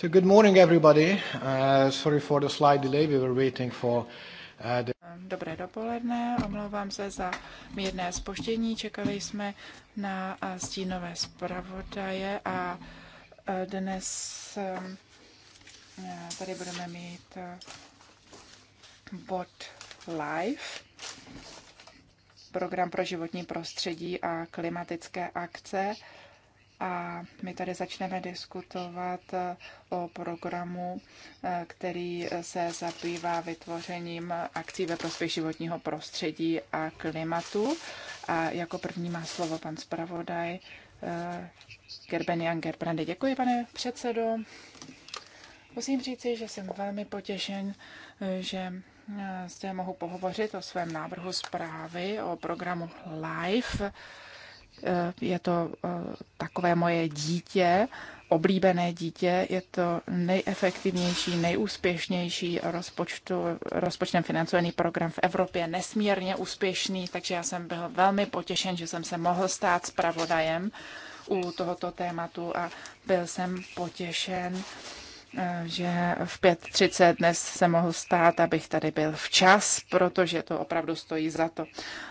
So good morning everybody. Uh, sorry for the slight delay. We were waiting for uh, the... Dobré dopoledne, omlouvám se za mírné zpoždění. Čekali jsme na uh, stínové zpravodaje a dnes um, tady budeme mít bod live, program pro životní prostředí a klimatické akce a my tady začneme diskutovat eh, o programu, eh, který eh, se zabývá vytvořením akcí ve prospěch životního prostředí a klimatu. A jako první má slovo pan zpravodaj Jan Gerbrandy. Děkuji, pane předsedo. Musím říci, že jsem velmi potěšen, že zde mohu pohovořit o svém návrhu zprávy o programu LIFE Eh, je to eh, takové moje dítě, oblíbené dítě, je to nejefektivnější, nejúspěšnější rozpočtu, rozpočtem financovaný program v Evropě, nesmírně úspěšný, takže já jsem byl velmi potěšen, že jsem se mohl stát zpravodajem u tohoto tématu a byl jsem potěšen, eh, že v 5.30 dnes se mohl stát, abych tady byl včas, protože to opravdu stojí za to.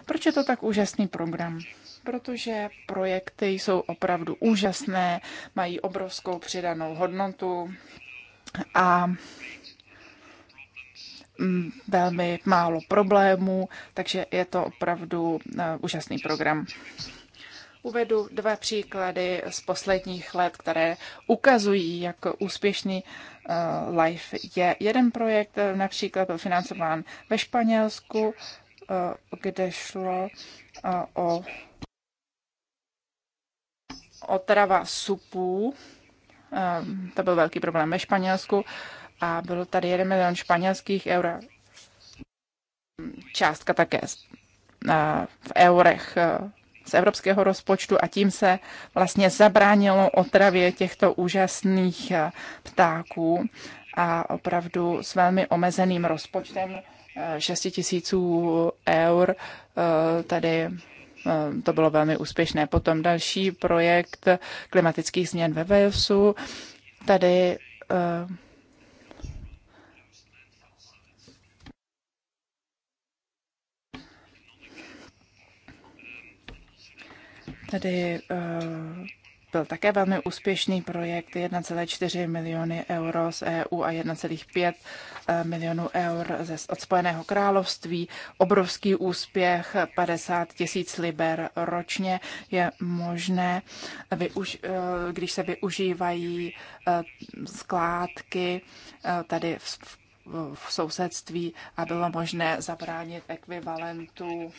Proč je to tak úžasný program? protože projekty jsou opravdu úžasné, mají obrovskou přidanou hodnotu a mm, velmi málo problémů, takže je to opravdu eh, úžasný program. Uvedu dva příklady z posledních let, které ukazují, jak úspěšný eh, LIFE je. Jeden projekt eh, například byl financován ve Španělsku, kde šlo o otrava supů, ehm, to byl velký problém ve Španělsku a bylo tady 1 milion španělských eur. Částka také eh, v eurech eh, z evropského rozpočtu a tím se vlastně zabránilo otravě těchto úžasných eh, ptáků a opravdu s velmi omezeným rozpočtem 6 tisíců eur tady Eh, to bylo velmi úspěšné. Potom další projekt klimatických změn ve Walesu. Tady eh, tady eh, byl také velmi úspěšný projekt 1,4 miliony euro z EU a 1,5 eh, milionů eur ze, od Spojeného království. Obrovský úspěch, 50 tisíc liber ročně je možné, eh, když se využívají eh, skládky tady v, v sousedství a bylo možné zabránit ekvivalentu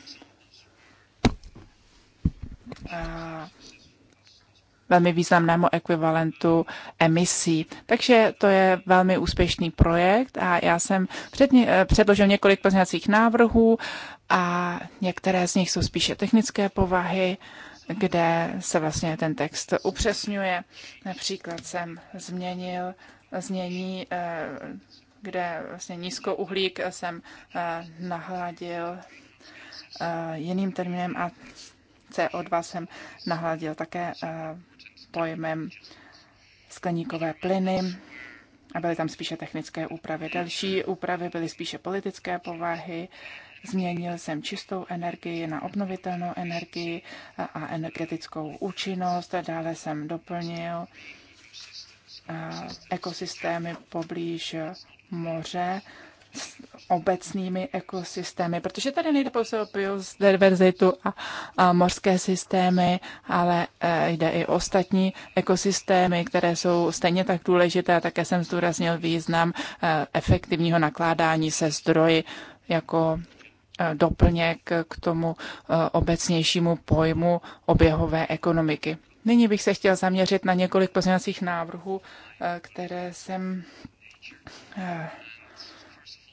velmi významnému ekvivalentu emisí. Takže to je velmi úspěšný projekt a já jsem předně eh, předložil několik pozměňovacích návrhů a některé z nich jsou spíše technické povahy kde se vlastně ten text upřesňuje. Například jsem změnil znění, eh, kde vlastně nízkouhlík jsem eh, nahladil jiným termínem a CO2 jsem nahladil také pojmem skleníkové plyny a byly tam spíše technické úpravy. Další úpravy byly spíše politické povahy. Změnil jsem čistou energii na obnovitelnou energii a energetickou účinnost. Dále jsem doplnil ekosystémy poblíž moře obecnými ekosystémy, protože tady nejde pouze o biodiverzitu a, a mořské systémy, ale e, jde i o ostatní ekosystémy, které jsou stejně tak důležité. také jsem zdůraznil význam e, efektivního nakládání se zdroji jako e, doplněk k tomu e, obecnějšímu pojmu oběhové ekonomiky. Nyní bych se chtěl zaměřit na několik pozměňovacích návrhů, e, které jsem e,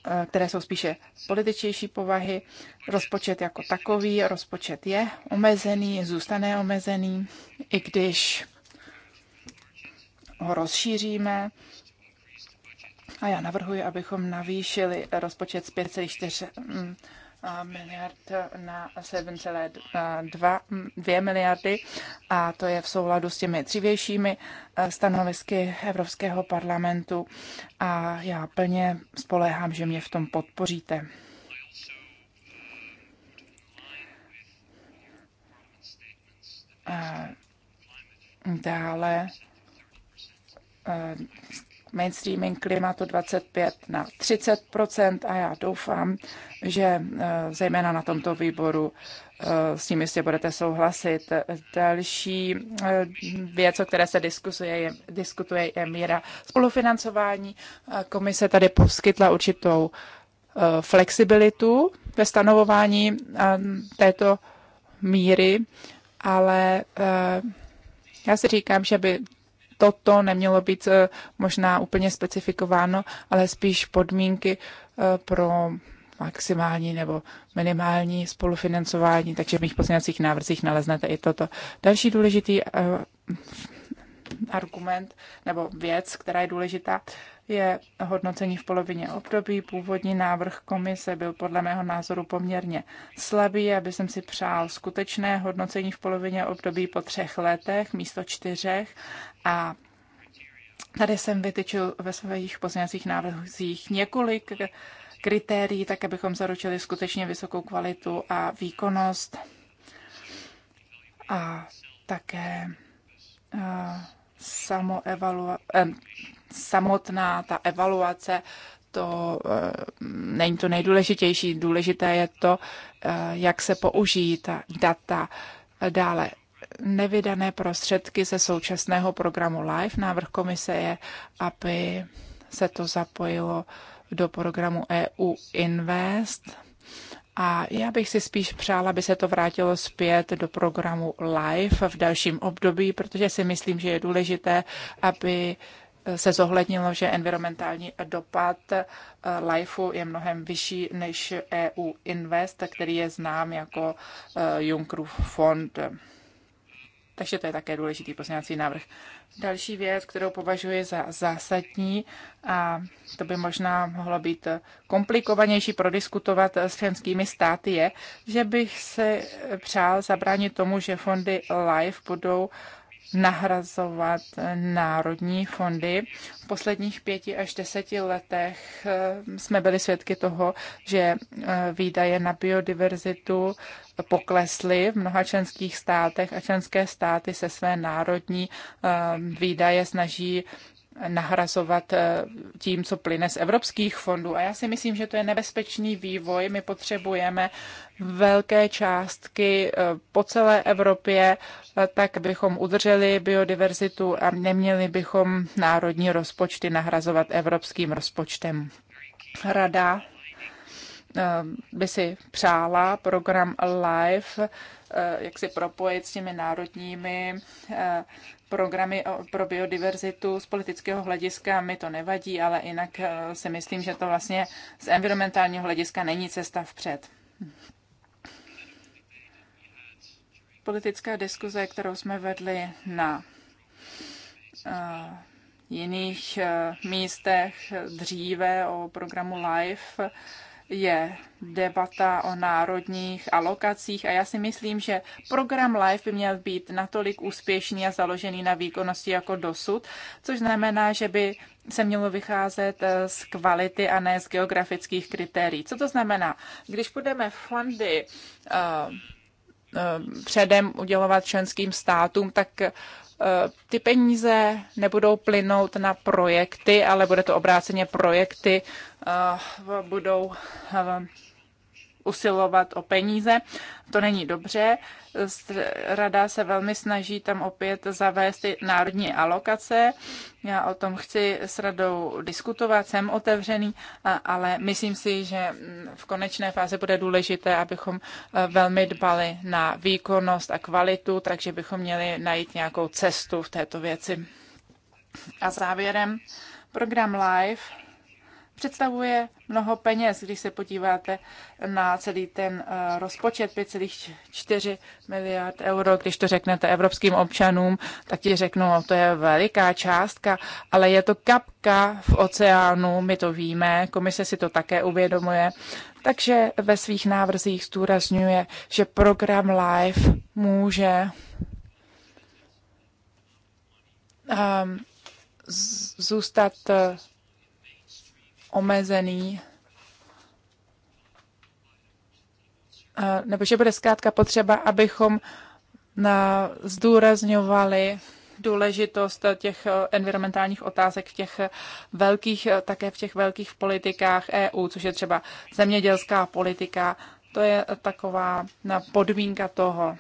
Eh, které jsou spíše političtější povahy. Rozpočet jako takový, rozpočet je omezený, zůstane omezený, i když ho rozšíříme. A já navrhuji, abychom navýšili rozpočet z 5,4 miliard na 7,2 miliardy a to je v souladu s těmi dřívějšími eh, stanovisky Evropského parlamentu a já plně spoléhám, že mě v tom podpoříte. A dále eh, mainstreaming klimatu 25 na 30 a já doufám, že eh, zejména na tomto výboru eh, s tím jistě budete souhlasit. Další eh, věc, o které se diskusuje, je, diskutuje, je míra spolufinancování. Komise tady poskytla určitou flexibilitu ve stanovování této míry, ale já si říkám, že by toto nemělo být eh, možná úplně specifikováno, ale spíš podmínky eh, pro maximální nebo minimální spolufinancování, takže v mých pozměňovacích návrzích naleznete i toto. Další důležitý eh, argument nebo věc, která je důležitá, je hodnocení v polovině období. Původní návrh komise byl podle mého názoru poměrně slabý, aby jsem si přál skutečné hodnocení v polovině období po třech letech místo čtyřech a tady jsem vytyčil ve svých pozměňovacích návrzích několik kritérií, tak abychom zaručili skutečně vysokou kvalitu a výkonnost. A také eh, samotná ta evaluace, to eh, není to nejdůležitější. Důležité je to, eh, jak se použijí ta data. Dále nevydané prostředky ze současného programu LIFE. Návrh komise je, aby se to zapojilo do programu EU Invest. A já bych si spíš přála, aby se to vrátilo zpět do programu LIFE v dalším období, protože si myslím, že je důležité, aby se zohlednilo, že environmentální dopad eh, LIFEu je mnohem vyšší než EU Invest, který je znám jako eh, Junckerův fond. Takže to je také důležitý pozměňovací návrh. Další věc, kterou považuji za zásadní, a to by možná mohlo být komplikovanější prodiskutovat s členskými státy, je, že bych se přál zabránit tomu, že fondy LIFE budou nahrazovat národní fondy. V posledních pěti až deseti letech eh, jsme byli svědky toho, že eh, výdaje na biodiverzitu poklesly v mnoha členských státech a členské státy se své národní eh, výdaje snaží nahrazovat eh, tím, co plyne z evropských fondů. A já si myslím, že to je nebezpečný vývoj. My potřebujeme velké částky eh, po celé Evropě, eh, tak bychom udrželi biodiverzitu a neměli bychom národní rozpočty nahrazovat evropským rozpočtem. Rada by si přála program LIFE, Eh, jak si propojit s těmi národními eh, programy pro biodiverzitu z politického hlediska mi to nevadí, ale jinak eh, si myslím, že to vlastně z environmentálního hlediska není cesta vpřed. Politická diskuze, kterou jsme vedli na jiných místech dříve o programu LIFE, je debata o národních alokacích a já si myslím, že program LIFE by měl být natolik úspěšný a založený na výkonnosti jako dosud, což znamená, že by se mělo vycházet eh, z kvality a ne z geografických kritérií. Co to znamená? Když budeme fondy uh, předem udělovat členským státům, tak Eh, ty peníze nebudou plynout na projekty, ale bude to obráceně projekty eh, budou eh, usilovat o peníze. To není dobře. Rada se velmi snaží tam opět zavést ty národní alokace. Já o tom chci s radou diskutovat, jsem otevřený, ale myslím si, že mm, v konečné fázi bude důležité, abychom e, velmi dbali na výkonnost a kvalitu, takže bychom měli najít nějakou cestu v této věci. A závěrem program Live představuje mnoho peněz, když se podíváte na celý ten eh, rozpočet 5,4 miliard euro. Když to řeknete evropským občanům, tak ti řeknou, no, to je veliká částka, ale je to kapka v oceánu, my to víme, komise si to také uvědomuje. Takže ve svých návrzích zdůrazňuje, že program LIFE může um, zůstat eh, omezený nebo že bude zkrátka potřeba, abychom na, zdůrazňovali důležitost těch environmentálních otázek v těch velkých, také v těch velkých politikách EU, což je třeba zemědělská politika. To je taková podmínka toho.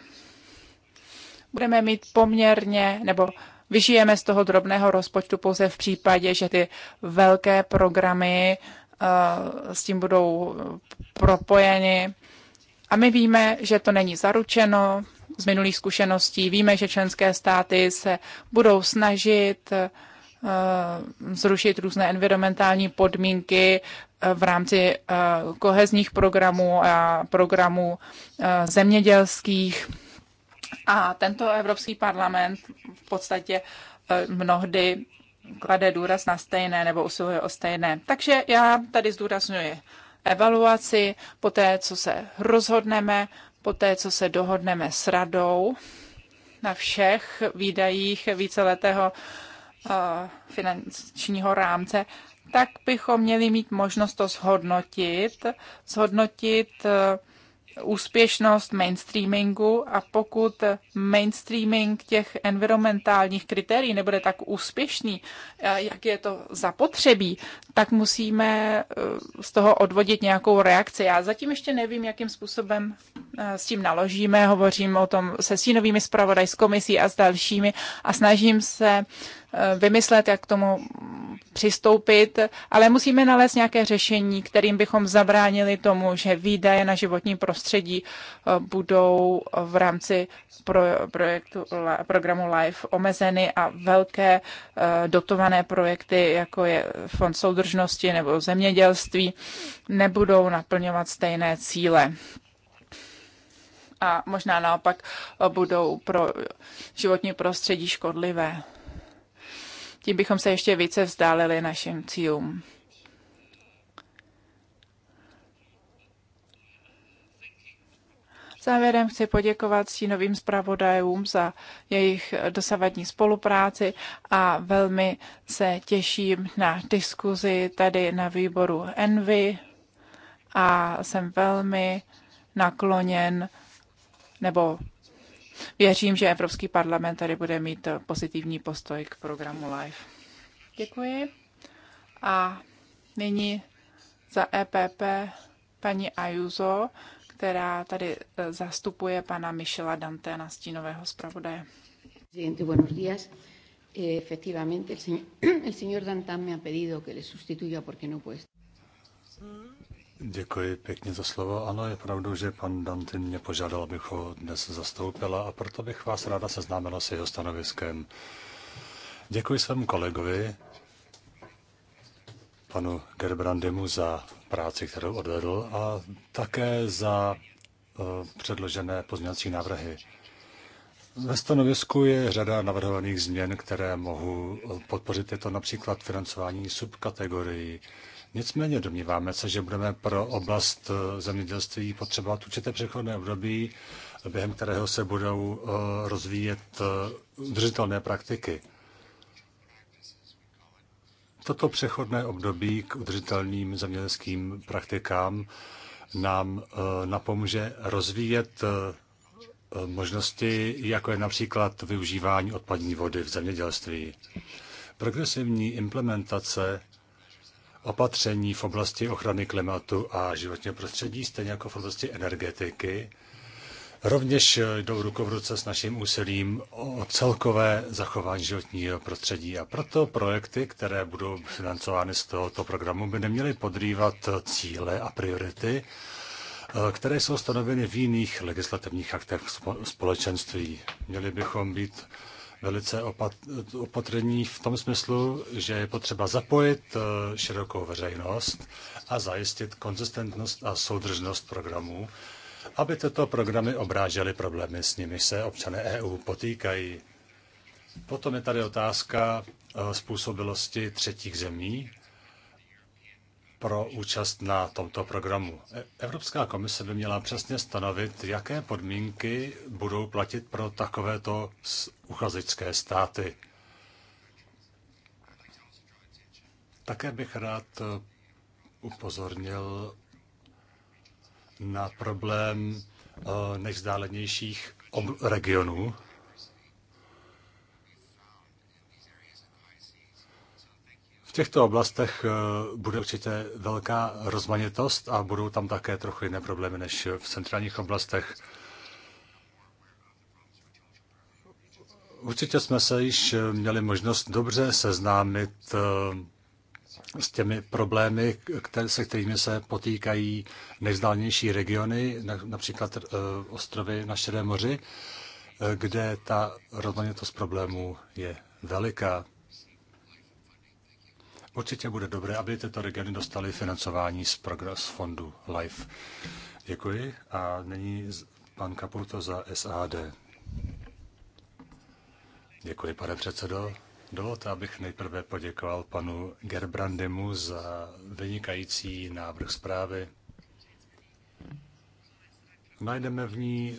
Budeme mít poměrně, nebo vyžijeme z toho drobného rozpočtu pouze v případě, že ty velké programy eh, s tím budou propojeny. A my víme, že to není zaručeno z minulých zkušeností. Víme, že členské státy se budou snažit eh, zrušit různé environmentální podmínky eh, v rámci kohezních programů a programů zemědělských. A tento Evropský parlament v podstatě e, mnohdy klade důraz na stejné nebo usiluje o stejné. Takže já tady zdůrazňuji evaluaci, po té, co se rozhodneme, po té, co se dohodneme s radou na všech výdajích víceletého e, finančního rámce, tak bychom měli mít možnost to zhodnotit, zhodnotit e, úspěšnost mainstreamingu a pokud mainstreaming těch environmentálních kritérií nebude tak úspěšný, eh, jak je to zapotřebí, tak musíme eh, z toho odvodit nějakou reakci. Já zatím ještě nevím, jakým způsobem eh, s tím naložíme. Hovořím o tom se sínovými zpravodaj, s komisí a s dalšími a snažím se Eh, vymyslet, jak k tomu přistoupit, ale musíme nalézt nějaké řešení, kterým bychom zabránili tomu, že výdaje na životní prostředí eh, budou v rámci pro, projektu, programu LIFE omezeny a velké eh, dotované projekty, jako je Fond soudržnosti nebo zemědělství, nebudou naplňovat stejné cíle a možná naopak budou pro životní prostředí škodlivé. Tím bychom se ještě více vzdálili našim cílům. Závěrem chci poděkovat stínovým zpravodajům za jejich dosavadní spolupráci a velmi se těším na diskuzi tady na výboru Envy a jsem velmi nakloněn nebo věřím, že Evropský parlament tady bude mít pozitivní postoj k programu LIFE. Děkuji. A nyní za EPP paní Ayuso, která tady e, zastupuje pana Michela Dante na stínového zpravodaje. buenos días. Eh, efectivamente, el señor, el señor Dantán me ha pedido que le sustituya porque no puede. Mm. Děkuji pěkně za slovo. Ano, je pravdou, že pan Dantin mě požádal, abych ho dnes zastoupila a proto bych vás ráda seznámila s jeho stanoviskem. Děkuji svému kolegovi, panu Gerbrandemu, za práci, kterou odvedl a také za eh, předložené pozměňovací návrhy. Ve stanovisku je řada navrhovaných změn, které mohu podpořit. Je to například financování subkategorií Nicméně domníváme se, že budeme pro oblast eh, zemědělství potřebovat určité přechodné období, během kterého se budou eh, rozvíjet eh, držitelné praktiky. Toto přechodné období k udržitelným zemědělským praktikám nám napomůže rozvíjet možnosti, jako je například využívání odpadní vody v zemědělství. Progresivní implementace opatření v oblasti ochrany klimatu a životního prostředí, stejně jako v oblasti energetiky, rovněž jdou ruku v ruce s naším úsilím o celkové zachování životního prostředí. A proto projekty, které budou financovány z tohoto programu, by neměly podrývat cíle a priority, které jsou stanoveny v jiných legislativních aktech společenství. Měli bychom být velice opat- opatrní v tom smyslu, že je potřeba zapojit eh, širokou veřejnost a zajistit konzistentnost a soudržnost programů, aby tyto programy obrážely problémy, s nimi se občané EU potýkají. Potom je tady otázka eh, způsobilosti třetích zemí pro účast na tomto programu. Evropská komise by měla přesně stanovit, jaké podmínky budou platit pro takovéto uchazečské státy. Také bych rád eh, upozornil na problém eh, nejvzdálenějších regionů těchto oblastech eh, bude určitě velká rozmanitost a budou tam také trochu jiné problémy než v centrálních oblastech. Určitě jsme se již eh, měli možnost dobře seznámit eh, s těmi problémy, se kterými se potýkají nejvzdálnější regiony, například ostrovy na Širém moři, kde ta rozmanitost problémů je veliká. Určitě bude dobré, aby tyto regiony dostaly financování z, progres fondu LIFE. Děkuji a nyní pan Kaputo za SAD. Děkuji, pane předsedo. Dovolte, abych nejprve poděkoval panu Gerbrandemu za vynikající návrh zprávy. Najdeme v ní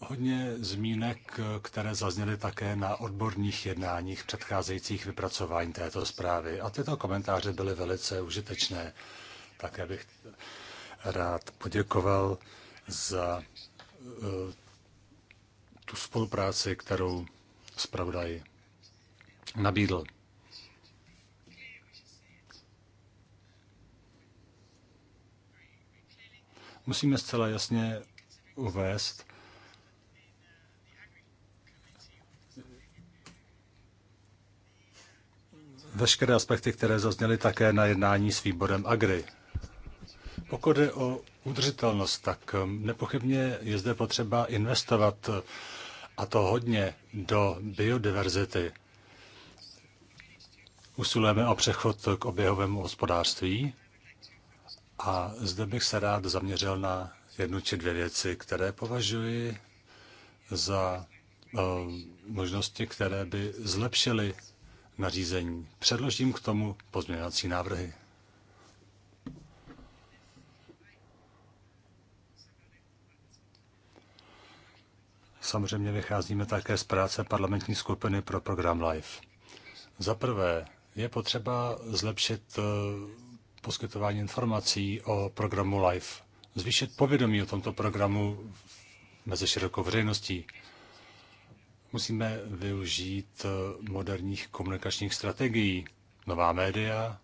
hodně zmínek, které zazněly také na odborných jednáních předcházejících vypracování této zprávy. A tyto komentáře byly velice užitečné. Také bych rád poděkoval za eh, tu spolupráci, kterou zpravodaj nabídl. Musíme zcela jasně uvést, veškeré aspekty, které zazněly také na jednání s výborem Agri. Pokud je o udržitelnost, tak um, nepochybně je zde potřeba investovat a to hodně do biodiverzity. Usilujeme o přechod k oběhovému hospodářství a zde bych se rád zaměřil na jednu či dvě věci, které považuji za uh, možnosti, které by zlepšily nařízení. Předložím k tomu pozměňovací návrhy. Samozřejmě vycházíme také z práce parlamentní skupiny pro program LIFE. Za prvé je potřeba zlepšit eh, poskytování informací o programu LIFE, zvýšit povědomí o tomto programu mezi širokou veřejností. Musíme využít eh, moderních komunikačních strategií, nová média,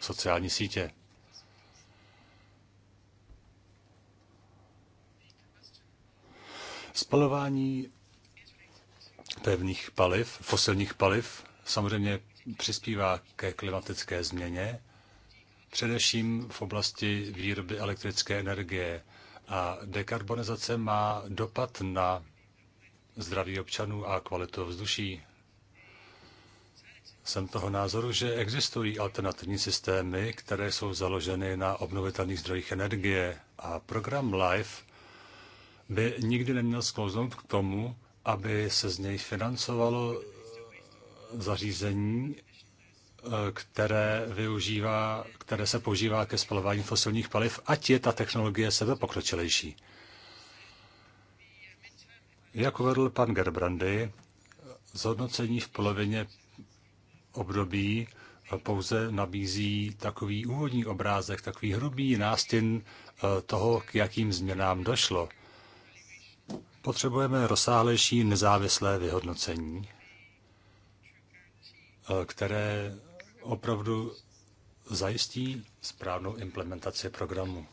sociální sítě. Spalování pevných paliv, fosilních paliv, samozřejmě přispívá ke klimatické změně, především v oblasti výroby elektrické energie. A dekarbonizace má dopad na zdraví občanů a kvalitu vzduší. Jsem toho názoru, že existují alternativní systémy, které jsou založeny na obnovitelných zdrojích energie a program LIFE by nikdy neměl sklouznout k tomu, aby se z něj financovalo zařízení, které využívá, které se používá ke spalování fosilních paliv, ať je ta technologie sebe pokročilejší. Jak uvedl pan Gerbrandy, zhodnocení v polovině období pouze nabízí takový úvodní obrázek, takový hrubý nástin eh, toho, k jakým změnám došlo. Potřebujeme rozsáhlejší nezávislé vyhodnocení, eh, které opravdu zajistí správnou implementaci programu.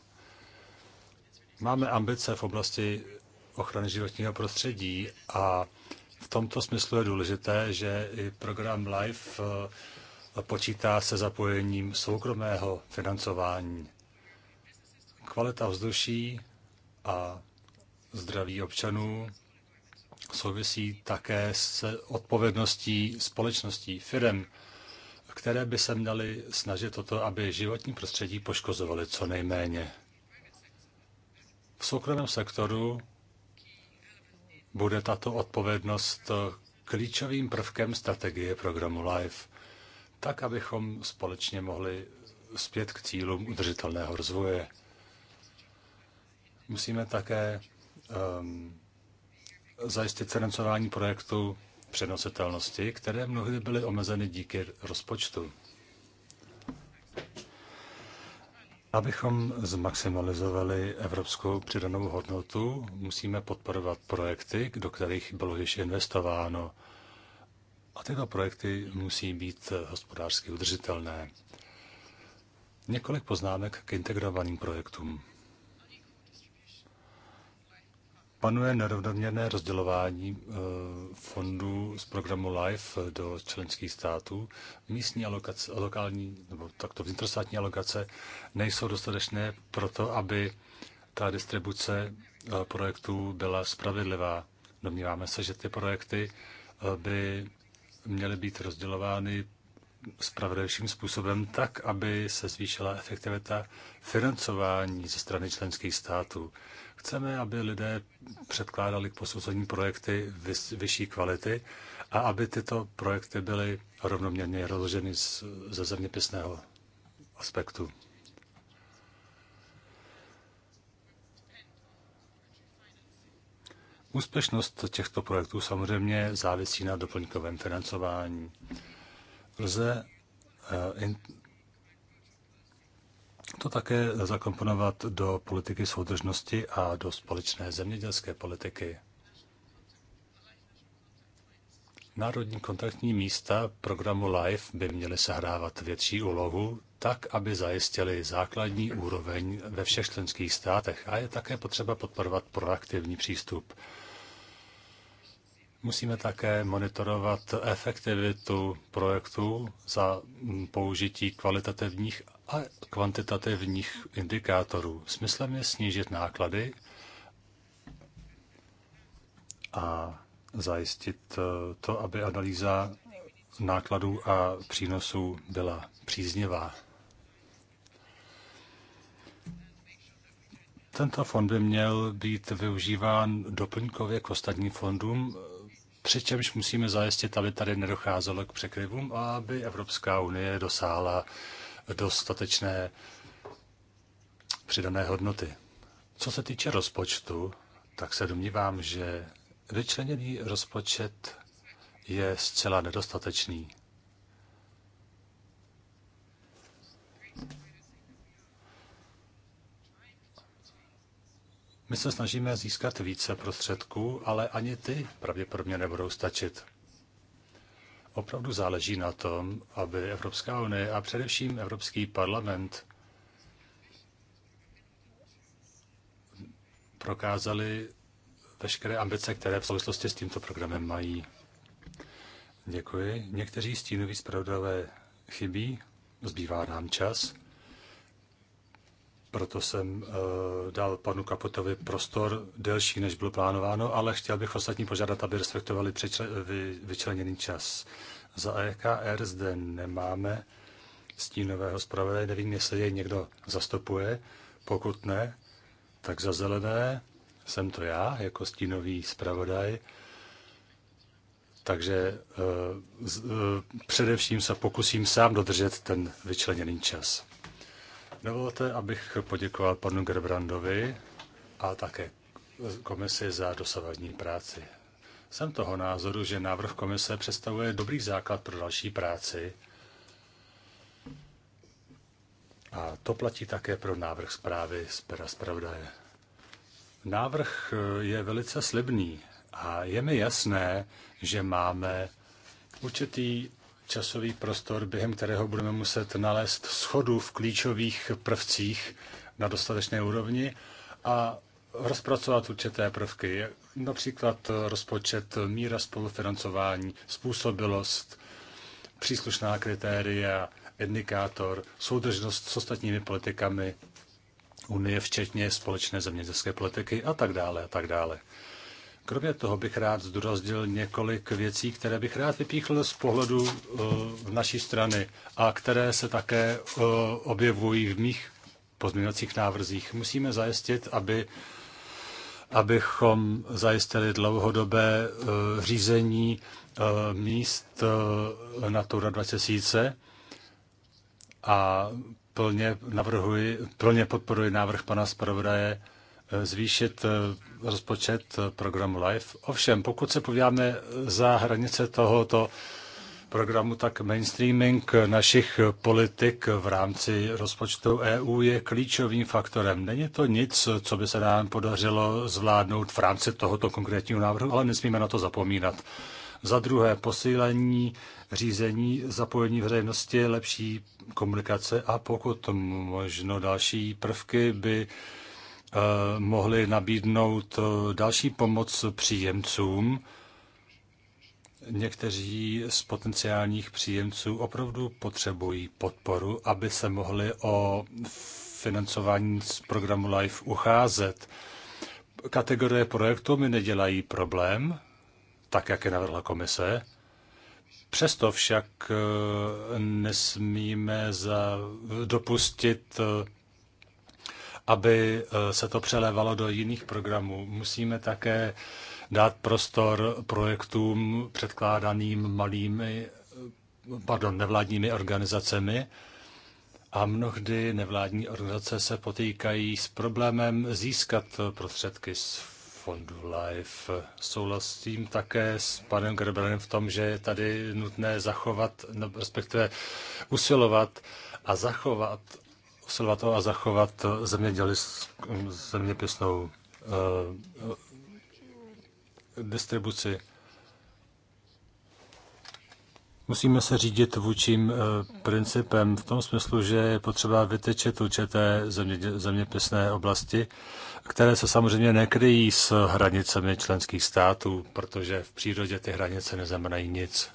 Máme ambice v oblasti ochrany životního prostředí a v tomto smyslu je důležité, že i program LIFE eh, počítá se zapojením soukromého financování. Kvalita vzduší a zdraví občanů souvisí také s odpovědností společností, firm, které by se měly snažit o to, aby životní prostředí poškozovaly co nejméně. V soukromém sektoru bude tato odpovědnost eh, klíčovým prvkem strategie programu LIFE, tak abychom společně mohli zpět k cílům udržitelného rozvoje. Musíme také um, zajistit financování projektu přenositelnosti, které mnohdy byly omezeny díky rozpočtu. Abychom zmaximalizovali evropskou přidanou hodnotu, musíme podporovat projekty, do kterých bylo již investováno. A tyto projekty musí být hospodářsky udržitelné. Několik poznámek k integrovaným projektům panuje nerovnoměrné rozdělování eh, fondů z programu LIFE do členských států. Místní alokace, lokální nebo takto vnitrostátní alokace nejsou dostatečné pro to, aby ta distribuce eh, projektů byla spravedlivá. Domníváme se, že ty projekty eh, by měly být rozdělovány spravedlivším způsobem tak, aby se zvýšila efektivita financování ze strany členských států. Chceme, aby lidé předkládali k posouzení projekty vyšší kvality a aby tyto projekty byly rovnoměrně rozloženy ze zeměpisného aspektu. Úspěšnost těchto projektů samozřejmě závisí na doplňkovém financování lze eh, to také zakomponovat do politiky soudržnosti a do společné zemědělské politiky. Národní kontaktní místa programu LIFE by měly sehrávat větší úlohu, tak, aby zajistili základní úroveň ve všech členských státech a je také potřeba podporovat proaktivní přístup. Musíme také monitorovat efektivitu projektů za použití kvalitativních a kvantitativních indikátorů. Smyslem je snížit náklady a zajistit eh, to, aby analýza nákladů a přínosů byla příznivá. Tento fond by měl být využíván doplňkově k ostatním fondům přičemž musíme zajistit, aby tady nedocházelo k překryvům a aby Evropská unie dosáhla dostatečné přidané hodnoty. Co se týče rozpočtu, tak se domnívám, že vyčleněný rozpočet je zcela nedostatečný. My se snažíme získat více prostředků, ale ani ty pravděpodobně nebudou stačit. Opravdu záleží na tom, aby Evropská unie a především Evropský parlament prokázali veškeré ambice, které v souvislosti s tímto programem mají. Děkuji. Někteří stínoví zpravodové chybí, zbývá nám čas proto jsem eh, dal panu Kapotovi prostor delší, než bylo plánováno, ale chtěl bych ostatní požádat, aby respektovali vyčleněný čas. Za EKR zde nemáme stínového zpravodaje, nevím, jestli jej někdo zastupuje. Pokud ne, tak za zelené jsem to já, jako stínový zpravodaj. Takže uh, uh, především se pokusím sám dodržet ten vyčleněný čas. Dovolte, abych poděkoval panu Gerbrandovi a také komisi za dosavadní práci. Jsem toho názoru, že návrh komise představuje dobrý základ pro další práci a to platí také pro návrh zprávy z pera zpravodaje. Návrh eh, je velice slibný a je mi jasné, že máme určitý časový prostor, během kterého budeme muset nalézt schodu v klíčových prvcích na dostatečné úrovni a rozpracovat určité prvky, například rozpočet, míra spolufinancování, způsobilost, příslušná kritéria, indikátor, soudržnost s ostatními politikami Unie, včetně společné zemědělské politiky a tak dále a tak dále. Kromě toho bych rád zdůraznil několik věcí, které bych rád vypíchl z pohledu uh, naší strany a které se také uh, objevují v mých pozměňovacích návrzích. Musíme zajistit, aby, abychom zajistili dlouhodobé uh, řízení uh, míst uh, Natura 2000 a plně, navrhuji, plně podporuji návrh pana zpravodaje zvýšit eh, rozpočet eh, programu LIFE. Ovšem, pokud se podíváme za hranice tohoto programu, tak mainstreaming našich politik v rámci rozpočtu EU je klíčovým faktorem. Není to nic, co by se nám podařilo zvládnout v rámci tohoto konkrétního návrhu, ale nesmíme na to zapomínat. Za druhé, posílení řízení, zapojení veřejnosti, lepší komunikace a pokud možno další prvky by Eh, mohli nabídnout eh, další pomoc příjemcům. Někteří z potenciálních příjemců opravdu potřebují podporu, aby se mohli o financování z programu LIFE ucházet. Kategorie projektů mi nedělají problém, tak jak je navrhla komise. Přesto však eh, nesmíme za, dopustit aby eh, se to přelévalo do jiných programů. Musíme také dát prostor projektům předkládaným malými, eh, pardon, nevládními organizacemi. A mnohdy nevládní organizace se potýkají s problémem získat prostředky z fondu LIFE. Souhlasím také s panem Gerberem v tom, že je tady nutné zachovat, no, respektive usilovat a zachovat usilovat o a zachovat zeměpisnou eh, distribuci. Musíme se řídit vůčím eh, principem v tom smyslu, že je potřeba vytečet určité země, zeměpisné oblasti, které se samozřejmě nekryjí s hranicemi členských států, protože v přírodě ty hranice neznamenají nic.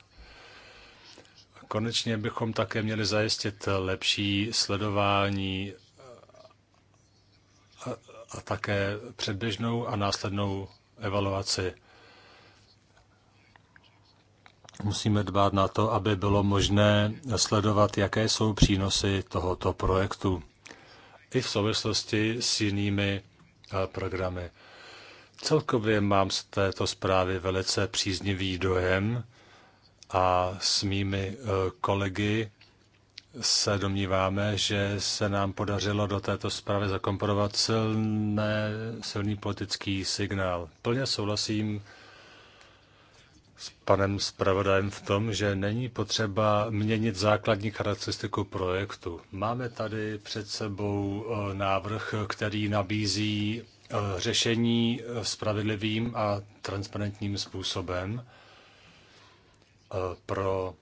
Konečně bychom také měli zajistit lepší sledování a, a také předběžnou a následnou evaluaci. Musíme dbát na to, aby bylo možné sledovat, jaké jsou přínosy tohoto projektu i v souvislosti s jinými programy. Celkově mám z této zprávy velice příznivý dojem a s mými eh, kolegy se domníváme, že se nám podařilo do této zprávy zakomponovat silné, silný politický signál. Plně souhlasím s panem zpravodajem v tom, že není potřeba měnit základní charakteristiku projektu. Máme tady před sebou eh, návrh, který nabízí eh, řešení spravedlivým a transparentním způsobem. Eh, pro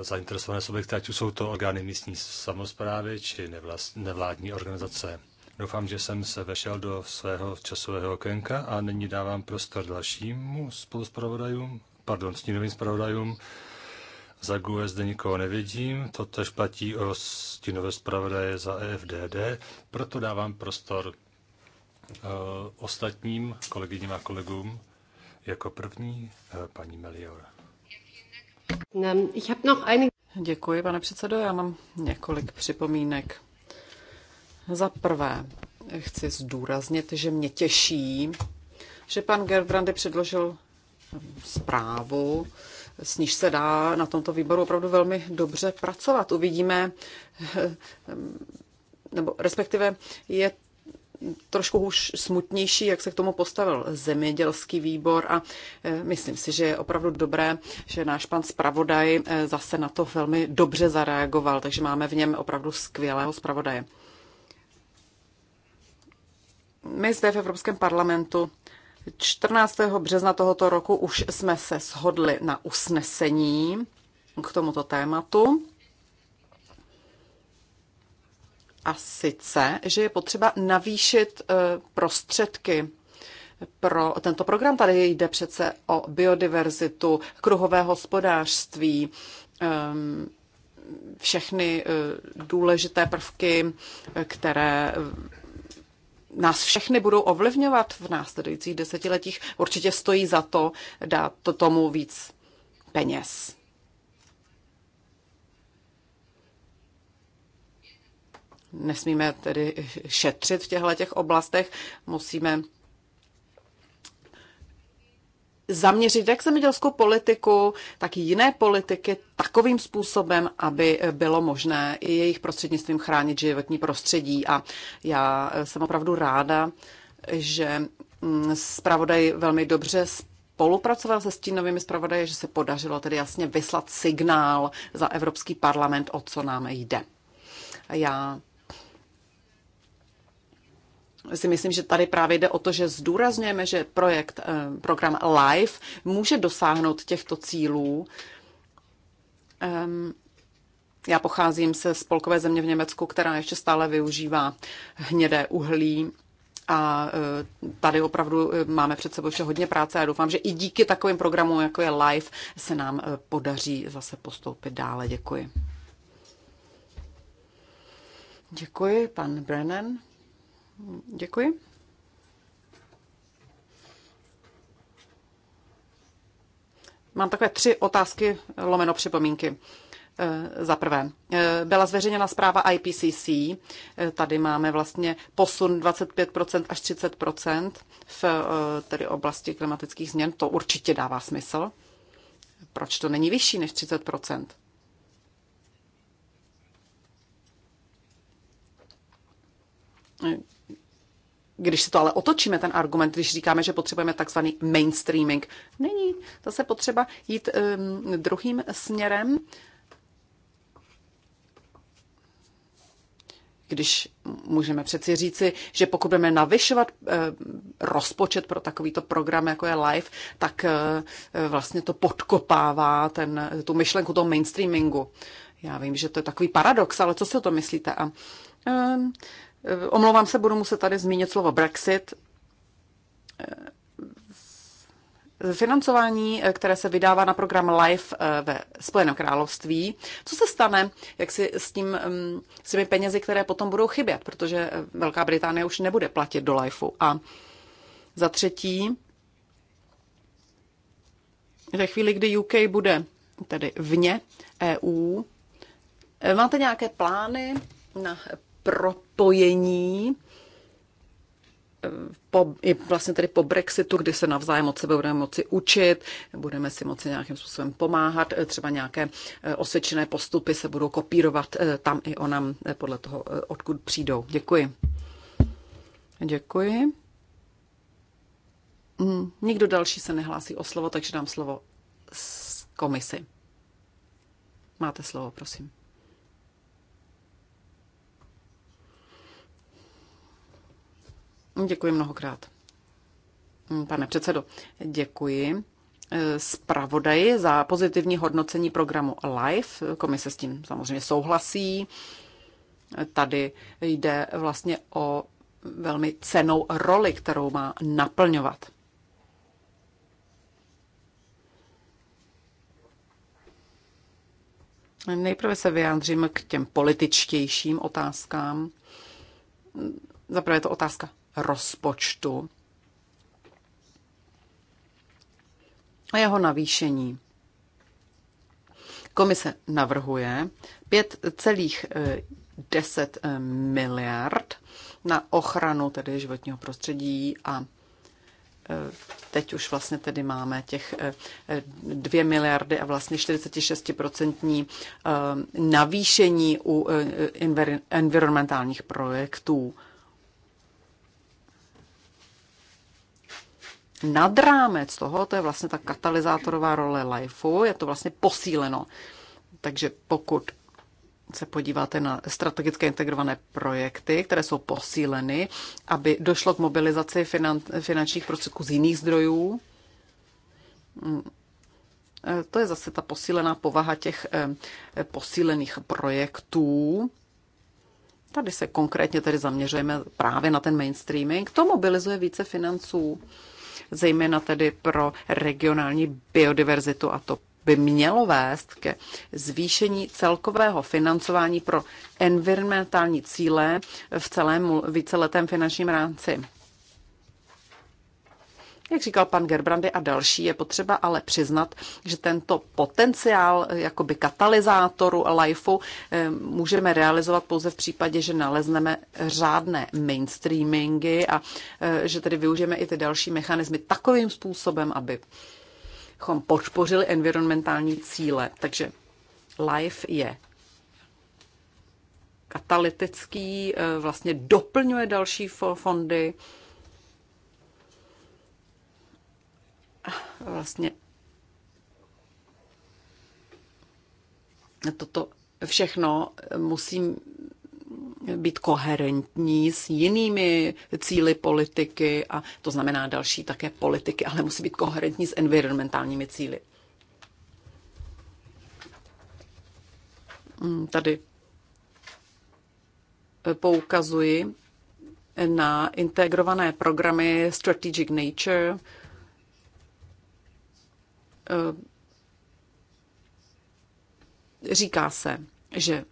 eh, zainteresované subjekty, ať už jsou to orgány místní samozprávy či nevládní organizace. Doufám, že jsem se vešel do svého časového okénka a nyní dávám prostor dalšímu spoluzpravodajům, pardon, stínovým zpravodajům. Za GUE zde nikoho nevidím, to tež platí o stínové zpravodaje za EFDD, proto dávám prostor uh, ostatním kolegyním a kolegům. Jako první uh, paní Melior. Děkuji, pane předsedo. Já mám několik připomínek. Za prvé, chci zdůraznit, že mě těší, že pan Gerbrandy předložil eh, zprávu, s níž se dá na tomto výboru opravdu velmi dobře pracovat. Uvidíme, eh, eh, nebo respektive je trošku už smutnější, jak se k tomu postavil zemědělský výbor a eh, myslím si, že je opravdu dobré, že náš pan zpravodaj eh, zase na to velmi dobře zareagoval, takže máme v něm opravdu skvělého zpravodaje. My zde v Evropském parlamentu 14. března tohoto roku už jsme se shodli na usnesení k tomuto tématu. A sice, že je potřeba navýšit eh, prostředky pro tento program. Tady jde přece o biodiverzitu, kruhové hospodářství, ehm, všechny eh, důležité prvky, které nás všechny budou ovlivňovat v následujících desetiletích. Určitě stojí za to dát to tomu víc peněz. Nesmíme tedy šetřit v těchto těch oblastech, musíme zaměřit jak zemědělskou politiku, tak i jiné politiky takovým způsobem, aby bylo možné i jejich prostřednictvím chránit životní prostředí. A já jsem opravdu ráda, že mm, zpravodaj velmi dobře spolupracoval se stínovými zpravodaji, že se podařilo tedy jasně vyslat signál za Evropský parlament, o co nám jde. Já si myslím, že tady právě jde o to, že zdůrazňujeme, že projekt, eh, program LIFE může dosáhnout těchto cílů. Ehm, já pocházím se spolkové země v Německu, která ještě stále využívá hnědé uhlí a eh, tady opravdu eh, máme před sebou ještě hodně práce a doufám, že i díky takovým programům, jako je LIFE, se nám podaří zase postoupit dále. Děkuji. Děkuji, pan Brennan. Děkuji. Mám takové tři otázky, lomeno připomínky. E, za prvé, e, byla zveřejněna zpráva IPCC, e, tady máme vlastně posun 25% až 30% v tedy oblasti klimatických změn, to určitě dává smysl. Proč to není vyšší než 30%? Když si to ale otočíme, ten argument, když říkáme, že potřebujeme takzvaný mainstreaming, není zase potřeba jít um, druhým směrem. Když můžeme přeci říci, že pokud budeme navyšovat e, rozpočet pro takovýto program, jako je live, tak e, vlastně to podkopává ten, tu myšlenku toho mainstreamingu. Já vím, že to je takový paradox, ale co si o to myslíte? A, e, Eh, omlouvám se, budu muset tady zmínit slovo Brexit. Eh, financování, eh, které se vydává na program LIFE ve Spojeném království, co se stane jak si s, tím, mm, s těmi penězi, které potom budou chybět, protože Velká Británie už nebude platit do LIFEu. A za třetí, ve chvíli, kdy UK bude tedy vně EU, máte nějaké plány na propojení eh, po, i vlastně tedy po Brexitu, kdy se navzájem od sebe budeme moci učit, budeme si moci nějakým způsobem pomáhat, eh, třeba nějaké eh, osvědčené postupy se budou kopírovat tam i onam podle toho, odkud přijdou. Děkuji. Děkuji. Mm, nikdo další se nehlásí o slovo, takže dám slovo z komisy. Máte slovo, prosím. Děkuji mnohokrát. Pane předsedo, děkuji eh, zpravodaji za pozitivní hodnocení programu LIFE. Komise s tím samozřejmě souhlasí. Tady jde vlastně o velmi cenou roli, kterou má naplňovat. Nejprve se vyjádřím k těm političtějším otázkám. Zaprvé je to otázka rozpočtu a jeho navýšení. Komise navrhuje 5,10 eh, miliard na ochranu tedy životního prostředí a eh, teď už vlastně tedy máme těch 2 eh, miliardy a vlastně 46% navýšení u environmentálních projektů. nad rámec toho, to je vlastně ta katalyzátorová role LIFEu, je to vlastně posíleno. Takže pokud se podíváte na strategické integrované projekty, které jsou posíleny, aby došlo k mobilizaci finan, finančních prostředků z jiných zdrojů. Mm, to je zase ta posílená povaha těch eh, posílených projektů. Tady se konkrétně tedy zaměřujeme právě na ten mainstreaming. To mobilizuje více financů zejména tedy pro regionální biodiverzitu a to by mělo vést ke zvýšení celkového financování pro environmentální cíle v celém víceletém finančním rámci. Jak říkal pan Gerbrandy a další, je potřeba ale přiznat, že tento potenciál eh, jakoby katalyzátoru LIFEu eh, můžeme realizovat pouze v případě, že nalezneme řádné mainstreamingy a eh, že tedy využijeme i ty další mechanismy takovým způsobem, aby chom podpořili environmentální cíle. Takže LIFE je katalytický, vlastně doplňuje další fondy, vlastně toto všechno musím být koherentní s jinými cíly politiky a to znamená další také politiky, ale musí být koherentní s environmentálními cíly. Mm, tady poukazuji na integrované programy Strategic Nature, Eh, říká se, že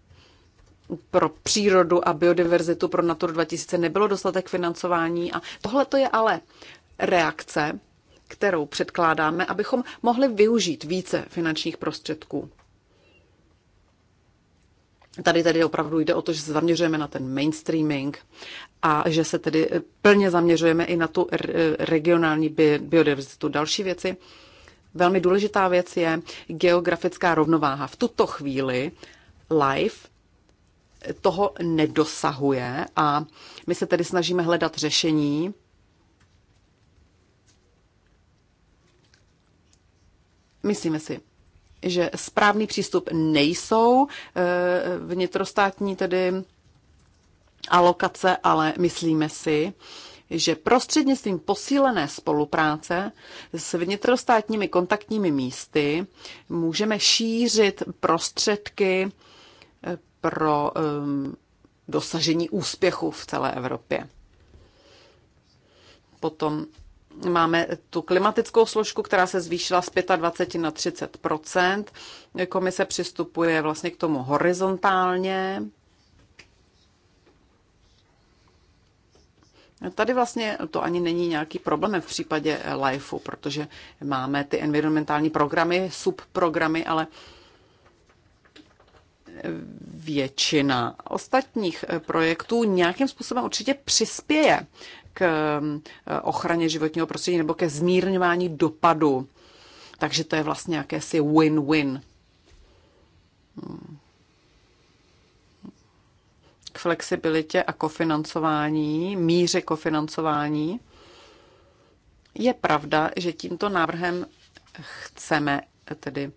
pro přírodu a biodiverzitu pro Natur 2000 nebylo dostatek financování a tohle to je ale reakce, kterou předkládáme, abychom mohli využít více finančních prostředků. Tady tedy opravdu jde o to, že se zaměřujeme na ten mainstreaming a že se tedy plně zaměřujeme i na tu regionální biodiverzitu. Další věci, velmi důležitá věc je geografická rovnováha. V tuto chvíli life toho nedosahuje a my se tedy snažíme hledat řešení, myslíme si, že správný přístup nejsou eh, vnitrostátní tedy alokace, ale myslíme si, že prostřednictvím posílené spolupráce s vnitrostátními kontaktními místy můžeme šířit prostředky eh, pro um, dosažení úspěchu v celé Evropě. Potom máme tu klimatickou složku, která se zvýšila z 25 na 30 Komise přistupuje vlastně k tomu horizontálně Tady vlastně to ani není nějaký problém v případě LIFEu, protože máme ty environmentální programy, subprogramy, ale většina ostatních eh, projektů nějakým způsobem určitě přispěje k eh, ochraně životního prostředí nebo ke zmírňování dopadu. Takže to je vlastně jakési win-win. Hmm flexibilitě a kofinancování, míře kofinancování. Je pravda, že tímto návrhem chceme tedy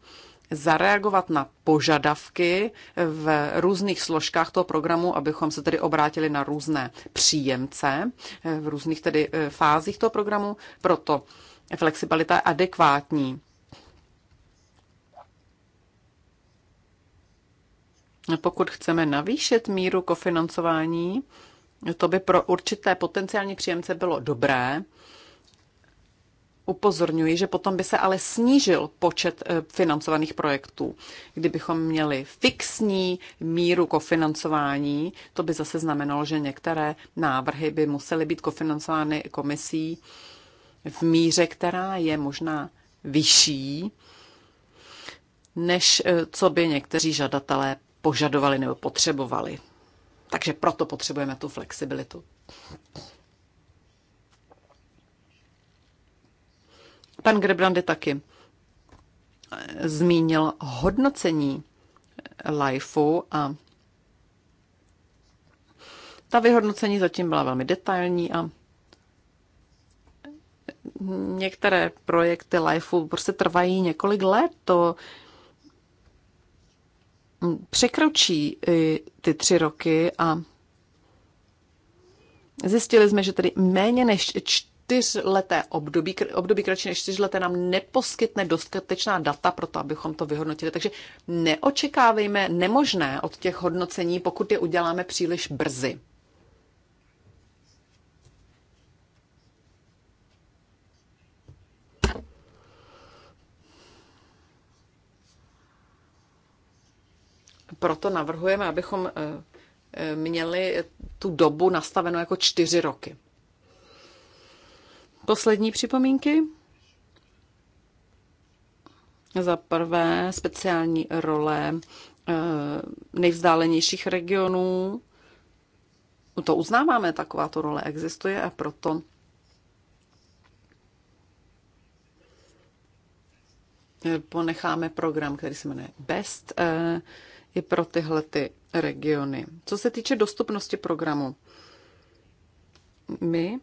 zareagovat na požadavky v různých složkách toho programu, abychom se tedy obrátili na různé příjemce v různých tedy eh, fázích toho programu. Proto flexibilita je adekvátní pokud chceme navýšit míru kofinancování, to by pro určité potenciální příjemce bylo dobré. Upozorňuji, že potom by se ale snížil počet eh, financovaných projektů. Kdybychom měli fixní míru kofinancování, to by zase znamenalo, že některé návrhy by musely být kofinancovány komisí v míře, která je možná vyšší, než eh, co by někteří žadatelé požadovali nebo potřebovali. Takže proto potřebujeme tu flexibilitu. Pan Grebrandy taky eh, zmínil hodnocení lifeu a ta vyhodnocení zatím byla velmi detailní a některé projekty lifeu prostě trvají několik let. To překročí eh, ty tři roky a zjistili jsme, že tedy méně než čtyřleté období, období kratší než čtyřleté nám neposkytne dostatečná data pro to, abychom to vyhodnotili. Takže neočekávejme nemožné od těch hodnocení, pokud je uděláme příliš brzy. proto navrhujeme, abychom eh, eh, měli tu dobu nastavenou jako čtyři roky. Poslední připomínky. Za prvé speciální role eh, nejvzdálenějších regionů. No to uznáváme, takováto role existuje a proto ponecháme program, který se jmenuje BEST, i pro tyhle ty regiony. Co se týče dostupnosti programu, my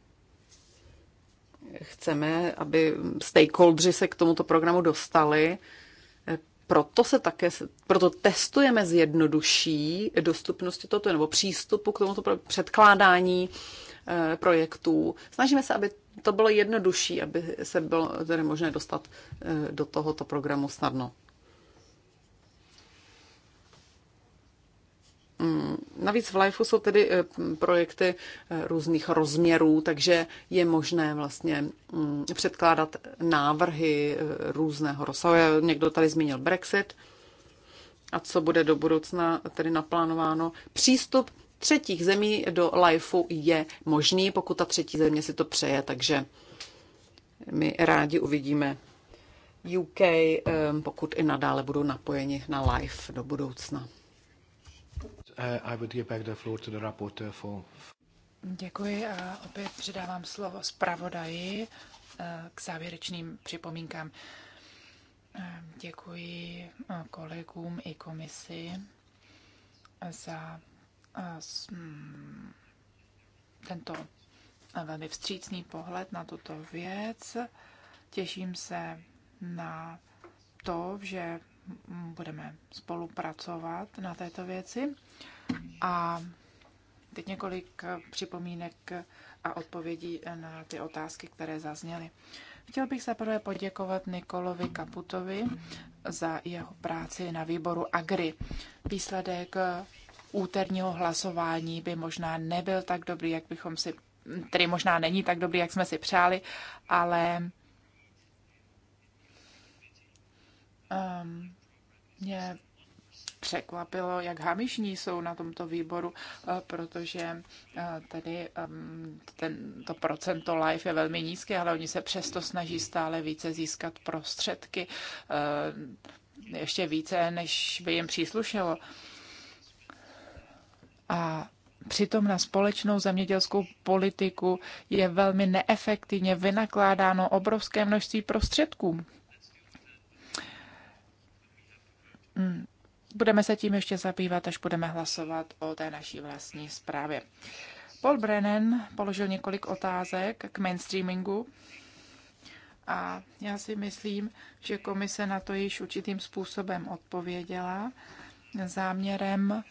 chceme, aby stakeholdři se k tomuto programu dostali, proto, se také, proto testujeme zjednoduší dostupnosti toto nebo přístupu k tomuto předkládání eh, projektů. Snažíme se, aby to bylo jednodušší, aby se bylo tedy možné dostat eh, do tohoto programu snadno. Mm, navíc v LIFEu jsou tedy eh, projekty eh, různých rozměrů, takže je možné vlastně mm, předkládat návrhy eh, různého rozsahu. Někdo tady zmínil Brexit a co bude do budoucna tedy naplánováno. Přístup třetích zemí do LIFEu je možný, pokud ta třetí země si to přeje, takže my rádi uvidíme UK, pokud i nadále budou napojeni na LIFE do budoucna. I would give back the floor to the rapporteur for... Děkuji a opět předávám slovo zpravodaji eh, k závěrečným připomínkám. Eh, děkuji eh, kolegům i komisi za mm, tento velmi vstřícný pohled na tuto věc. Těším se na to, že budeme spolupracovat na této věci. A teď několik připomínek a odpovědí na ty otázky, které zazněly. Chtěl bych se prvé poděkovat Nikolovi Kaputovi za jeho práci na výboru Agri. Výsledek úterního hlasování by možná nebyl tak dobrý, jak bychom si, tedy možná není tak dobrý, jak jsme si přáli, ale um, mě překvapilo, jak hamišní jsou na tomto výboru, eh, protože eh, tady ten, to procento life je velmi nízké, ale oni se přesto snaží stále více získat prostředky, eh, ještě více, než by jim příslušelo. A Přitom na společnou zemědělskou politiku je velmi neefektivně vynakládáno obrovské množství prostředků. Mm. budeme se tím ještě zabývat, až budeme hlasovat o té naší vlastní zprávě. Paul Brennan položil několik otázek k mainstreamingu a já si myslím, že komise na to již určitým způsobem odpověděla. Záměrem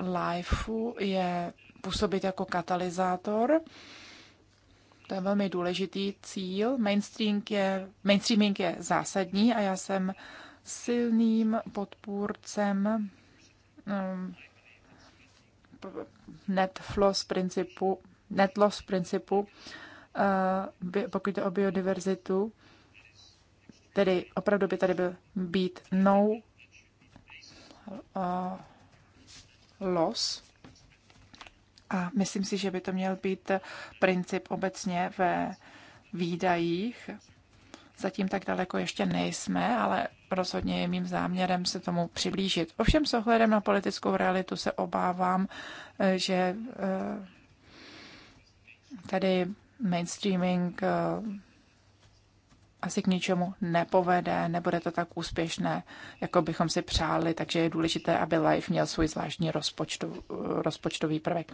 uh, LIFEu je působit jako katalyzátor. To je velmi důležitý cíl. Mainstreaming je, mainstreaming je zásadní a já jsem uh, silným podpůrcem um, net loss principu, net loss principu uh, pokud jde o biodiverzitu, tedy opravdu by tady byl být no uh, loss. A myslím si, že by to měl být princip obecně ve výdajích. Zatím tak daleko ještě nejsme, ale rozhodně je mým záměrem se tomu přiblížit. Ovšem s ohledem na politickou realitu se obávám, eh, že eh, tady mainstreaming eh, asi k ničemu nepovede, nebude to tak úspěšné, jako bychom si přáli, takže je důležité, aby Life měl svůj zvláštní rozpočtu, rozpočtový prvek.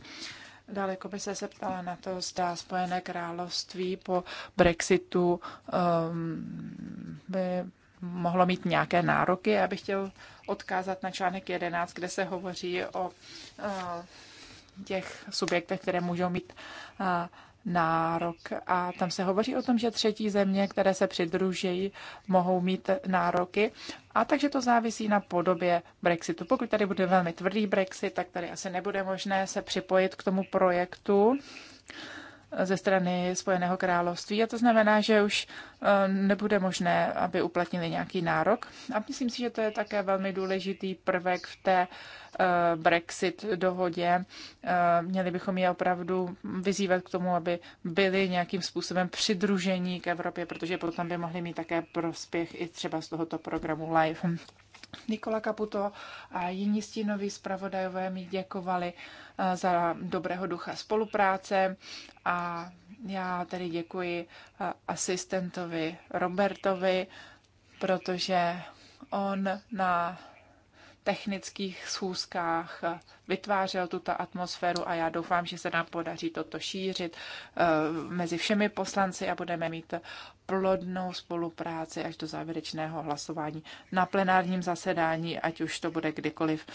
Daleko by se zeptala na to, zda Spojené království po Brexitu um, by mohlo mít nějaké nároky. Já bych chtěl odkázat na článek 11, kde se hovoří o eh, těch subjektech, které můžou mít eh, nárok. A tam se hovoří o tom, že třetí země, které se přidružejí, mohou mít nároky. A takže to závisí na podobě Brexitu. Pokud tady bude velmi tvrdý Brexit, tak tady asi nebude možné se připojit k tomu projektu ze strany Spojeného království. A to znamená, že už eh, nebude možné, aby uplatnili nějaký nárok. A myslím si, že to je také velmi důležitý prvek v té eh, Brexit dohodě. Eh, měli bychom je opravdu vyzývat k tomu, aby byli nějakým způsobem přidružení k Evropě, protože potom by mohli mít také prospěch i třeba z tohoto programu LIFE. Nikola Kaputo a jiní stínoví zpravodajové mi děkovali eh, za dobrého ducha spolupráce a já tedy děkuji eh, asistentovi Robertovi, protože on na technických schůzkách vytvářel tuto atmosféru a já doufám, že se nám podaří toto šířit eh, mezi všemi poslanci a budeme mít plodnou spolupráci až do závěrečného hlasování na plenárním zasedání, ať už to bude kdykoliv.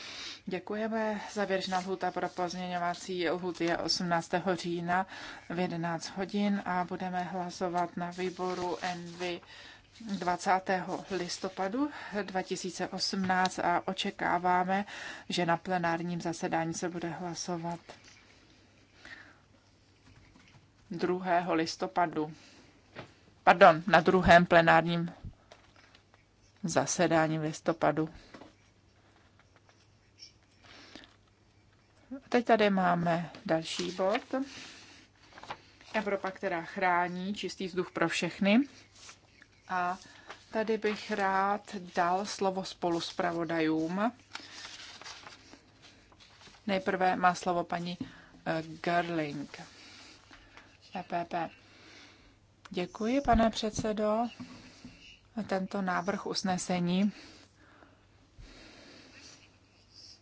Děkujeme. Závěrečná lhůta pro pozměňovací lhůty je 18. října v 11 hodin a budeme hlasovat na výboru Envy. 20. listopadu 2018 a očekáváme, že na plenárním zasedání se bude hlasovat 2. listopadu. Pardon, na druhém plenárním zasedání listopadu. Teď tady máme další bod. Evropa, která chrání čistý vzduch pro všechny a tady bych rád dal slovo spolu s pravodajům. Nejprve má slovo paní eh, Gerling. EPP. Děkuji, pane předsedo. Tento návrh usnesení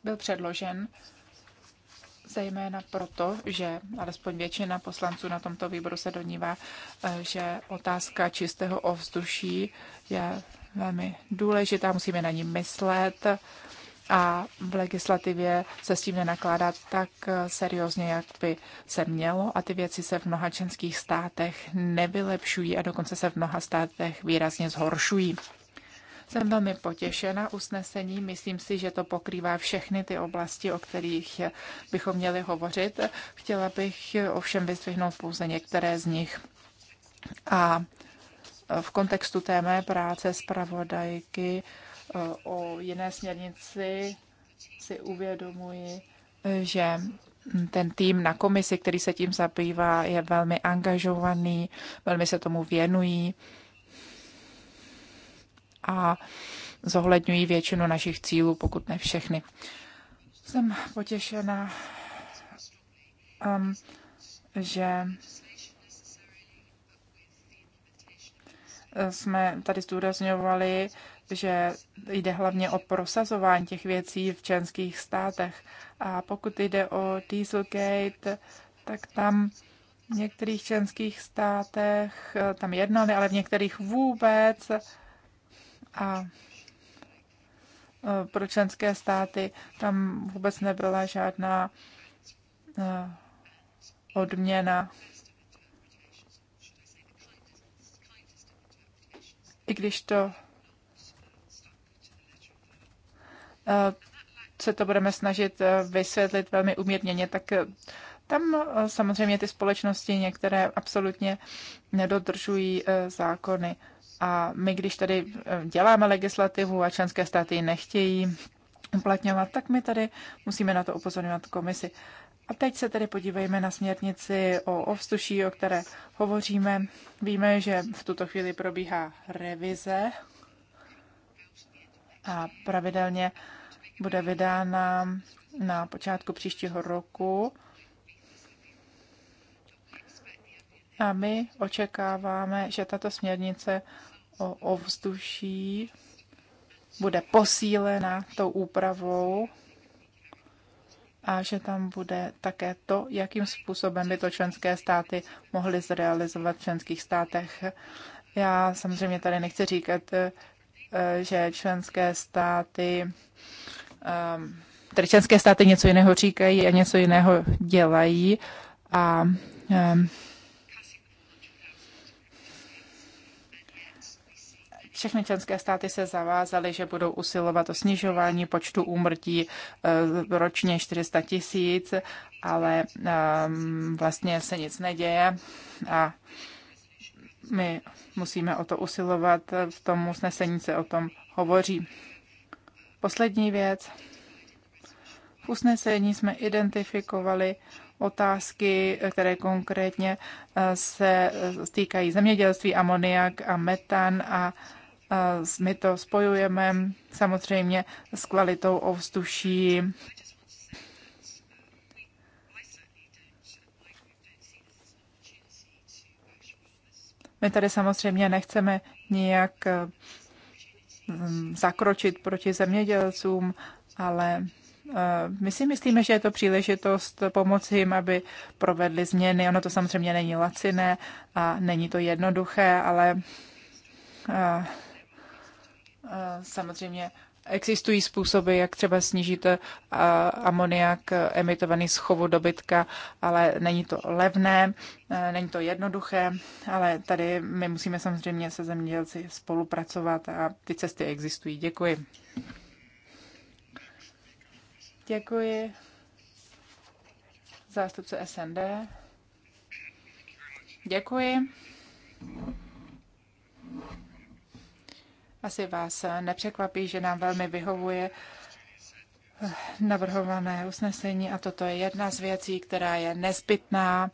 byl předložen zejména proto, že alespoň většina poslanců na tomto výboru se donívá, eh, že otázka čistého ovzduší je velmi důležitá, musíme na ní myslet a v legislativě se s tím nenakládá tak eh, seriózně, jak by se mělo a ty věci se v mnoha členských státech nevylepšují a dokonce se v mnoha státech výrazně zhoršují. Jsem velmi potěšena usnesení. Myslím si, že to pokrývá všechny ty oblasti, o kterých bychom měli hovořit. Chtěla bych ovšem vyzvihnout pouze některé z nich. A v kontextu té mé práce pravodajky eh, o jiné směrnici si uvědomuji, že ten tým na komisi, který se tím zabývá, je velmi angažovaný, velmi se tomu věnují a zohledňují většinu našich cílů, pokud ne všechny. Jsem potěšena, um, že jsme tady zdůrazňovali, že jde hlavně o prosazování těch věcí v členských státech. A pokud jde o Dieselgate, tak tam v některých členských státech eh, tam jednali, ale v některých vůbec a e, pro členské státy tam vůbec nebyla žádná e, odměna. I když to e, se to budeme snažit vysvětlit velmi umírněně, tak tam samozřejmě ty společnosti některé absolutně nedodržují zákony. A my, když tady eh, děláme legislativu a členské státy ji nechtějí uplatňovat, tak my tady musíme na to upozorňovat komisi. A teď se tedy podívejme na směrnici o ovstuší, o které hovoříme. Víme, že v tuto chvíli probíhá revize a pravidelně bude vydána na počátku příštího roku. A my očekáváme, že tato směrnice o ovzduší bude posílena tou úpravou a že tam bude také to, jakým způsobem by to členské státy mohly zrealizovat v členských státech. Já samozřejmě tady nechci říkat, eh, že členské státy, ehm, tedy členské státy něco jiného říkají a něco jiného dělají a ehm, Všechny členské státy se zavázaly, že budou usilovat o snižování počtu úmrtí eh, ročně 400 tisíc, ale ehm, vlastně se nic neděje a my musíme o to usilovat, v tom usnesení se o tom hovoří. Poslední věc. V usnesení jsme identifikovali otázky, které konkrétně eh, se eh, týkají zemědělství, amoniak a metan a my to spojujeme samozřejmě s kvalitou ovzduší. My tady samozřejmě nechceme nijak eh, mm, zakročit proti zemědělcům, ale eh, my si myslíme, že je to příležitost pomoci jim, aby provedli změny. Ono to samozřejmě není laciné a není to jednoduché, ale eh, Eh, samozřejmě Existují způsoby, jak třeba snížit eh, amoniak emitovaný z chovu dobytka, ale není to levné, eh, není to jednoduché, ale tady my musíme samozřejmě se zemědělci spolupracovat a ty cesty existují. Děkuji. Děkuji. Zástupce SND. Děkuji. Asi vás nepřekvapí, že nám velmi vyhovuje navrhované usnesení a toto je jedna z věcí, která je nezbytná,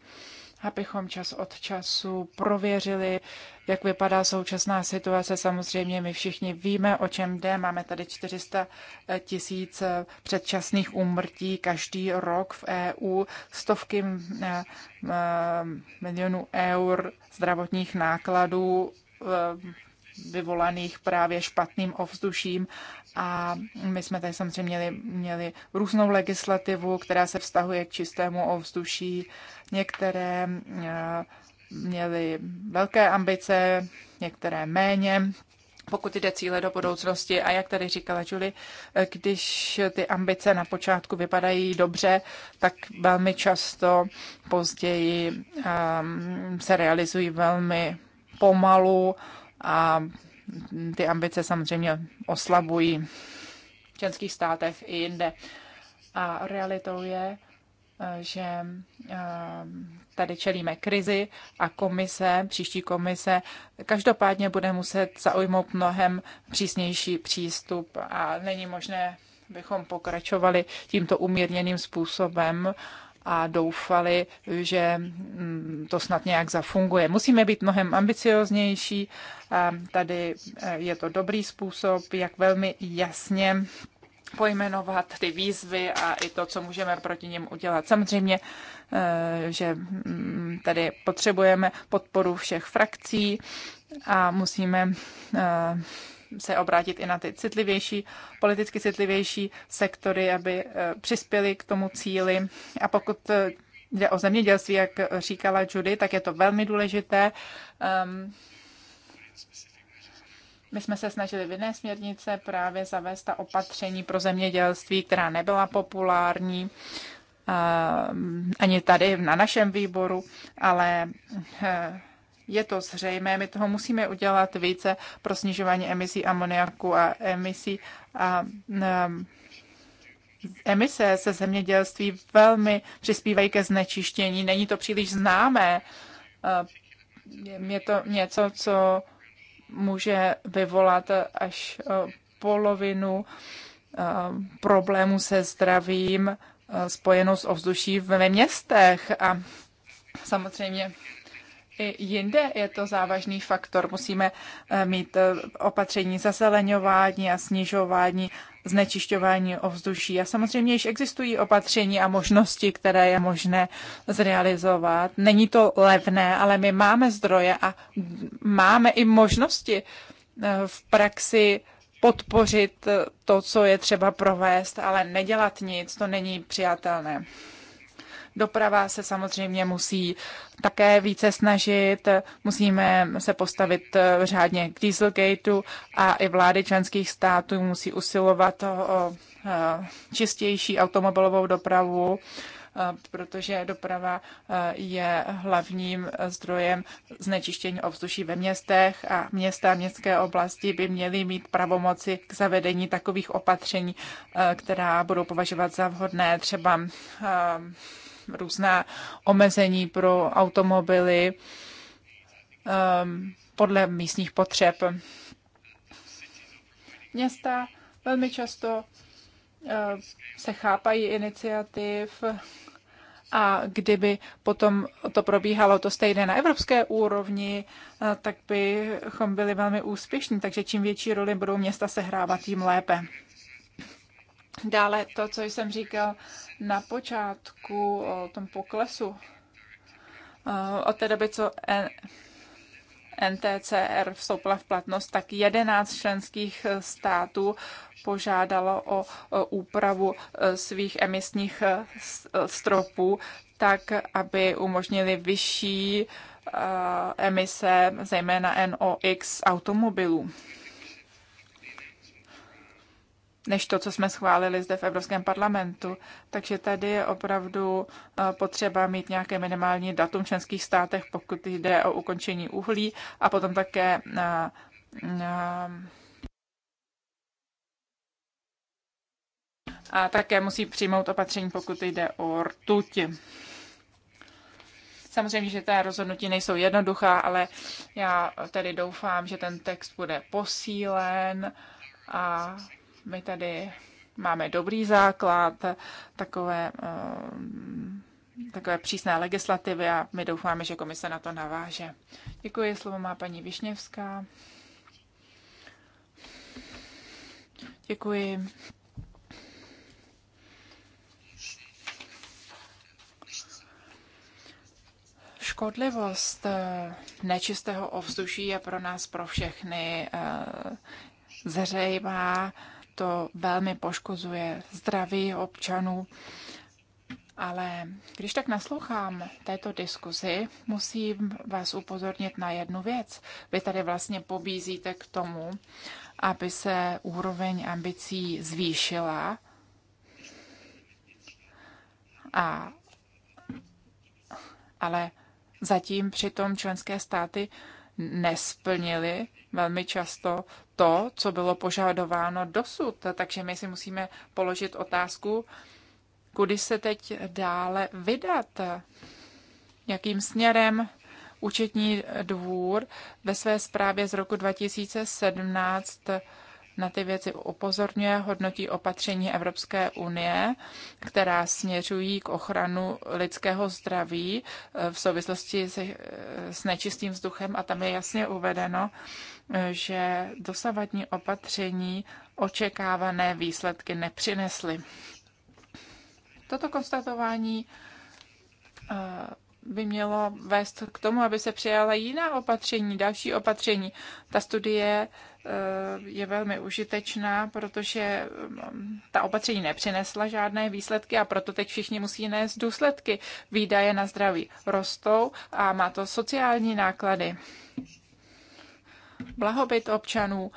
abychom čas od času prověřili, jak vypadá současná situace. Samozřejmě my všichni víme, o čem jde. Máme tady 400 tisíc předčasných úmrtí každý rok v EU, stovky milionů eur zdravotních nákladů vyvolaných právě špatným ovzduším. A my jsme tady samozřejmě měli, měli různou legislativu, která se vztahuje k čistému ovzduší. Některé eh, měly velké ambice, některé méně pokud jde cíle do budoucnosti. A jak tady říkala Julie, eh, když ty ambice na počátku vypadají dobře, tak velmi často později um, se realizují velmi pomalu a ty ambice samozřejmě oslabují v členských státech i jinde. A realitou je, že eh, tady čelíme krizi a komise, příští komise, každopádně bude muset zaujmout mnohem přísnější přístup a není možné, bychom pokračovali tímto umírněným způsobem a doufali, že mm, to snad nějak zafunguje. Musíme být mnohem ambicioznější. Tady eh, je to dobrý způsob, jak velmi jasně pojmenovat ty výzvy a i to, co můžeme proti něm udělat. Samozřejmě, eh, že mm, tady potřebujeme podporu všech frakcí a musíme eh, se obrátit i na ty citlivější, politicky citlivější sektory, aby eh, přispěli k tomu cíli. A pokud eh, jde o zemědělství, jak říkala Judy, tak je to velmi důležité. Ehm, my jsme se snažili v jiné směrnice právě zavést ta opatření pro zemědělství, která nebyla populární ehm, ani tady na našem výboru, ale eh, je to zřejmé, my toho musíme udělat více pro snižování emisí amoniaku a emisí a emise se zemědělství velmi přispívají ke znečištění. Není to příliš známé. Je to něco, co může vyvolat až polovinu problémů se zdravím spojenou s ovzduší ve městech. A samozřejmě i jinde je to závažný faktor. Musíme eh, mít eh, opatření zazeleňování a snižování znečišťování ovzduší. A samozřejmě již existují opatření a možnosti, které je možné zrealizovat. Není to levné, ale my máme zdroje a máme i možnosti eh, v praxi podpořit to, co je třeba provést, ale nedělat nic, to není přijatelné. Doprava se samozřejmě musí také více snažit, musíme se postavit eh, řádně k Dieselgateu a i vlády členských států musí usilovat o eh, čistější automobilovou dopravu eh, protože doprava je hlavním zdrojem znečištění ovzduší ve městech a města a městské oblasti by měly mít pravomoci k zavedení takových opatření, která budou považovat za vhodné třeba různá omezení pro automobily um, podle místních potřeb. Města velmi často uh, se chápají iniciativ a kdyby potom to probíhalo to stejné na evropské úrovni, uh, tak bychom byli velmi úspěšní. Takže čím větší roli budou města sehrávat, tím lépe. Dále to, co jsem říkal na počátku o tom poklesu od té doby, co NTCR vstoupila v platnost, tak 11 členských států požádalo o úpravu e, svých emisních e, e, stropů tak, aby umožnili vyšší emise, zejména NOx automobilů než to, co jsme schválili zde v Evropském parlamentu. Takže tady je opravdu eh, potřeba mít nějaké minimální datum v členských státech, pokud jde o ukončení uhlí a potom také na, eh, na, eh, a také musí přijmout opatření, pokud jde o rtuť. Samozřejmě, že ta rozhodnutí nejsou jednoduchá, ale já tedy doufám, že ten text bude posílen a my tady máme dobrý základ takové, eh, takové přísné legislativy a my doufáme, že komise na to naváže. Děkuji, slovo má paní Višněvská. Děkuji. Škodlivost eh, nečistého ovzduší je pro nás, pro všechny eh, zřejmá to velmi poškozuje zdraví občanů. Ale když tak naslouchám této diskuzi, musím vás upozornit na jednu věc. Vy tady vlastně pobízíte k tomu, aby se úroveň ambicí zvýšila a ale zatím přitom členské státy nesplnily velmi často to, co bylo požadováno dosud. Takže my si musíme položit otázku, kudy se teď dále vydat, jakým směrem účetní dvůr ve své zprávě z roku 2017 na ty věci upozorňuje, hodnotí opatření Evropské unie, která směřují k ochranu lidského zdraví eh, v souvislosti se, eh, s nečistým vzduchem a tam je jasně uvedeno, že dosavadní opatření očekávané výsledky nepřinesly. Toto konstatování eh, by mělo vést k tomu, aby se přijala jiná opatření, další opatření. Ta studie eh, je velmi užitečná, protože mm, ta opatření nepřinesla žádné výsledky a proto teď všichni musí nést důsledky. Výdaje na zdraví rostou a má to sociální náklady blahobyt občanů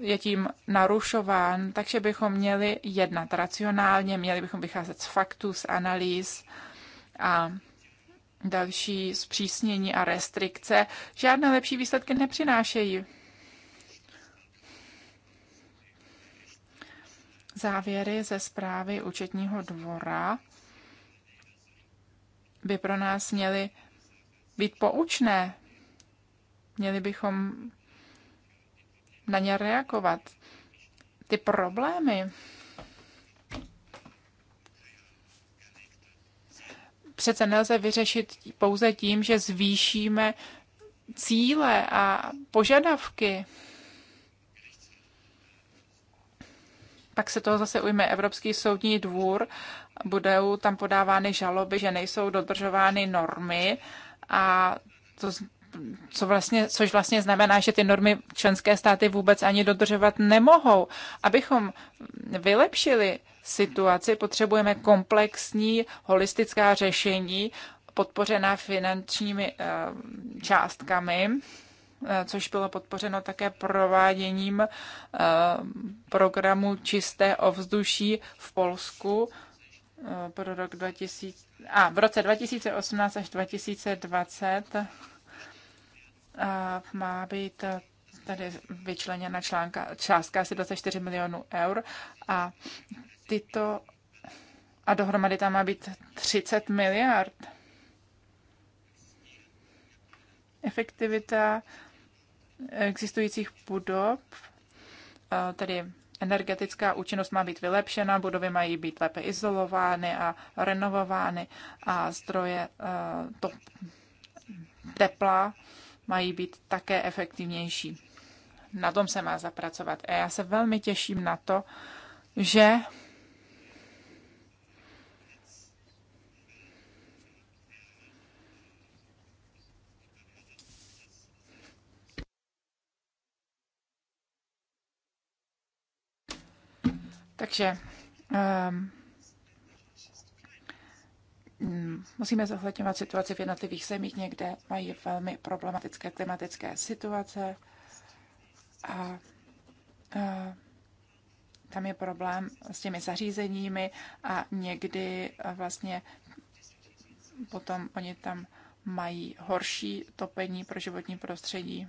je tím narušován, takže bychom měli jednat racionálně, měli bychom vycházet z faktů, z analýz a další zpřísnění a restrikce žádné lepší výsledky nepřinášejí. Závěry ze zprávy účetního dvora by pro nás měly být poučné. Měli bychom na ně reagovat. Ty problémy přece nelze vyřešit pouze tím, že zvýšíme cíle a požadavky. Pak se toho zase ujme Evropský soudní dvůr, budou tam podávány žaloby, že nejsou dodržovány normy a to co vlastně, což vlastně znamená, že ty normy členské státy vůbec ani dodržovat nemohou. Abychom vylepšili situaci, potřebujeme komplexní, holistická řešení, podpořená finančními eh, částkami, eh, což bylo podpořeno také prováděním eh, programu Čisté ovzduší v Polsku pro rok 2000, a v roce 2018 až 2020 má být eh, tady vyčleněna článka, částka asi 24 milionů eur a tyto a dohromady tam má být 30 miliard. Efektivita existujících budov, eh, tedy energetická účinnost má být vylepšena, budovy mají být lépe izolovány a renovovány a zdroje eh, to, tepla mají být také efektivnější. Na tom se má zapracovat. A já se velmi těším na to, že Takže um, Mm, musíme zohledňovat situaci v jednotlivých zemích. Někde mají velmi problematické klimatické situace a, a tam je problém s těmi zařízeními a někdy vlastně potom oni tam mají horší topení pro životní prostředí.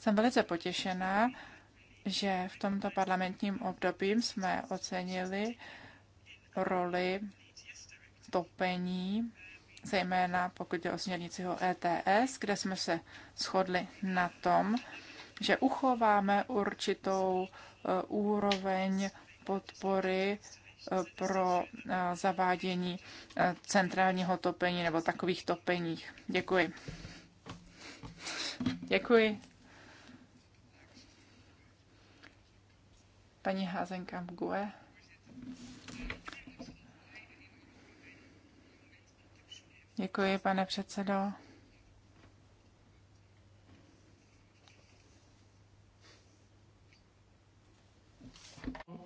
Jsem velice potěšená, že v tomto parlamentním období jsme ocenili roli topení, zejména pokud je o směrnici o ETS, kde jsme se shodli na tom, že uchováme určitou eh, úroveň podpory eh, pro eh, zavádění centrálního topení nebo takových topeních. Děkuji. Děkuji. Paní Házenka Mgue. Děkuji, pane předsedo.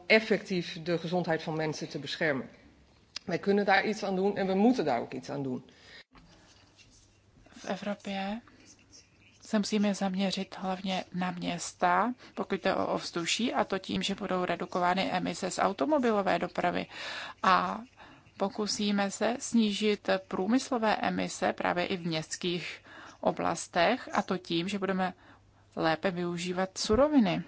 Efektiv de gezondheid van mensen te beschermen. Wij kunnen daar iets aan doen en we moeten daar ook iets aan doen. V Evropě se musíme zaměřit hlavně na města, pokud jde o ovzduší, a to tím, že budou redukovány emise z automobilové dopravy. A Pokusíme se snížit průmyslové emise právě i v městských oblastech a to tím, že budeme lépe využívat suroviny.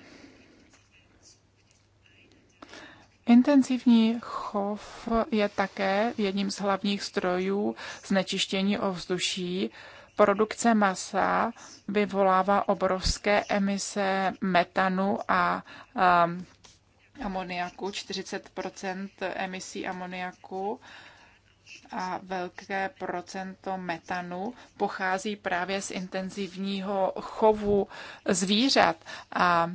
Intenzivní chov je také jedním z hlavních strojů znečištění ovzduší. Produkce masa vyvolává obrovské emise metanu a um, amoniaku, 40 emisí amoniaku a velké procento metanu pochází právě z intenzivního chovu zvířat a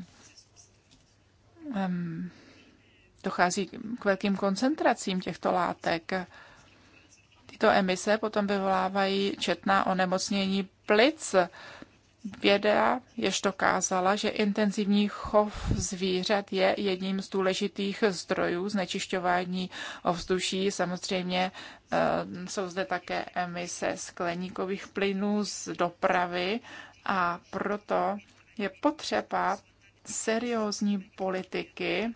um, dochází k velkým koncentracím těchto látek. Tyto emise potom vyvolávají četná onemocnění plic, Věda jež dokázala, že intenzivní chov zvířat je jedním z důležitých zdrojů znečišťování ovzduší. Samozřejmě eh, jsou zde také emise skleníkových plynů z dopravy a proto je potřeba seriózní politiky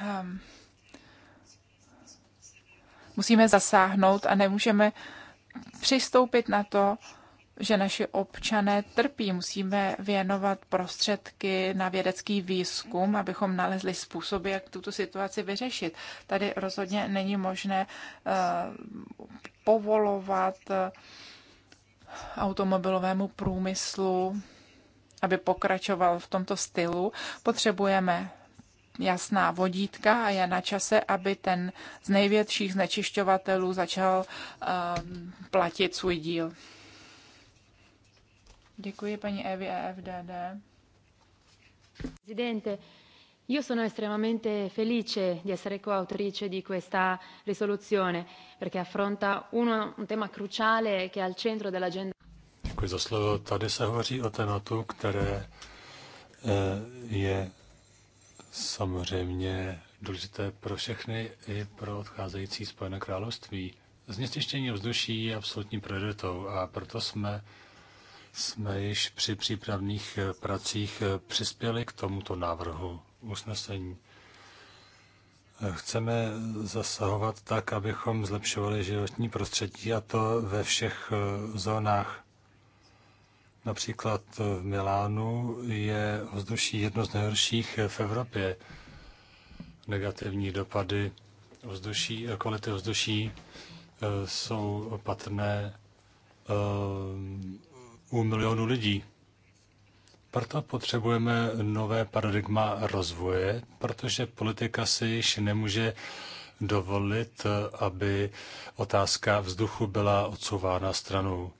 ehm, musíme zasáhnout a nemůžeme přistoupit na to, že naši občané trpí. Musíme věnovat prostředky na vědecký výzkum, abychom nalezli způsoby, jak tuto situaci vyřešit. Tady rozhodně není možné eh, povolovat eh, automobilovému průmyslu, aby pokračoval v tomto stylu. Potřebujeme jasná vodítka a je na čase, aby ten z největších znečišťovatelů začal uh, platit svůj díl. Děkuji paní Evi EFDD. Presidente, Io sono estremamente felice di essere coautrice di questa risoluzione perché affronta uno, un tema cruciale che è al centro dell'agenda. Děkuji za slovo. Tady se hovoří o tématu, které eh, je samozřejmě důležité pro všechny i pro odcházející Spojené království. Znečištění ovzduší je absolutní prioritou a proto jsme jsme již při přípravných eh, pracích eh, přispěli k tomuto návrhu usnesení. Eh, chceme zasahovat tak, abychom zlepšovali životní prostředí a to ve všech zónách. Například v Milánu je ovzduší jedno z nejhorších v Evropě. Negativní dopady ovzduší, kvality ovzduší jsou patrné u milionů lidí. Proto potřebujeme nové paradigma rozvoje, protože politika si již nemůže dovolit, aby otázka vzduchu byla odsouvána stranou.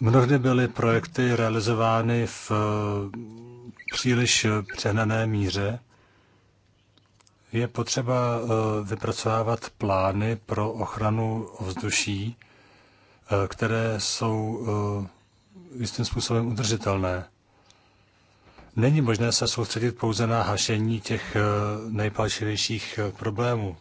Mnohdy byly projekty realizovány v příliš eh, přehnané míře. Je potřeba eh, vypracovávat plány pro ochranu ovzduší, eh, které jsou jistým způsobem udržitelné. Není možné se soustředit pouze na hašení těch nejpalčivějších problémů.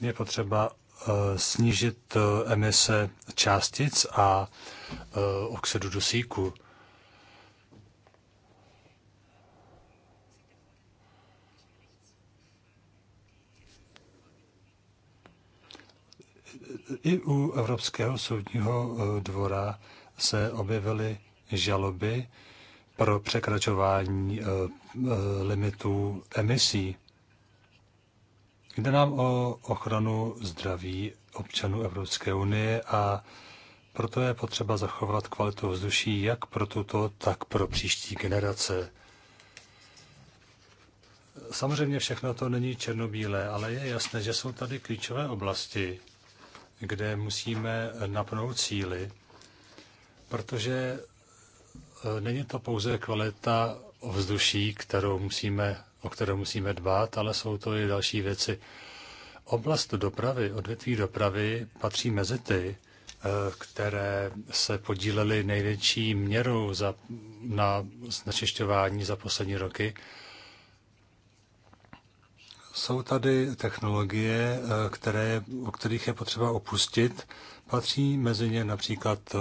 Je potřeba Eh, snížit eh, emise částic a eh, oxidu dusíku. I u Evropského soudního dvora se objevily žaloby pro překračování limitů emisí. Jde nám o ochranu zdraví občanů Evropské unie a proto je potřeba zachovat kvalitu vzduší, jak pro tuto, tak pro příští generace. Samozřejmě všechno to není černobílé, ale je jasné, že jsou tady klíčové oblasti, kde musíme napnout síly, protože e, není to pouze kvalita ovzduší, kterou musíme o které musíme dbát, ale jsou to i další věci. Oblast dopravy, odvětví dopravy patří mezi ty, eh, které se podílely největší měrou za, na znečišťování za poslední roky. Jsou tady technologie, eh, které, o kterých je potřeba opustit. Patří mezi ně například eh,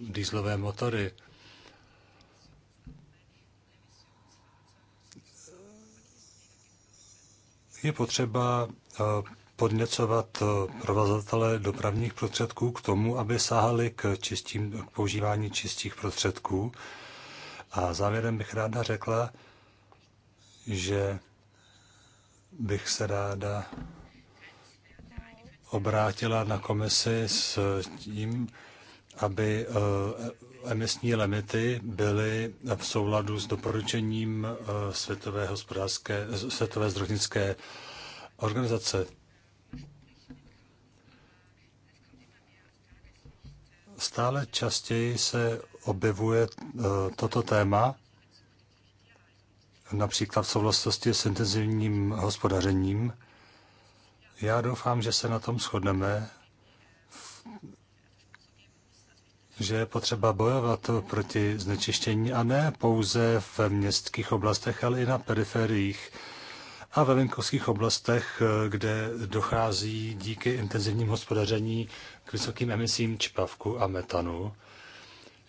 dýzlové motory. je potřeba eh, podněcovat eh, provazatele dopravních prostředků k tomu, aby sáhali k, čistím, k používání čistých prostředků. A závěrem bych ráda řekla, že bych se ráda obrátila na komisi s tím, aby eh, emisní limity byly v souladu s doporučením eh, Světové, hospodářské, eh, Světové zdravotnické organizace. Stále častěji se objevuje eh, toto téma, například v souvislosti s intenzivním hospodařením. Já doufám, že se na tom shodneme že je potřeba bojovat proti znečištění a ne pouze v městských oblastech, ale i na periferiích a ve venkovských oblastech, kde dochází díky intenzivnímu hospodaření k vysokým emisím čpavku a metanu.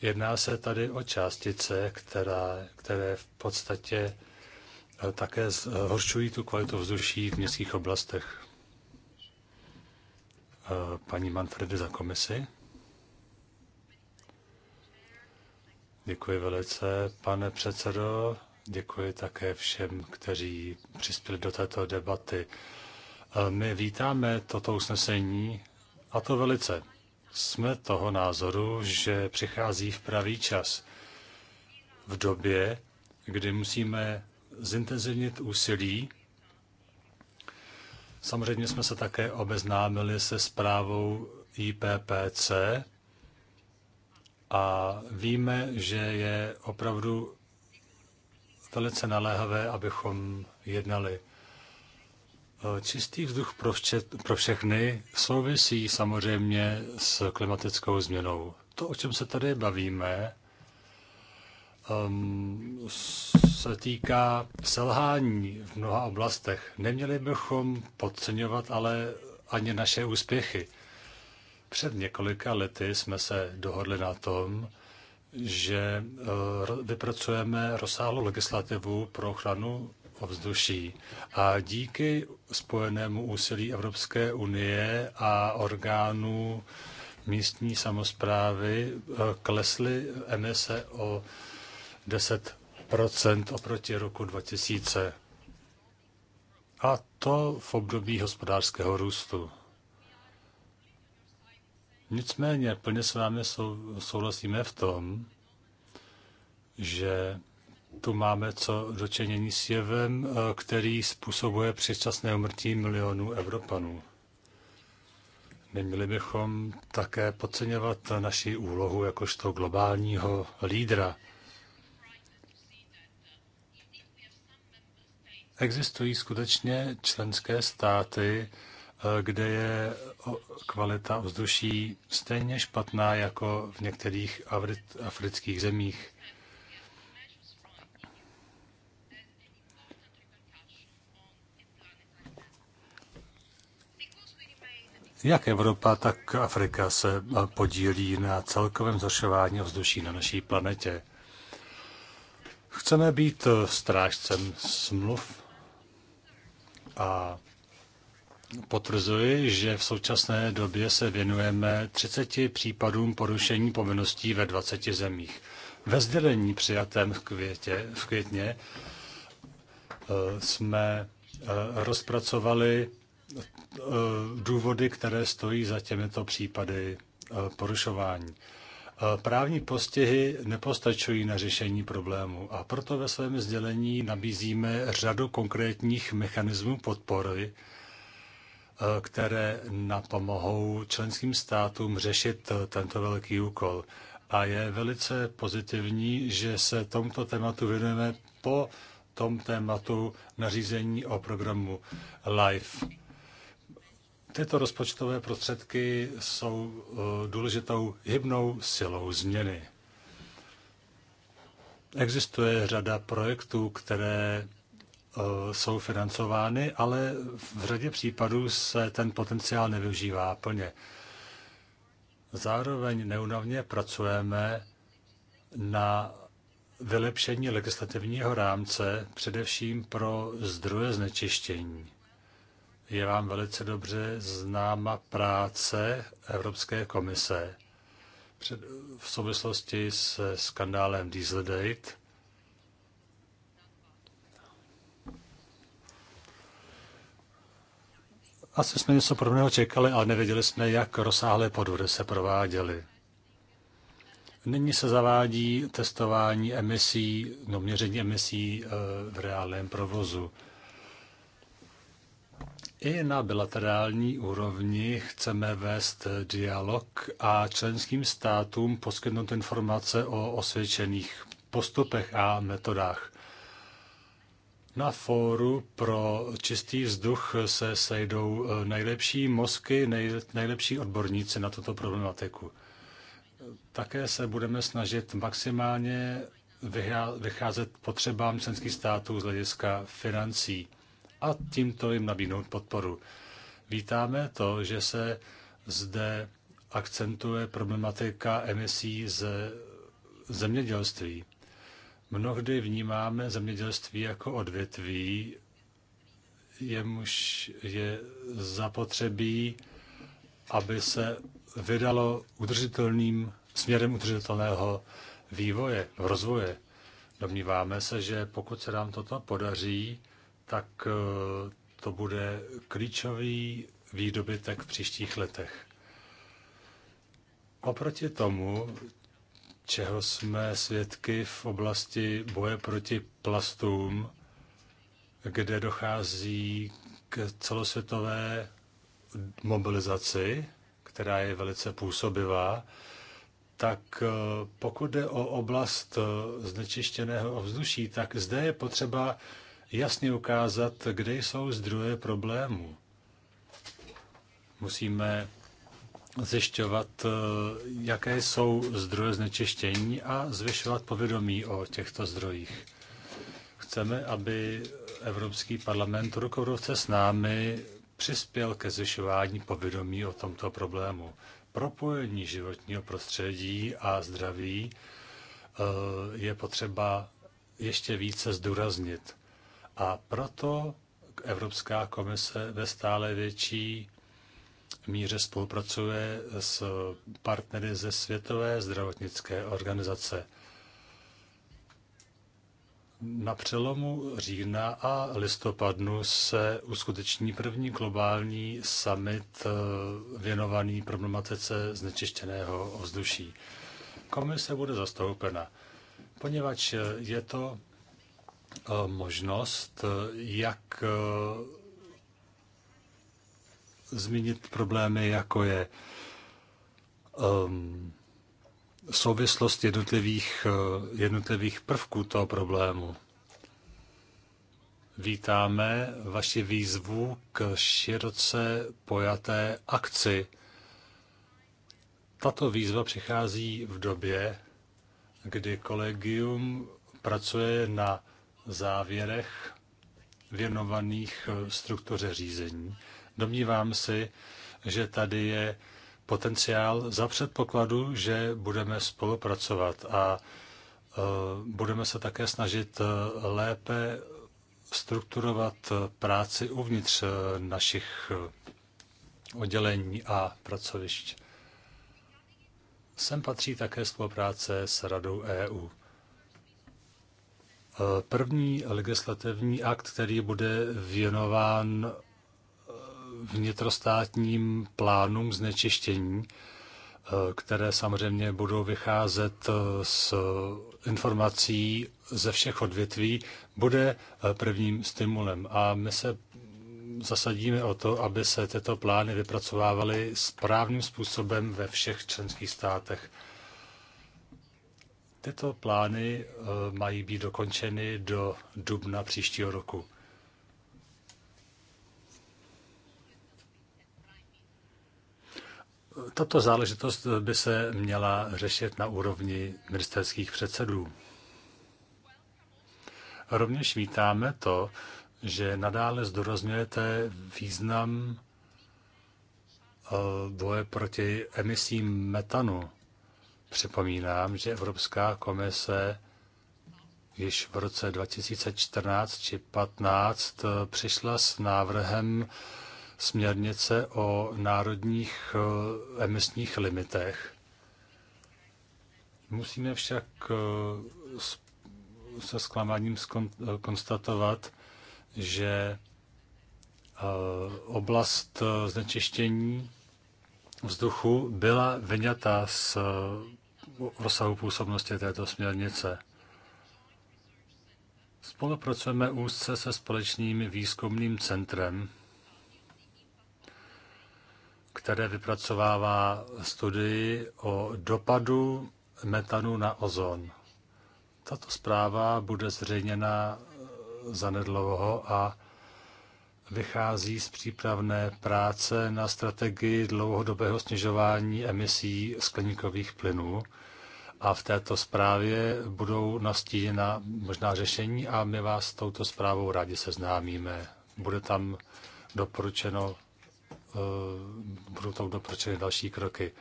Jedná se tady o částice, která, které v podstatě eh, také eh, zhoršují tu kvalitu vzduší v městských oblastech. Eh, paní Manfredy za komisi. Děkuji velice, pane předsedo. Děkuji také všem, kteří přispěli do této debaty. E, my vítáme toto usnesení a to velice. Jsme toho názoru, že přichází v pravý čas. V době, kdy musíme zintenzivnit úsilí. Samozřejmě jsme se také obeznámili se zprávou IPPC, a víme, že je opravdu velice naléhavé, abychom jednali. Čistý vzduch pro, vše, pro všechny souvisí samozřejmě s klimatickou změnou. To, o čem se tady bavíme, um, se týká selhání v mnoha oblastech. Neměli bychom podceňovat ale ani naše úspěchy. Před několika lety jsme se dohodli na tom, že eh, vypracujeme rozsáhlou legislativu pro ochranu ovzduší. A díky spojenému úsilí Evropské unie a orgánů místní samozprávy eh, klesly emise o 10 oproti roku 2000. A to v období hospodářského růstu. Nicméně plně s vámi sou, souhlasíme v tom, že tu máme co dočenění s jevem, eh, který způsobuje předčasné umrtí milionů Evropanů. Neměli bychom také podceňovat naši úlohu jakožto globálního lídra. Existují skutečně členské státy, eh, kde je kvalita ovzduší stejně špatná jako v některých afrických zemích. Jak Evropa, tak Afrika se podílí na celkovém zhoršování ovzduší na naší planetě. Chceme být strážcem smluv a potvrzuji, že v současné době se věnujeme 30 případům porušení povinností ve 20 zemích. Ve sdělení přijatém v, květě, v květně eh, jsme eh, rozpracovali eh, důvody, které stojí za těmito případy porušování. Právní postihy nepostačují na řešení problému a proto ve svém sdělení nabízíme řadu konkrétních mechanismů podpory, Eh, které napomohou členským státům řešit eh, tento velký úkol. A je velice pozitivní, že se tomuto tématu věnujeme po tom tématu nařízení o programu LIFE. Tyto rozpočtové prostředky jsou eh, důležitou hybnou silou změny. Existuje řada projektů, které Eh, jsou financovány, ale v řadě případů se ten potenciál nevyužívá plně. Zároveň neunavně pracujeme na vylepšení legislativního rámce, především pro zdroje znečištění. Je vám velice dobře známa práce Evropské komise v souvislosti se skandálem Dieselgate Asi jsme něco podobného čekali, ale nevěděli jsme, jak rozsáhlé podvody se prováděly. Nyní se zavádí testování emisí, no měření emisí eh, v reálném provozu. I na bilaterální úrovni chceme vést dialog a členským státům poskytnout informace o osvědčených postupech a metodách. Na fóru pro čistý vzduch se sejdou eh, nejlepší mozky, nej, nejlepší odborníci na tuto problematiku. Také se budeme snažit maximálně vycházet potřebám členských států z hlediska financí a tímto jim nabídnout podporu. Vítáme to, že se zde akcentuje problematika emisí ze zemědělství. Mnohdy vnímáme zemědělství jako odvětví, jemuž je zapotřebí, aby se vydalo udržitelným směrem udržitelného vývoje, rozvoje. Domníváme se, že pokud se nám toto podaří, tak eh, to bude klíčový výdobytek v příštích letech. Oproti tomu čeho jsme svědky v oblasti boje proti plastům, kde dochází k celosvětové mobilizaci, která je velice působivá, tak eh, pokud jde o oblast eh, znečištěného ovzduší, tak zde je potřeba jasně ukázat, kde jsou zdroje problémů. Musíme zjišťovat, eh, jaké jsou zdroje znečištění a zvyšovat povědomí o těchto zdrojích. Chceme, aby Evropský parlament ruku ruce s námi přispěl ke zvyšování povědomí o tomto problému. Propojení životního prostředí a zdraví eh, je potřeba ještě více zdůraznit. A proto Evropská komise ve stále větší míře spolupracuje s partnery ze Světové zdravotnické organizace. Na přelomu října a listopadu se uskuteční první globální summit eh, věnovaný problematice znečištěného ovzduší. Komise bude zastoupena, poněvadž je to eh, možnost, eh, jak zmínit problémy, jako je um, souvislost jednotlivých, eh, jednotlivých prvků toho problému. Vítáme vaši výzvu k široce pojaté akci. Tato výzva přichází v době, kdy kolegium pracuje na závěrech věnovaných eh, struktuře řízení Domnívám si, že tady je potenciál za předpokladu, že budeme spolupracovat a e, budeme se také snažit e, lépe strukturovat práci uvnitř e, našich oddělení a pracovišť. Sem patří také spolupráce s Radou EU. První legislativní akt, který bude věnován vnitrostátním plánům znečištění, eh, které samozřejmě budou vycházet eh, z informací ze všech odvětví, bude eh, prvním stimulem. A my se zasadíme o to, aby se tyto plány vypracovávaly správným způsobem ve všech členských státech. Tyto plány mají být dokončeny do dubna příštího roku. tato záležitost by se měla řešit na úrovni ministerských předsedů. Rovněž vítáme to, že nadále zdůrazňujete význam eh, boje proti emisím metanu. Připomínám, že Evropská komise již v roce 2014 či 2015 eh, přišla s návrhem směrnice o národních eh, emisních limitech. Musíme však eh, se zklamáním eh, konstatovat, že oblast znečištění vzduchu byla vyňata z rozsahu působnosti této směrnice. Spolupracujeme úzce se společným výzkumným centrem které vypracovává studii o dopadu metanu na ozon. Tato zpráva bude zřejměna eh, zanedlouho a vychází z přípravné práce na strategii dlouhodobého snižování emisí skleníkových plynů. A v této zprávě budou nastíněna možná řešení a my vás s touto zprávou rádi seznámíme. Bude tam doporučeno Eh, budou tam dopročeny další kroky.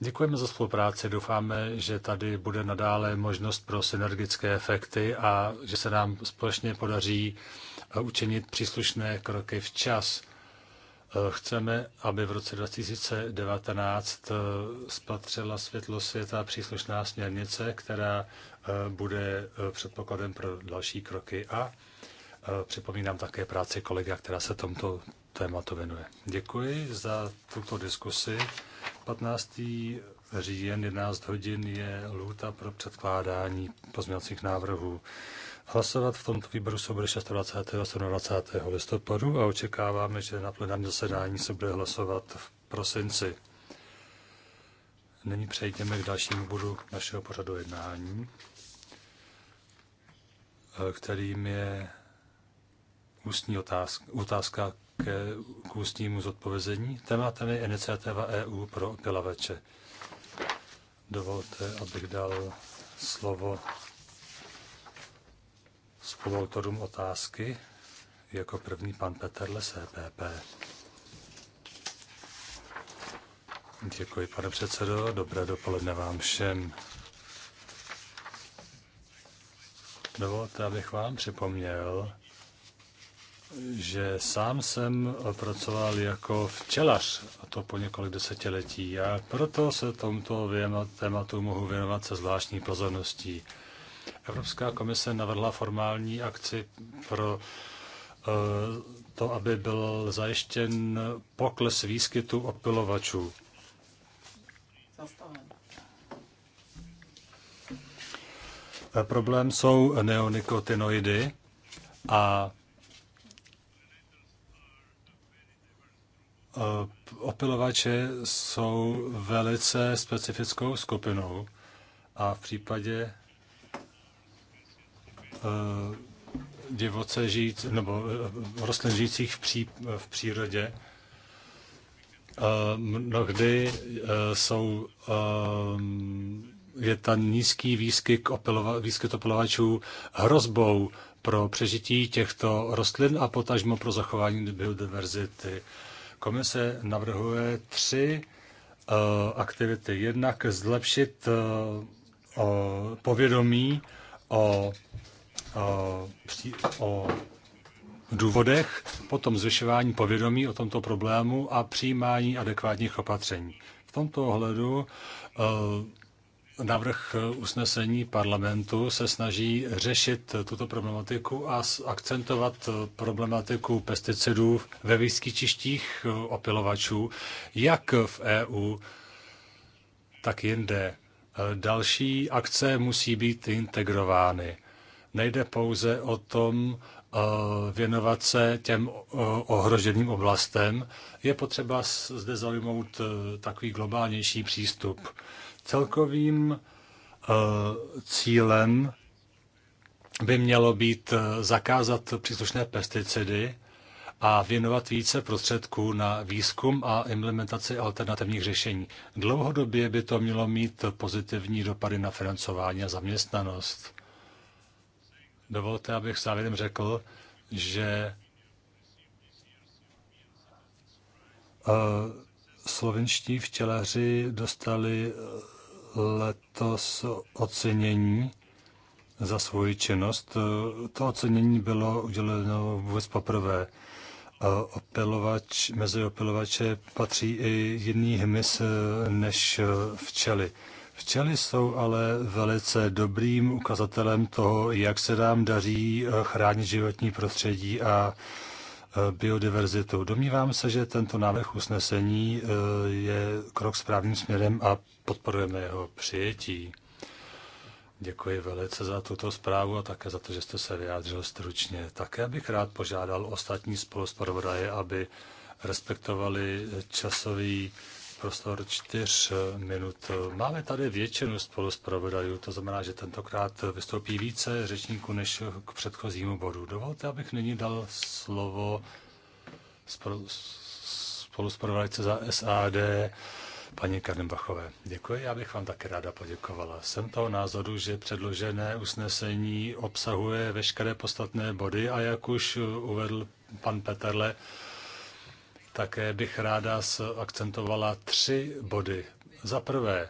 Děkujeme za spolupráci, doufáme, že tady bude nadále možnost pro synergické efekty a že se nám společně podaří eh, učinit příslušné kroky včas. Eh, chceme, aby v roce 2019 spatřila světlo světa příslušná směrnice, která bude předpokladem pro další kroky a připomínám také práci kolega, která se tomto tématu věnuje. Děkuji za tuto diskusi. 15. říjen 11 hodin je lhůta pro předkládání pozměňovacích návrhů. Hlasovat v tomto výboru se bude 26. a 27. listopadu a očekáváme, že na plenárním zasedání se bude hlasovat v prosinci. Nyní přejdeme k dalšímu bodu našeho pořadu jednání, eh, kterým je ústní otázka, otázka k, k ústnímu zodpovězení. Tématem je iniciativa EU pro opilaveče. Dovolte, abych dal slovo spoluautorům otázky. Jako první pan Petr z EPP. Děkuji, pane předsedo. Dobré dopoledne vám všem. Dovolte, abych vám připomněl, že sám jsem pracoval jako včelař, a to po několik desetiletí, a proto se tomuto tématu mohu věnovat se zvláštní pozorností. Evropská komise navrhla formální akci pro eh, to, aby byl zajištěn pokles výskytu opilovačů. Zastaven. Eh, problém jsou neonikotinoidy a Eh, opilovače jsou velice specifickou skupinou a v případě eh, divoce žít, nebo eh, rostlin žijících v, pří, v přírodě, mnohdy jsou, je ta nízký výskyt, opilova, výskyt opilovačů hrozbou pro přežití těchto rostlin a potažmo pro zachování biodiverzity. Komise navrhuje tři uh, aktivity. Jednak zlepšit uh, povědomí o, o, o důvodech, potom zvyšování povědomí o tomto problému a přijímání adekvátních opatření. V tomto ohledu uh, návrh usnesení parlamentu se snaží řešit tuto problematiku a akcentovat problematiku pesticidů ve výskyčištích opilovačů, jak v EU, tak jinde. Další akce musí být integrovány. Nejde pouze o tom eh, věnovat se těm eh, ohroženým oblastem. Je potřeba zde zaujmout eh, takový globálnější přístup. Celkovým eh, cílem by mělo být eh, zakázat příslušné pesticidy a věnovat více prostředků na výzkum a implementaci alternativních řešení. Dlouhodobě by to mělo mít pozitivní dopady na financování a zaměstnanost. Dovolte, abych závěrem řekl, že eh, slovenští včelaři dostali letos ocenění za svoji činnost. To ocenění bylo uděleno vůbec poprvé. Opilovač, mezi opilovače patří i jiný hmyz než včely. Včely jsou ale velice dobrým ukazatelem toho, jak se nám daří chránit životní prostředí a biodiverzitu. Domnívám se, že tento návrh usnesení eh, je krok správným směrem a podporujeme jeho přijetí. Děkuji velice za tuto zprávu a také za to, že jste se vyjádřil stručně. Také bych rád požádal ostatní spoluzpravodaje, aby respektovali časový prostor čtyř minut. Máme tady většinu spoluspravodajů, to znamená, že tentokrát vystoupí více řečníků než k předchozímu bodu. Dovolte, abych nyní dal slovo spoluspravodajce za SAD, paní Karnbachové. Děkuji, já bych vám také ráda poděkovala. Jsem toho názoru, že předložené usnesení obsahuje veškeré podstatné body a jak už uvedl pan Peterle, také bych ráda akcentovala tři body. Za prvé,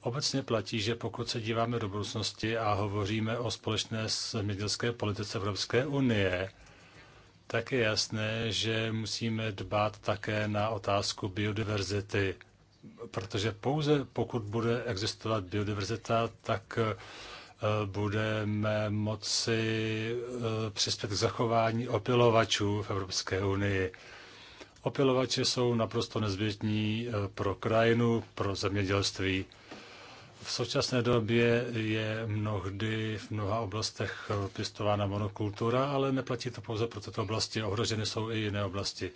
obecně platí, že pokud se díváme do budoucnosti a hovoříme o společné zemědělské politice Evropské unie, tak je jasné, že musíme dbát také na otázku biodiverzity, protože pouze pokud bude existovat biodiverzita, tak eh, budeme moci eh, přispět k zachování opilovačů v Evropské unii. Opilovače jsou naprosto nezbytní eh, pro krajinu, pro zemědělství. V současné době je mnohdy v mnoha oblastech eh, pěstována monokultura, ale neplatí to pouze pro tyto oblasti, ohroženy jsou i jiné oblasti.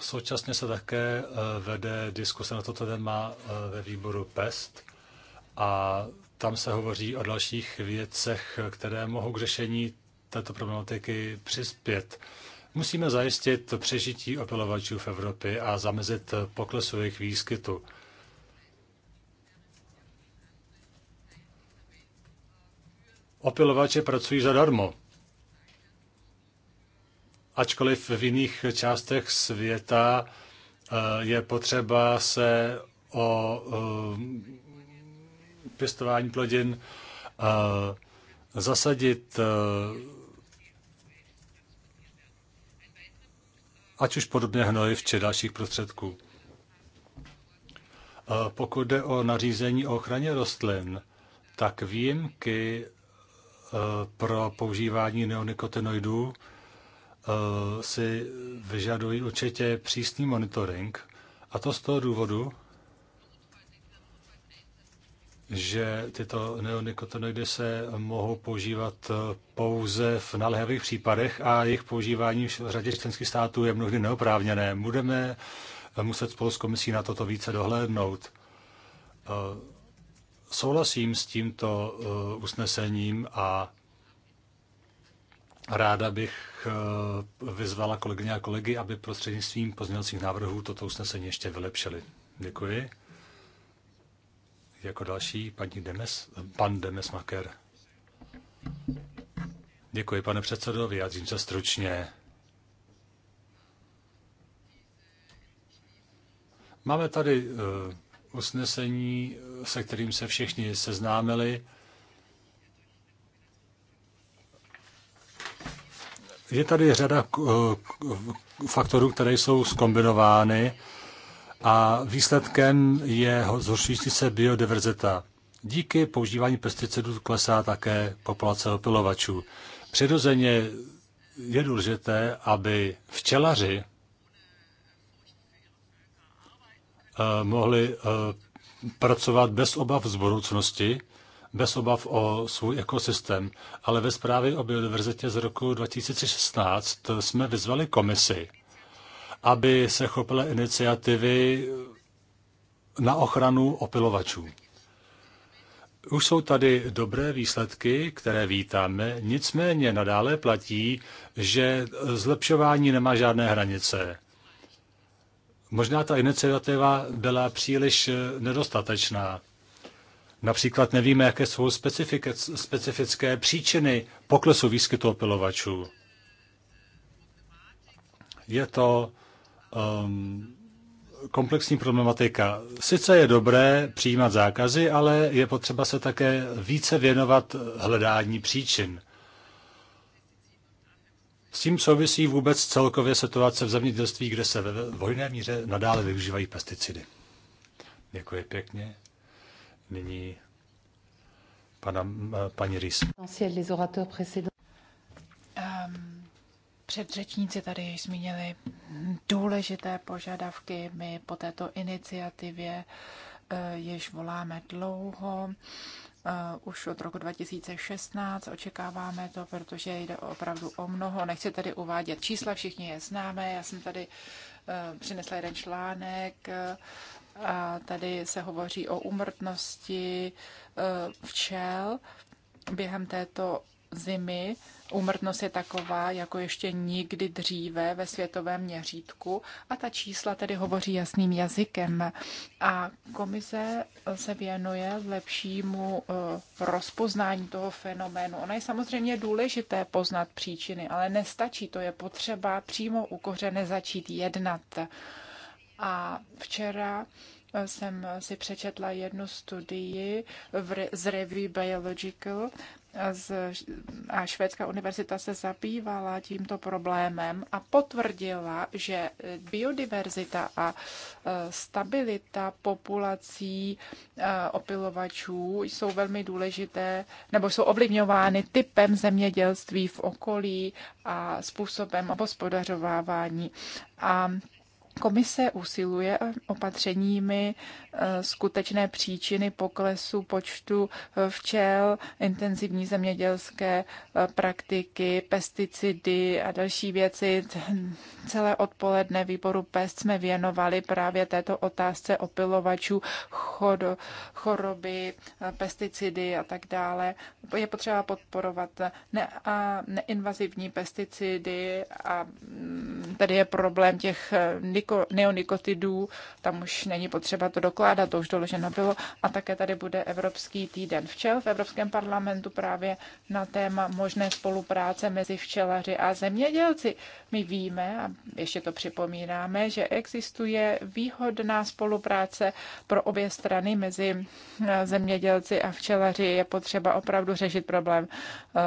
Současně se také eh, vede diskuse na toto téma ve výboru PEST a tam se hovoří o dalších věcech, které mohou k řešení této problematiky přispět. Musíme zajistit přežití opilovačů v Evropě a zamezit poklesu jejich výskytu. Opilovače pracují zadarmo. Ačkoliv v jiných částech světa eh, je potřeba se o eh, pěstování plodin eh, zasadit ať už podobně hnojiv či dalších prostředků. E, pokud jde o nařízení o ochraně rostlin, tak výjimky e, pro používání neonikotinoidů e, si vyžadují určitě přísný monitoring, a to z toho důvodu, že tyto neonikotinoidy se mohou používat eh, pouze v nalehavých případech a jejich používání v řadě členských států je mnohdy neoprávněné. Budeme eh, muset spolu s komisí na toto více dohlédnout. Eh, souhlasím s tímto usnesením a ráda bych vyzvala kolegyně a kolegy, aby prostřednictvím pozměňovacích návrhů toto usnesení ještě vylepšili. Děkuji. Jako další paní Demes, pan Demes Maker. Děkuji, pane předsedo, vyjádřím se stručně. Máme tady uh, usnesení, eh, se kterým se všichni seznámili. Je tady řada eh, faktorů, které jsou skombinovány a výsledkem je zhoršující se biodiverzita. Díky používání pesticidů klesá také populace opilovačů. Přirozeně je důležité, aby včelaři eh, mohli eh, pracovat bez obav z budoucnosti, bez obav o svůj ekosystém, ale ve zprávě o biodiverzitě z roku 2016 jsme vyzvali komisi, aby se chopila iniciativy na ochranu opilovačů. Už jsou tady dobré výsledky, které vítáme, nicméně nadále platí, že zlepšování nemá žádné hranice. Možná ta iniciativa byla příliš nedostatečná. Například nevíme, jaké jsou specifické příčiny poklesu výskytu opilovačů. Je to um, komplexní problematika. Sice je dobré přijímat zákazy, ale je potřeba se také více věnovat hledání příčin. S tím souvisí vůbec celkově situace v zemědělství, kde se ve vojné míře nadále využívají pesticidy. Děkuji pěkně. Nyní pana, paní Rys. Um, Předřečníci tady zmínili důležité požadavky. My po této iniciativě eh, jež voláme dlouho, eh, už od roku 2016 očekáváme to, protože jde opravdu o mnoho. Nechci tady uvádět čísla, všichni je známe. Já jsem tady eh, přinesla jeden článek a tady se hovoří o umrtnosti včel během této zimy Úmrtnost je taková, jako ještě nikdy dříve ve světovém měřítku a ta čísla tedy hovoří jasným jazykem. A komise se věnuje lepšímu eh, rozpoznání toho fenoménu. Ona je samozřejmě důležité poznat příčiny, ale nestačí. To je potřeba přímo u kořene začít jednat. A včera jsem eh, si přečetla jednu studii v, z Review Biological eh, z, a Švédská univerzita se zabývala tímto problémem a potvrdila, že eh, biodiverzita a stabilita populací opilovačů jsou velmi důležité nebo jsou ovlivňovány typem zemědělství v okolí a způsobem obospodařovávání. A Komise usiluje opatřeními Eh, skutečné příčiny poklesu počtu eh, včel, intenzivní zemědělské eh, praktiky, pesticidy a další věci. Celé odpoledne výboru PEST jsme věnovali právě této otázce opilovačů, chod, choroby, pesticidy a tak dále. Je potřeba podporovat ne, a neinvazivní pesticidy a mm, tady je problém těch niko, neonikotidů, tam už není potřeba to dokládat předkládat, to už doloženo bylo. A také tady bude Evropský týden včel v Evropském parlamentu právě na téma možné spolupráce mezi včelaři a zemědělci. My víme, a ještě to připomínáme, že existuje výhodná spolupráce pro obě strany mezi eh, zemědělci a včelaři. Je potřeba opravdu řešit problém eh,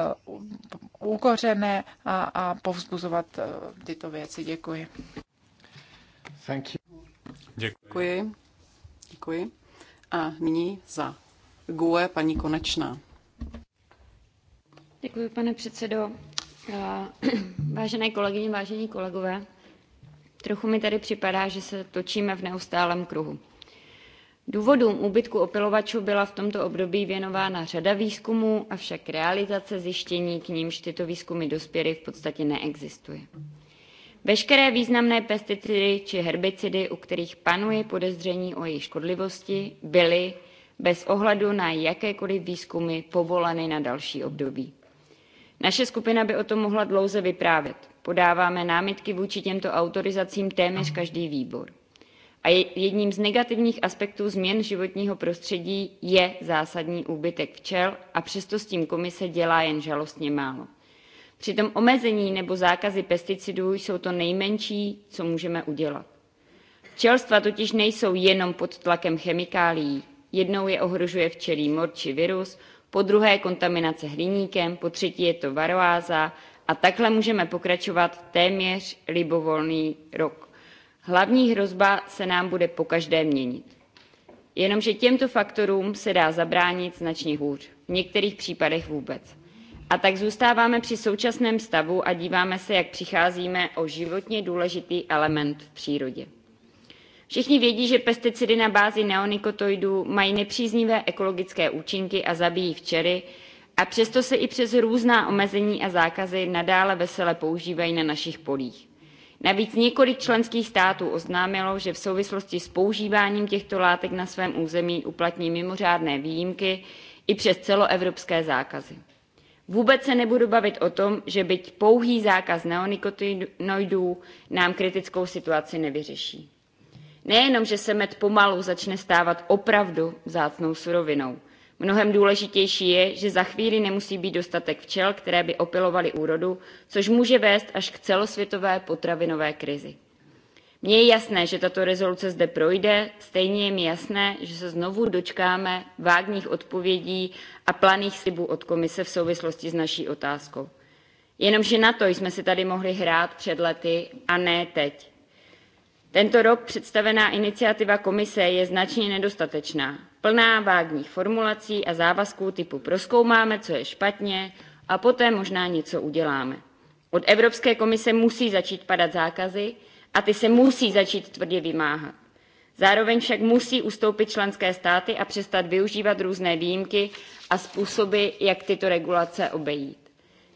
ukořené a, a povzbuzovat eh, tyto věci. Děkuji. Thank you. Děkuji. Děkuji. Děkuji. A nyní za GUE paní Konečná. Děkuji, pane předsedo. Vážené kolegyně, vážení kolegové, trochu mi tady připadá, že se točíme v neustálém kruhu. Důvodům úbytku opilovačů byla v tomto období věnována řada výzkumů, avšak realizace zjištění, k nímž tyto výzkumy dospěly, v podstatě neexistuje. Veškeré významné pesticidy či herbicidy, u kterých panuje podezření o jejich škodlivosti, byly bez ohledu na jakékoliv výzkumy povoleny na další období. Naše skupina by o tom mohla dlouze vyprávět. Podáváme námitky vůči těmto autorizacím téměř každý výbor. A jedním z negativních aspektů změn životního prostředí je zásadní úbytek včel a přesto s tím komise dělá jen žalostně málo. Přitom omezení nebo zákazy pesticidů jsou to nejmenší, co můžeme udělat. Včelstva totiž nejsou jenom pod tlakem chemikálií. Jednou je ohrožuje včelí mor či virus, po druhé kontaminace hliníkem, po třetí je to varoáza a takhle můžeme pokračovat téměř libovolný rok. Hlavní hrozba se nám bude pokaždé měnit. Jenomže těmto faktorům se dá zabránit značně hůř, v některých případech vůbec. A tak zůstáváme při současném stavu a díváme se, jak přicházíme o životně důležitý element v přírodě. Všichni vědí, že pesticidy na bázi neonikotoidů mají nepříznivé ekologické účinky a zabíjí včely, a přesto se i přes různá omezení a zákazy nadále vesele používají na našich polích. Navíc několik členských států oznámilo, že v souvislosti s používáním těchto látek na svém území uplatní mimořádné výjimky i přes celoevropské zákazy. Vůbec se nebudu bavit o tom, že byť pouhý zákaz neonikotinoidů nám kritickou situaci nevyřeší. Nejenom, že se med pomalu začne stávat opravdu vzácnou surovinou. Mnohem důležitější je, že za chvíli nemusí být dostatek včel, které by opilovaly úrodu, což může vést až k celosvětové potravinové krizi. Mně je jasné, že tato rezoluce zde projde, stejně je mi jasné, že se znovu dočkáme vágních odpovědí a planých slibů od komise v souvislosti s naší otázkou. Jenomže na to jsme si tady mohli hrát před lety a ne teď. Tento rok představená iniciativa komise je značně nedostatečná, plná vágních formulací a závazků typu proskoumáme, co je špatně a poté možná něco uděláme. Od Evropské komise musí začít padat zákazy, a ty se musí začít tvrdě vymáhat. Zároveň však musí ustoupit členské státy a přestat využívat různé výjimky a způsoby, jak tyto regulace obejít.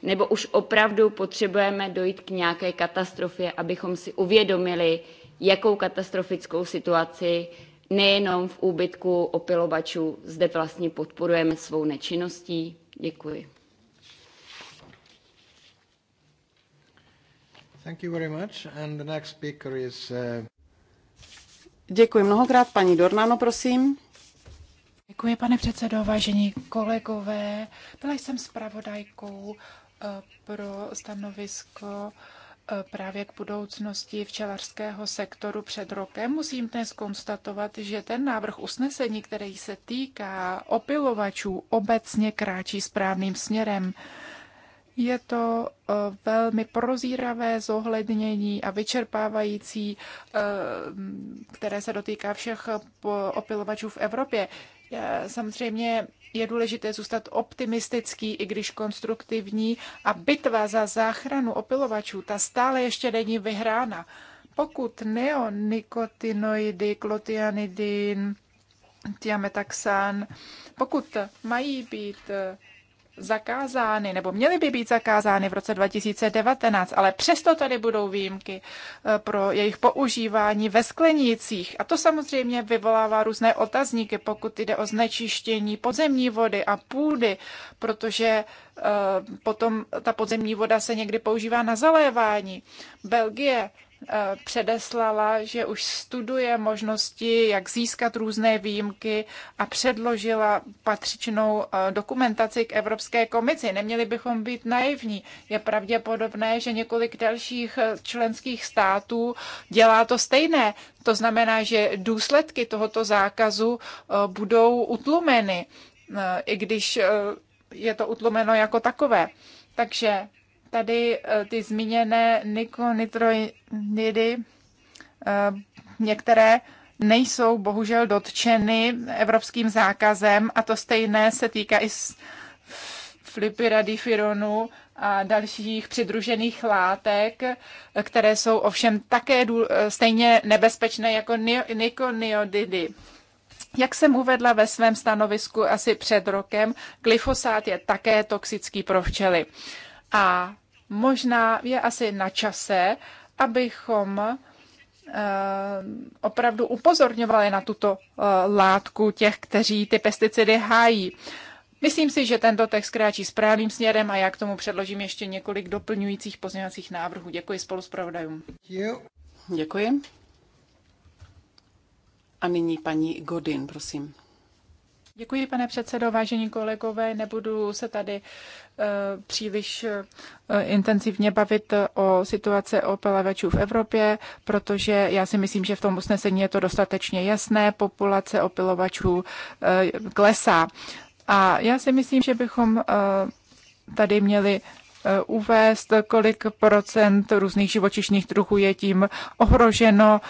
Nebo už opravdu potřebujeme dojít k nějaké katastrofě, abychom si uvědomili, jakou katastrofickou situaci nejenom v úbytku opilovačů zde vlastně podporujeme svou nečinností? Děkuji. Thank you very much. And the next speaker is, uh... Děkuji mnohokrát, paní Dornano, prosím. Děkuji, pane předsedo, vážení kolegové. Byla jsem zpravodajkou uh, pro stanovisko uh, právě k budoucnosti včelařského sektoru před rokem. Musím dnes konstatovat, že ten návrh usnesení, který se týká opilovačů, obecně kráčí správným směrem. Je to eh, velmi prozíravé zohlednění a vyčerpávající, eh, které se dotýká všech eh, opilovačů v Evropě. Samozřejmě je důležité zůstat optimistický, i když konstruktivní, a bitva za záchranu opilovačů, ta stále ještě není vyhrána. Pokud neonikotinoidy, klotianidin, tiametaxan, pokud mají být zakázány, nebo měly by být zakázány v roce 2019, ale přesto tady budou výjimky eh, pro jejich používání ve sklenících. A to samozřejmě vyvolává různé otazníky, pokud jde o znečištění podzemní vody a půdy, protože eh, potom ta podzemní voda se někdy používá na zalévání. Belgie Eh, předeslala, že už studuje možnosti, jak získat různé výjimky a předložila patřičnou eh, dokumentaci k Evropské komisi. Neměli bychom být naivní. Je pravděpodobné, že několik dalších eh, členských států dělá to stejné. To znamená, že důsledky tohoto zákazu budou utlumeny, i když je to utlumeno jako takové. Takže tady eh, ty zmíněné nikonitroidy, eh, některé nejsou bohužel dotčeny evropským zákazem a to stejné se týká i flipiradifironu a dalších přidružených látek, které jsou ovšem také eh, stejně nebezpečné jako nikoniodidy. Jak jsem uvedla ve svém stanovisku asi před rokem, glyfosát je také toxický pro včely. A Možná je asi na čase, abychom eh, opravdu upozorňovali na tuto eh, látku těch, kteří ty pesticidy hájí. Myslím si, že tento text kráčí správným směrem a já k tomu předložím ještě několik doplňujících pozměňovacích návrhů. Děkuji spolu s pravodajům. Děkuji. A nyní paní Godin, prosím. Děkuji, pane předsedo, vážení kolegové. Nebudu se tady e, příliš e, intenzivně bavit o situaci opelavačů v Evropě, protože já si myslím, že v tom usnesení je to dostatečně jasné. Populace opilovačů e, klesá. A já si myslím, že bychom tady měli uvést, kolik procent různých živočišných druhů je tím ohroženo,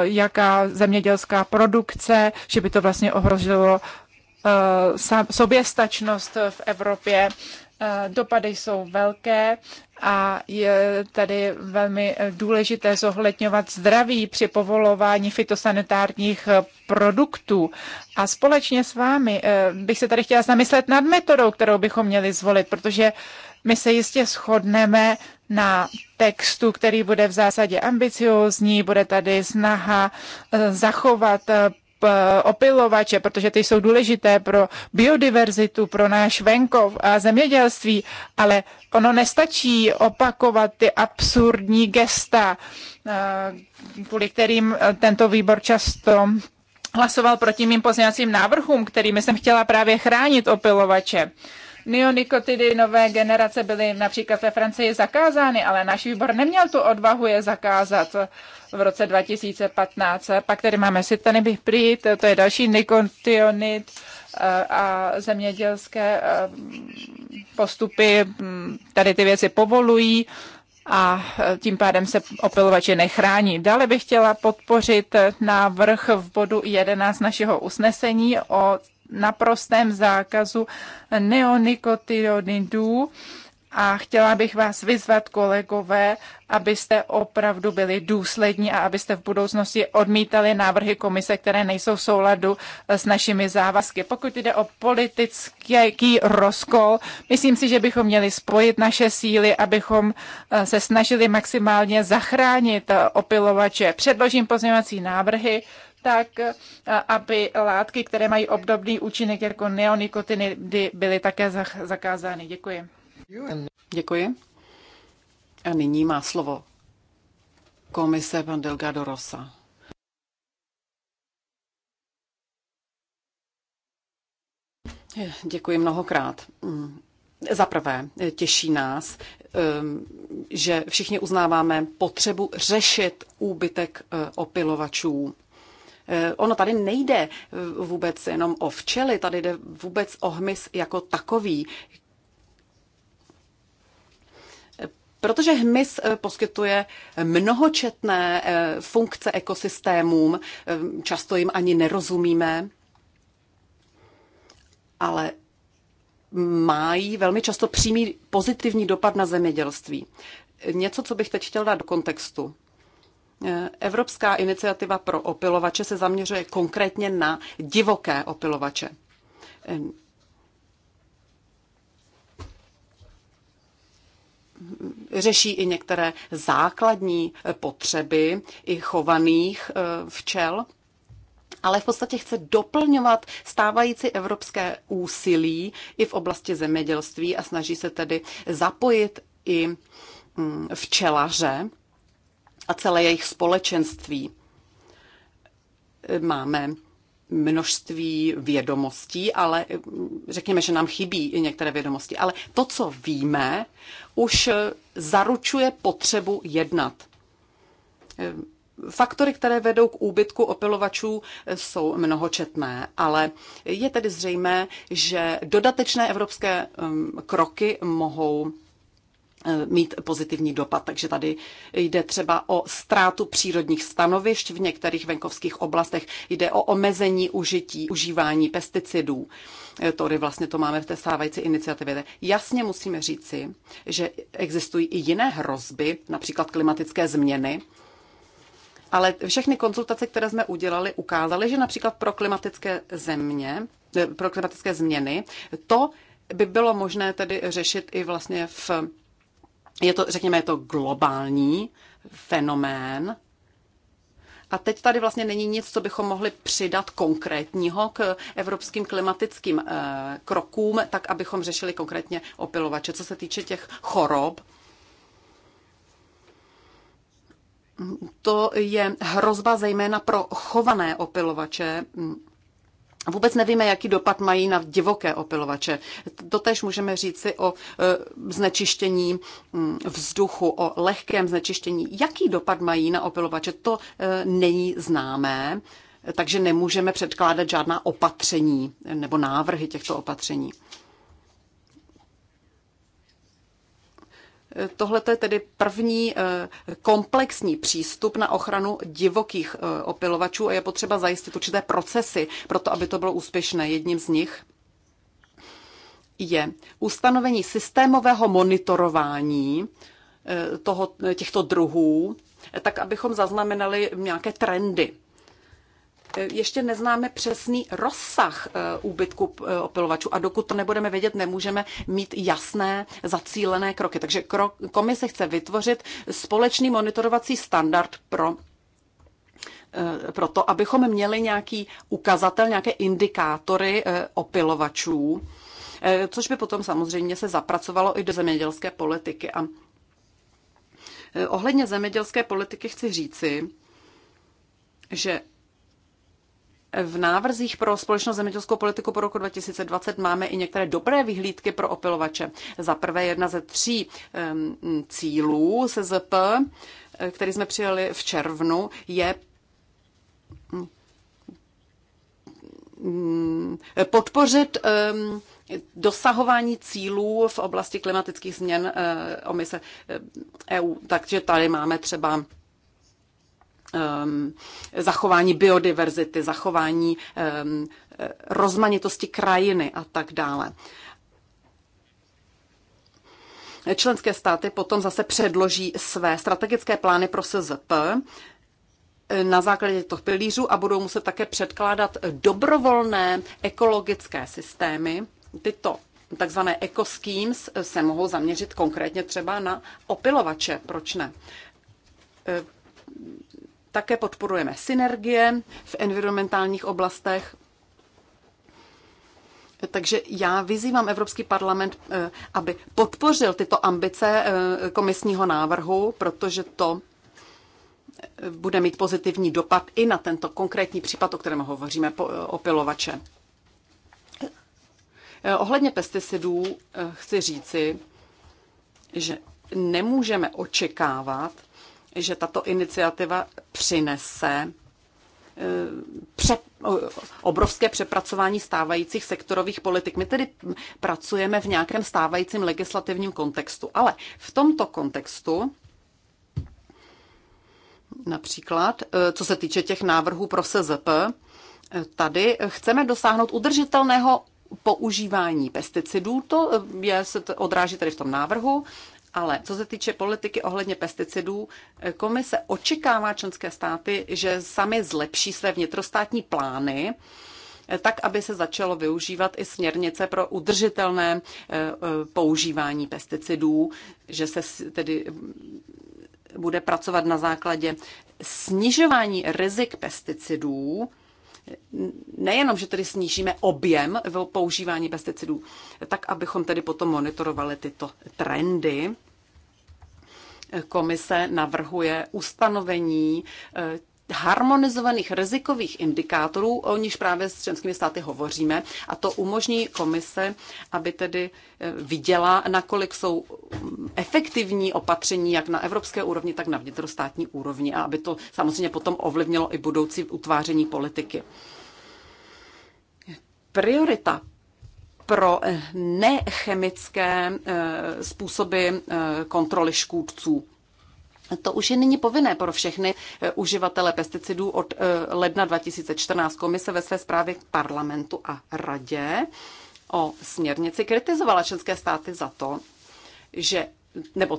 jaká zemědělská produkce, že by to vlastně ohrozilo Eh, soběstačnost v Evropě. Eh, dopady jsou velké a je tady velmi důležité zohledňovat zdraví při povolování fitosanitárních eh, produktů. A společně s vámi bych se tady chtěla zamyslet nad metodou, kterou bychom měli zvolit, protože my se jistě shodneme na textu, který bude v zásadě ambiciózní, bude tady snaha zachovat Eh, opilovače, protože ty jsou důležité pro biodiverzitu, pro náš venkov a zemědělství, ale ono nestačí opakovat ty absurdní gesta, eh, kvůli kterým eh, tento výbor často hlasoval proti mým pozněvacím návrhům, kterými jsem chtěla právě chránit opilovače. Neonikotidy nové generace byly například ve Francii zakázány, ale náš výbor neměl tu odvahu je zakázat v roce 2015. Pak tady máme sitanibiprid, to je další nikotinid eh, a zemědělské eh, postupy hm, tady ty věci povolují a eh, tím pádem se opilovači nechrání. Dále bych chtěla podpořit návrh v bodu 11 našeho usnesení o naprostém zákazu neonikotinoidů a chtěla bych vás vyzvat, kolegové, abyste opravdu byli důslední a abyste v budoucnosti odmítali návrhy komise, které nejsou v souladu s našimi závazky. Pokud jde o politický rozkol, myslím si, že bychom měli spojit naše síly, abychom eh, se snažili maximálně zachránit eh, opilovače. Předložím pozměňovací návrhy, tak eh, aby látky, které mají obdobný účinek jako neonikotiny, byly také zakázány. Děkuji. Děkuji. A nyní má slovo komise pan Delgado Rosa. Děkuji mnohokrát. Za prvé, těší nás, ehm, že všichni uznáváme potřebu řešit úbytek eh, opilovačů. Eh, ono tady nejde eh, vůbec jenom o včely, tady jde vůbec o hmyz jako takový, Protože hmyz eh, poskytuje mnohočetné eh, funkce ekosystémům, eh, často jim ani nerozumíme, ale mají velmi často přímý pozitivní dopad na zemědělství. Něco, co bych teď chtěl dát do kontextu. Evropská iniciativa pro opilovače se zaměřuje konkrétně na divoké opilovače. řeší i některé základní potřeby i chovaných e, včel ale v podstatě chce doplňovat stávající evropské úsilí i v oblasti zemědělství a snaží se tedy zapojit i mm, včelaře a celé jejich společenství. E, máme množství vědomostí, ale mm, řekněme, že nám chybí i některé vědomosti. Ale to, co víme, už eh, zaručuje potřebu jednat. Eh, faktory, které vedou k úbytku opilovačů, eh, jsou mnohočetné, ale je tedy zřejmé, že dodatečné evropské mm, kroky mohou Eh, mít pozitivní dopad. Takže tady jde třeba o ztrátu přírodních stanovišť v některých venkovských oblastech, jde o omezení užití, užívání pesticidů. Eh, Tory vlastně to máme v té stávající iniciativě. Jasně musíme říci, že existují i jiné hrozby, například klimatické změny, ale všechny konzultace, které jsme udělali, ukázaly, že například pro klimatické země, eh, pro klimatické změny, to by bylo možné tedy řešit i vlastně v je to, řekněme, je to globální fenomén. A teď tady vlastně není nic, co bychom mohli přidat konkrétního k evropským klimatickým eh, krokům, tak abychom řešili konkrétně opilovače. Co se týče těch chorob, to je hrozba zejména pro chované opilovače, Vůbec nevíme, jaký dopad mají na divoké opilovače. Totež můžeme říci o e, znečištění mm, vzduchu, o lehkém znečištění. Jaký dopad mají na opilovače, to e, není známé, takže nemůžeme předkládat žádná opatření nebo návrhy těchto opatření. Tohle je tedy první eh, komplexní přístup na ochranu divokých eh, opilovačů a je potřeba zajistit určité procesy pro to, aby to bylo úspěšné. Jedním z nich je ustanovení systémového monitorování eh, toho, těchto druhů, tak abychom zaznamenali nějaké trendy. E, ještě neznáme přesný rozsah e, úbytku e, opilovačů a dokud to nebudeme vědět, nemůžeme mít jasné zacílené kroky. Takže komise chce vytvořit společný monitorovací standard pro proto, abychom měli nějaký ukazatel, nějaké indikátory opilovačů, což by potom samozřejmě se zapracovalo i do zemědělské politiky. A ohledně zemědělské politiky chci říci, že v návrzích pro společnou zemědělskou politiku po roku 2020 máme i některé dobré vyhlídky pro opilovače. Za prvé jedna ze tří cílů SZP, eh, který jsme přijali v červnu, je mm, podpořit dosahování cílů v oblasti klimatických změn eh, omise EU. Eh, e Takže tady máme třeba Um, zachování biodiverzity, zachování um, rozmanitosti krajiny a tak dále. Členské státy potom zase předloží své strategické plány pro SZP na základě těch pilířů a budou muset také předkládat dobrovolné ekologické systémy. Tyto takzvané ecoschemes se mohou zaměřit konkrétně třeba na opilovače, proč ne? Také podporujeme synergie v environmentálních oblastech. Takže já vyzývám Evropský parlament, eh, aby podpořil tyto ambice eh, komisního návrhu, protože to eh, bude mít pozitivní dopad i na tento konkrétní případ, o kterém hovoříme, opilovače. Ohledně pesticidů chci říci, že nemůžeme očekávat, že tato iniciativa přinese eh, pře, obrovské přepracování stávajících sektorových politik. My tedy pracujeme v nějakém stávajícím legislativním kontextu, ale v tomto kontextu například, eh, co se týče těch návrhů pro SZP, eh, tady chceme dosáhnout udržitelného používání pesticidů, to je, se odráží tady v tom návrhu, ale co se týče politiky ohledně pesticidů, komise očekává členské státy, že sami zlepší své vnitrostátní plány, eh, tak aby se začalo využívat i směrnice pro udržitelné eh, eh, používání pesticidů, že se tedy mm, bude pracovat na základě snižování rizik pesticidů, nejenom, že tedy snížíme objem používání pesticidů, tak abychom tedy potom monitorovali tyto trendy komise navrhuje ustanovení eh, harmonizovaných rizikových indikátorů, o níž právě s členskými státy hovoříme, a to umožní komise, aby tedy eh, viděla, nakolik jsou mm, efektivní opatření jak na evropské úrovni, tak na vnitrostátní úrovni a aby to samozřejmě potom ovlivnilo i budoucí utváření politiky. Priorita pro eh, nechemické eh, způsoby eh, kontroly škůdců. To už je nyní povinné pro všechny uživatele pesticidů od ledna 2014. Komise ve své zprávě k parlamentu a radě o směrnici kritizovala české státy za to, že nebo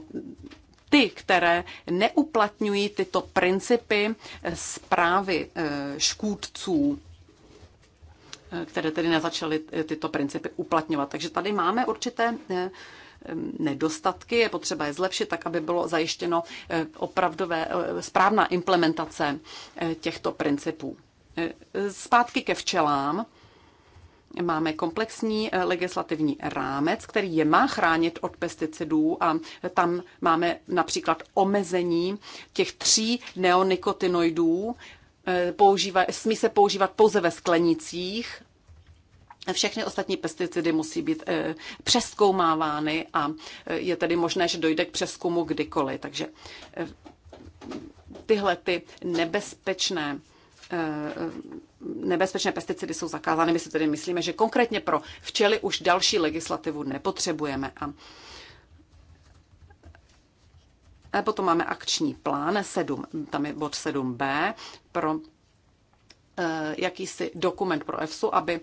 ty, které neuplatňují tyto principy zprávy škůdců které tedy nezačaly tyto principy uplatňovat. Takže tady máme určité eh, nedostatky, je potřeba je zlepšit tak, aby bylo zajištěno eh, opravdové eh, správná implementace těchto principů. Zpátky ke včelám. Máme komplexní legislativní rámec, který je má chránit od pesticidů a tam máme například omezení těch tří neonikotinoidů, Eh, používa, smí se používat pouze ve sklenicích. Všechny ostatní pesticidy musí být eh, přeskoumávány a eh, je tedy možné, že dojde k přeskumu kdykoliv. Takže tyhle ty nebezpečné nebezpečné pesticidy jsou zakázány. My si tedy myslíme, že konkrétně pro včely už další legislativu nepotřebujeme. A Eh, potom máme akční plán 7, tam je bod 7b pro eh, jakýsi dokument pro EFSU, aby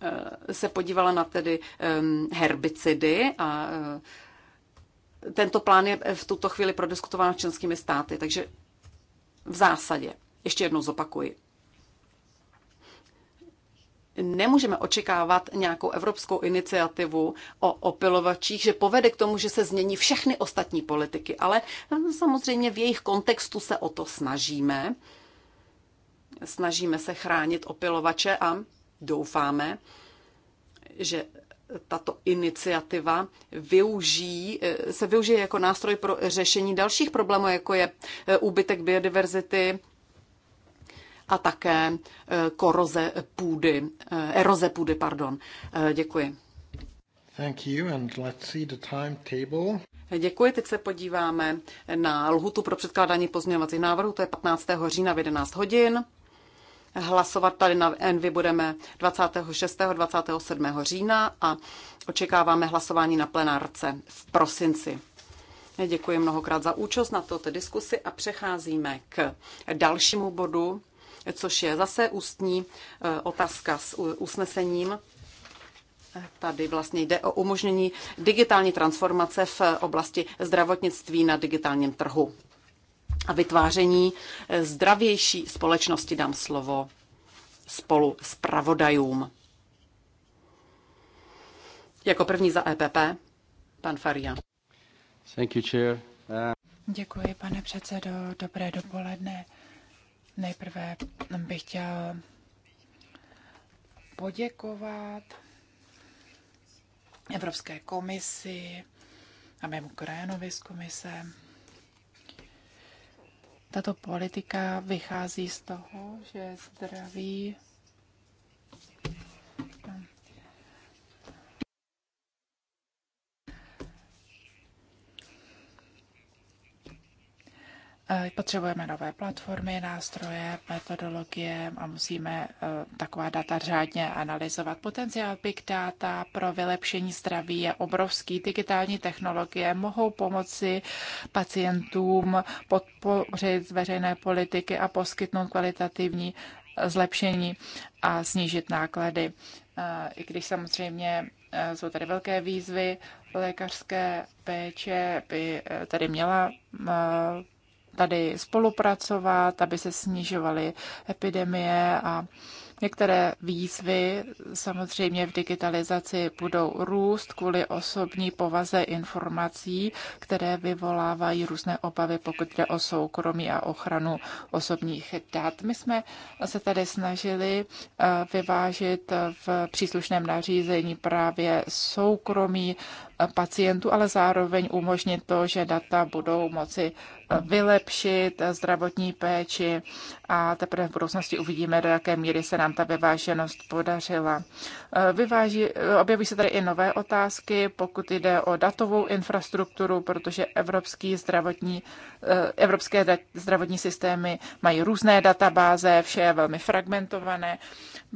eh, se podívala na tedy ehm, herbicidy a tento plán je v tuto chvíli prodiskutován s členskými státy, takže v zásadě, ještě jednou zopakuji, nemůžeme očekávat nějakou evropskou iniciativu o opilovačích, že povede k tomu, že se změní všechny ostatní politiky, ale eh, samozřejmě v jejich kontextu se o to snažíme. Snažíme se chránit opilovače a doufáme, že tato iniciativa využí, eh, se využije jako nástroj pro řešení dalších problémů, jako je eh, úbytek biodiverzity, a také eh, koroze půdy, eh, eroze půdy, pardon. Eh, děkuji. Thank you and let's see the table. Děkuji, teď se podíváme na lhutu pro předkládání pozměňovacích návrhů, to je 15. října v 11 hodin. Hlasovat tady na Envy budeme 26. 27. října a očekáváme hlasování na plenárce v prosinci. Děkuji mnohokrát za účast na této diskusi a přecházíme k dalšímu bodu což je zase ústní e, otázka s usnesením. Tady vlastně jde o umožnění digitální transformace v oblasti zdravotnictví na digitálním trhu a vytváření e, zdravější společnosti. Dám slovo spolu s pravodajům. Jako první za EPP, pan Faria. Thank you, chair. Uh... Děkuji, pane předsedo. Dobré dopoledne. Nejprve bych chtěl poděkovat Evropské komisi a mému Krénovi z komise. Tato politika vychází z toho, že zdraví Eh, potřebujeme nové platformy, nástroje, metodologie a musíme eh, taková data řádně analyzovat. Potenciál big data pro vylepšení zdraví je obrovský. Digitální technologie mohou pomoci pacientům podpořit veřejné politiky a poskytnout kvalitativní eh, zlepšení a snížit náklady. I když samozřejmě jsou tady velké výzvy, lékařské péče by tady měla tady spolupracovat, aby se snižovaly epidemie a Některé výzvy samozřejmě v digitalizaci budou růst kvůli osobní povaze informací, které vyvolávají různé obavy, pokud jde o soukromí a ochranu osobních dat. My jsme se tady snažili eh, vyvážit v příslušném nařízení právě soukromí pacientů, ale zároveň umožnit to, že data budou moci eh, vylepšit eh, zdravotní péči a teprve v budoucnosti uvidíme, do jaké míry se nám ta vyváženost podařila. Eh, vyváží, objeví se tady i nové otázky, pokud jde o datovou infrastrukturu, protože evropský zdravotní, evropské zdravotní systémy mají různé databáze, vše je velmi fragmentované.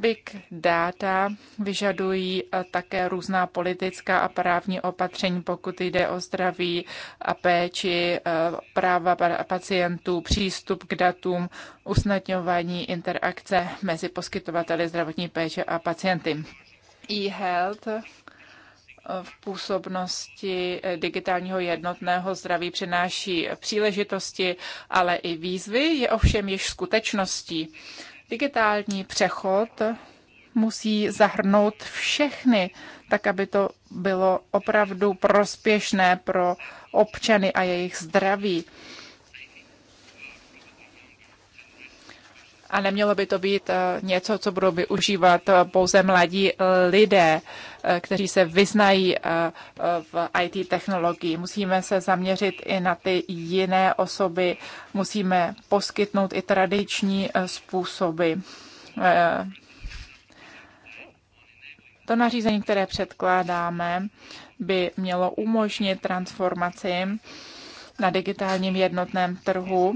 Big data vyžadují eh, také různá politická a právní opatření, pokud jde o zdraví a péči, eh, práva pacientů, přístup k datům, usnadňování interakce mezi poskytovateli zdravotní péče a pacienty. E-health eh, v působnosti digitálního jednotného zdraví přináší příležitosti, ale i výzvy, je ovšem již skutečností. Digitální přechod musí zahrnout všechny, tak aby to bylo opravdu prospěšné pro občany a jejich zdraví. A nemělo by to být eh, něco, co budou využívat eh, pouze mladí lidé. Eh, kteří se vyznají eh, eh, v IT technologii. Musíme se zaměřit i na ty jiné osoby, musíme poskytnout i tradiční způsoby. To nařízení, které předkládáme, by mělo umožnit transformaci na digitálním jednotném trhu.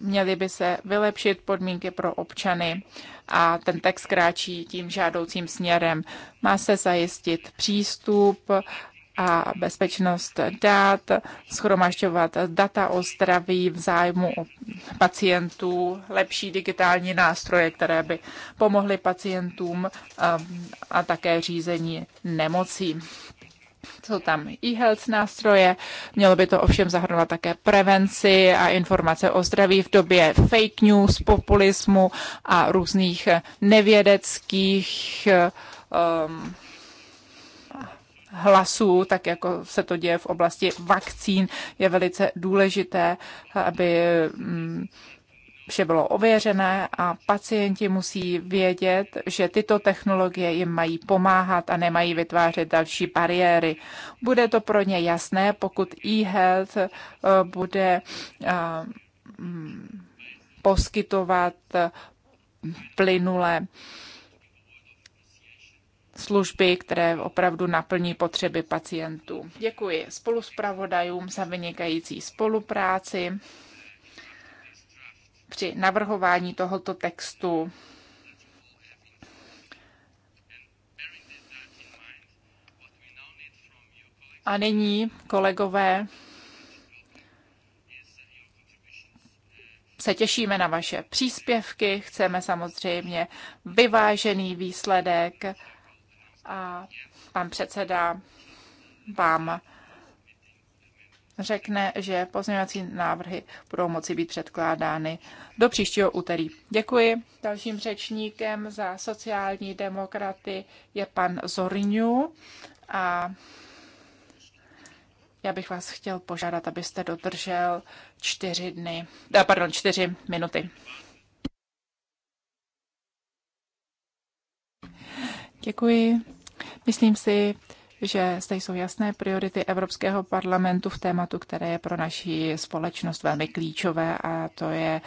Měly by se vylepšit podmínky pro občany a ten text kráčí tím žádoucím směrem. Má se zajistit přístup a bezpečnost dát, schromažďovat data o zdraví v zájmu pacientů, lepší digitální nástroje, které by pomohly pacientům a, um, a také řízení nemocí. Jsou tam e-health nástroje, mělo by to ovšem zahrnovat také prevenci a informace o zdraví v době fake news, populismu a různých nevědeckých um, hlasů, tak jako se to děje v oblasti vakcín, je velice důležité, aby mm, vše bylo ověřené a pacienti musí vědět, že tyto technologie jim mají pomáhat a nemají vytvářet další bariéry. Bude to pro ně jasné, pokud e-health eh, bude eh, mm, poskytovat eh, plynule služby, které opravdu naplní potřeby pacientů. Děkuji spoluspravodajům za vynikající spolupráci při navrhování tohoto textu. A nyní, kolegové, se těšíme na vaše příspěvky, chceme samozřejmě vyvážený výsledek a pan předseda vám řekne, že pozměňovací návrhy budou moci být předkládány do příštího úterý. Děkuji. Dalším řečníkem za sociální demokraty je pan Zorňu a já bych vás chtěl požádat, abyste dodržel čtyři dny, eh, pardon, čtyři minuty. Děkuji. Myslím si, že zde jsou jasné priority Evropského parlamentu v tématu, které je pro naši společnost velmi klíčové a to je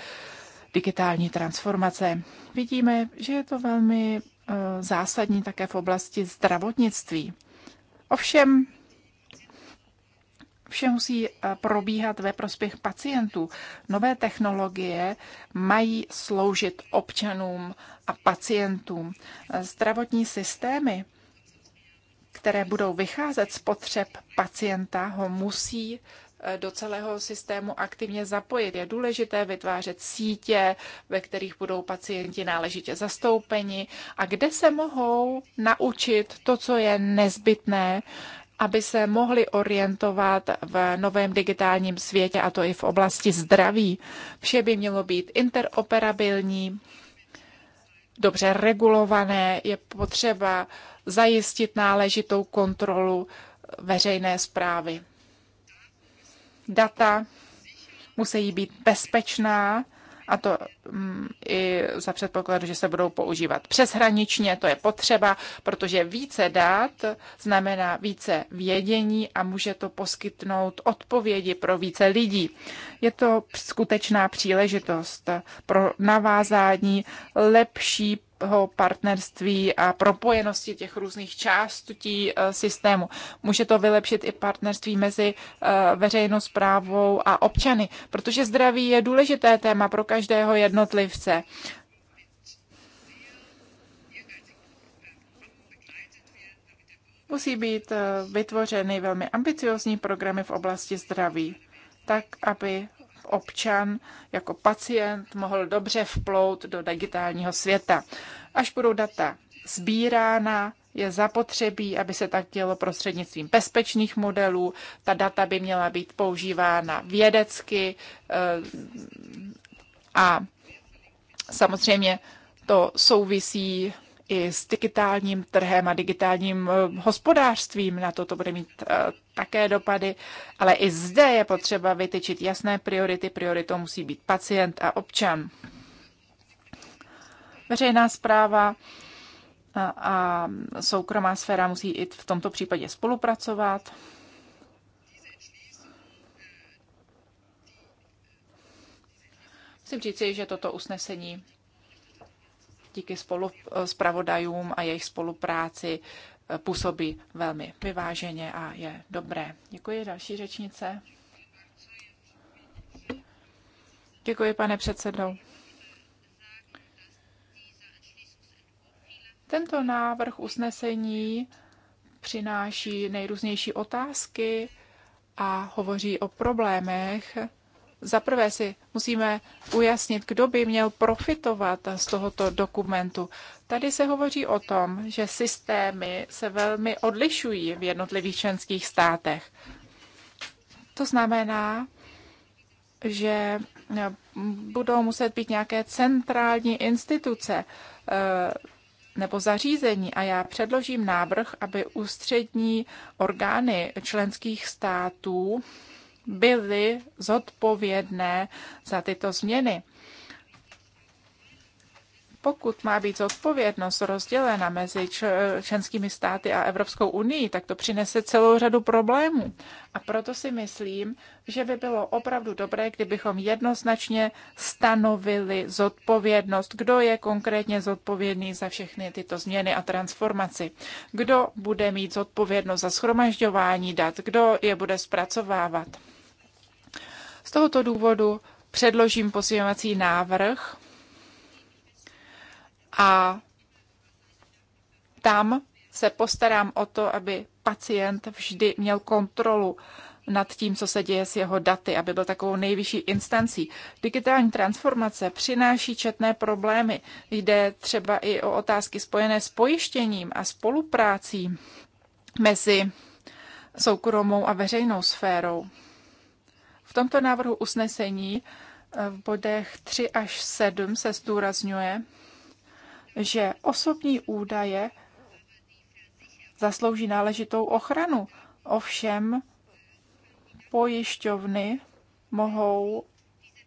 digitální transformace. Vidíme, že je to velmi eh, zásadní také v oblasti zdravotnictví. Ovšem, vše musí eh, probíhat ve prospěch pacientů. Nové technologie mají sloužit občanům a pacientům. Zdravotní systémy které budou vycházet z potřeb pacienta, ho musí e, do celého systému aktivně zapojit. Je důležité vytvářet sítě, ve kterých budou pacienti náležitě zastoupeni a kde se mohou naučit to, co je nezbytné, aby se mohli orientovat v novém digitálním světě, a to i v oblasti zdraví. Vše by mělo být interoperabilní, dobře regulované, je potřeba zajistit náležitou kontrolu veřejné zprávy. Data musí být bezpečná, a to mm, i za předpokladu, že se budou používat přeshraničně, to je potřeba, protože více dát znamená více vědění a může to poskytnout odpovědi pro více lidí. Je to skutečná příležitost pro navázání lepší partnerství a propojenosti těch různých částí eh, systému. Může to vylepšit i partnerství mezi eh, veřejnou zprávou a občany, protože zdraví je důležité téma pro každého jednotlivce. Musí být eh, vytvořeny velmi ambiciozní programy v oblasti zdraví, tak aby občan, jako pacient mohl dobře vplout do digitálního světa. Až budou data sbírána, je zapotřebí, aby se tak dělo prostřednictvím bezpečných modelů. Ta data by měla být používána vědecky eh, a samozřejmě to souvisí i s digitálním trhem a digitálním eh, hospodářstvím. Na to to bude mít eh, také dopady, ale i zde je potřeba vytyčit jasné priority. Prioritou musí být pacient a občan. Veřejná zpráva a, soukromá sféra musí i v tomto případě spolupracovat. Musím říci, že toto usnesení díky spolu, spravodajům eh, a jejich spolupráci působí velmi vyváženě a je dobré. Děkuji, další řečnice. Děkuji, pane předsedo. Tento návrh usnesení přináší nejrůznější otázky a hovoří o problémech. Za prvé si musíme ujasnit, kdo by měl profitovat z tohoto dokumentu. Tady se hovoří o tom, že systémy se velmi odlišují v jednotlivých členských státech. To znamená, že eh, budou muset být nějaké centrální instituce eh, nebo zařízení a já předložím návrh, aby ústřední orgány členských států byly zodpovědné za tyto změny pokud má být zodpovědnost rozdělena mezi členskými státy a Evropskou unii, tak to přinese celou řadu problémů. A proto si myslím, že by bylo opravdu dobré, kdybychom jednoznačně stanovili zodpovědnost, kdo je konkrétně zodpovědný za všechny tyto změny a transformaci. Kdo bude mít zodpovědnost za schromažďování dat, kdo je bude zpracovávat. Z tohoto důvodu předložím pozměňovací návrh, a tam se postarám o to, aby pacient vždy měl kontrolu nad tím, co se děje s jeho daty, aby byl takovou nejvyšší instancí. Digitální transformace přináší četné problémy. Jde třeba i o otázky spojené s pojištěním a spoluprácí mezi soukromou a veřejnou sférou. V tomto návrhu usnesení v bodech 3 až 7 se zdůrazňuje, že osobní údaje zaslouží náležitou ochranu. Ovšem pojišťovny mohou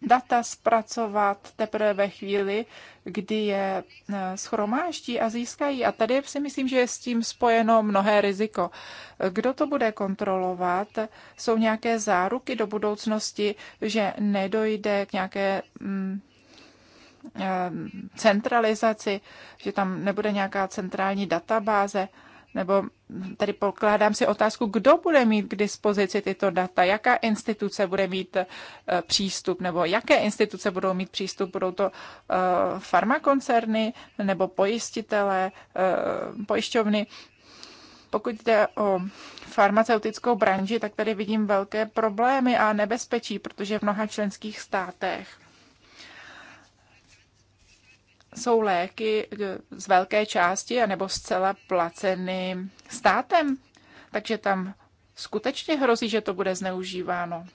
data zpracovat teprve ve chvíli, kdy je e, schromáždí a získají. A tady si myslím, že je s tím spojeno mnohé riziko. Kdo to bude kontrolovat? Jsou nějaké záruky do budoucnosti, že nedojde k nějaké mm, Eh, centralizaci, že tam nebude nějaká centrální databáze, nebo tady pokládám si otázku, kdo bude mít k dispozici tyto data, jaká instituce bude mít eh, přístup, nebo jaké instituce budou mít přístup, budou to eh, farmakoncerny nebo pojistitelé, pojišťovny. Pokud jde o farmaceutickou branži, tak tady vidím velké problémy a nebezpečí, protože v mnoha členských státech jsou léky eh, z velké části anebo zcela placeny státem, takže tam skutečně hrozí, že to bude zneužíváno.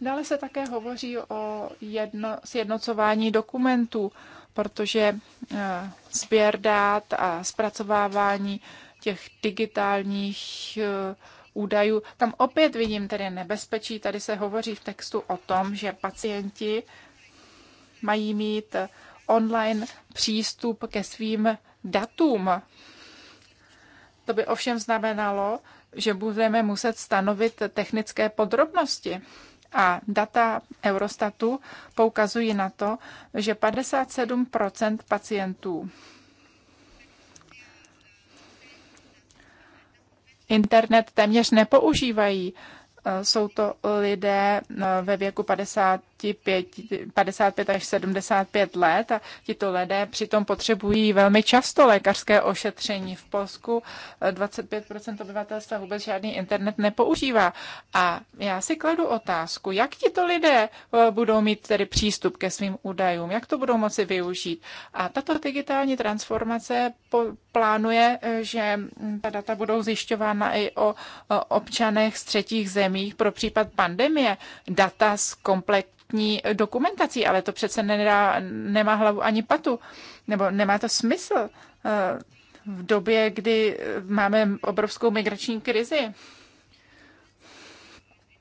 Dále se také hovoří o jedno, sjednocování dokumentů, protože eh, sběr dát a zpracovávání těch digitálních eh, údajů, tam opět vidím tedy nebezpečí. Tady se hovoří v textu o tom, že pacienti mají mít online přístup ke svým datům. To by ovšem znamenalo, že budeme muset stanovit technické podrobnosti. A data Eurostatu poukazují na to, že 57 pacientů internet téměř nepoužívají. Jsou to lidé eh, ve věku 50 55, 55 až 75 let a tito lidé přitom potřebují velmi často lékařské ošetření. V Polsku 25 eh, obyvatelstva vůbec žádný internet nepoužívá. A já si kladu otázku, jak tito lidé eh, budou mít tedy přístup ke svým údajům, jak to budou moci využít. A tato digitální transformace plánuje, eh, že mm, ta data budou zjišťována i o občanech z třetích zemích pro případ pandemie. Data z komplet kvalitní dokumentací, ale to přece nedá, nemá hlavu ani patu, nebo nemá to smysl eh, v době, kdy máme obrovskou migrační krizi.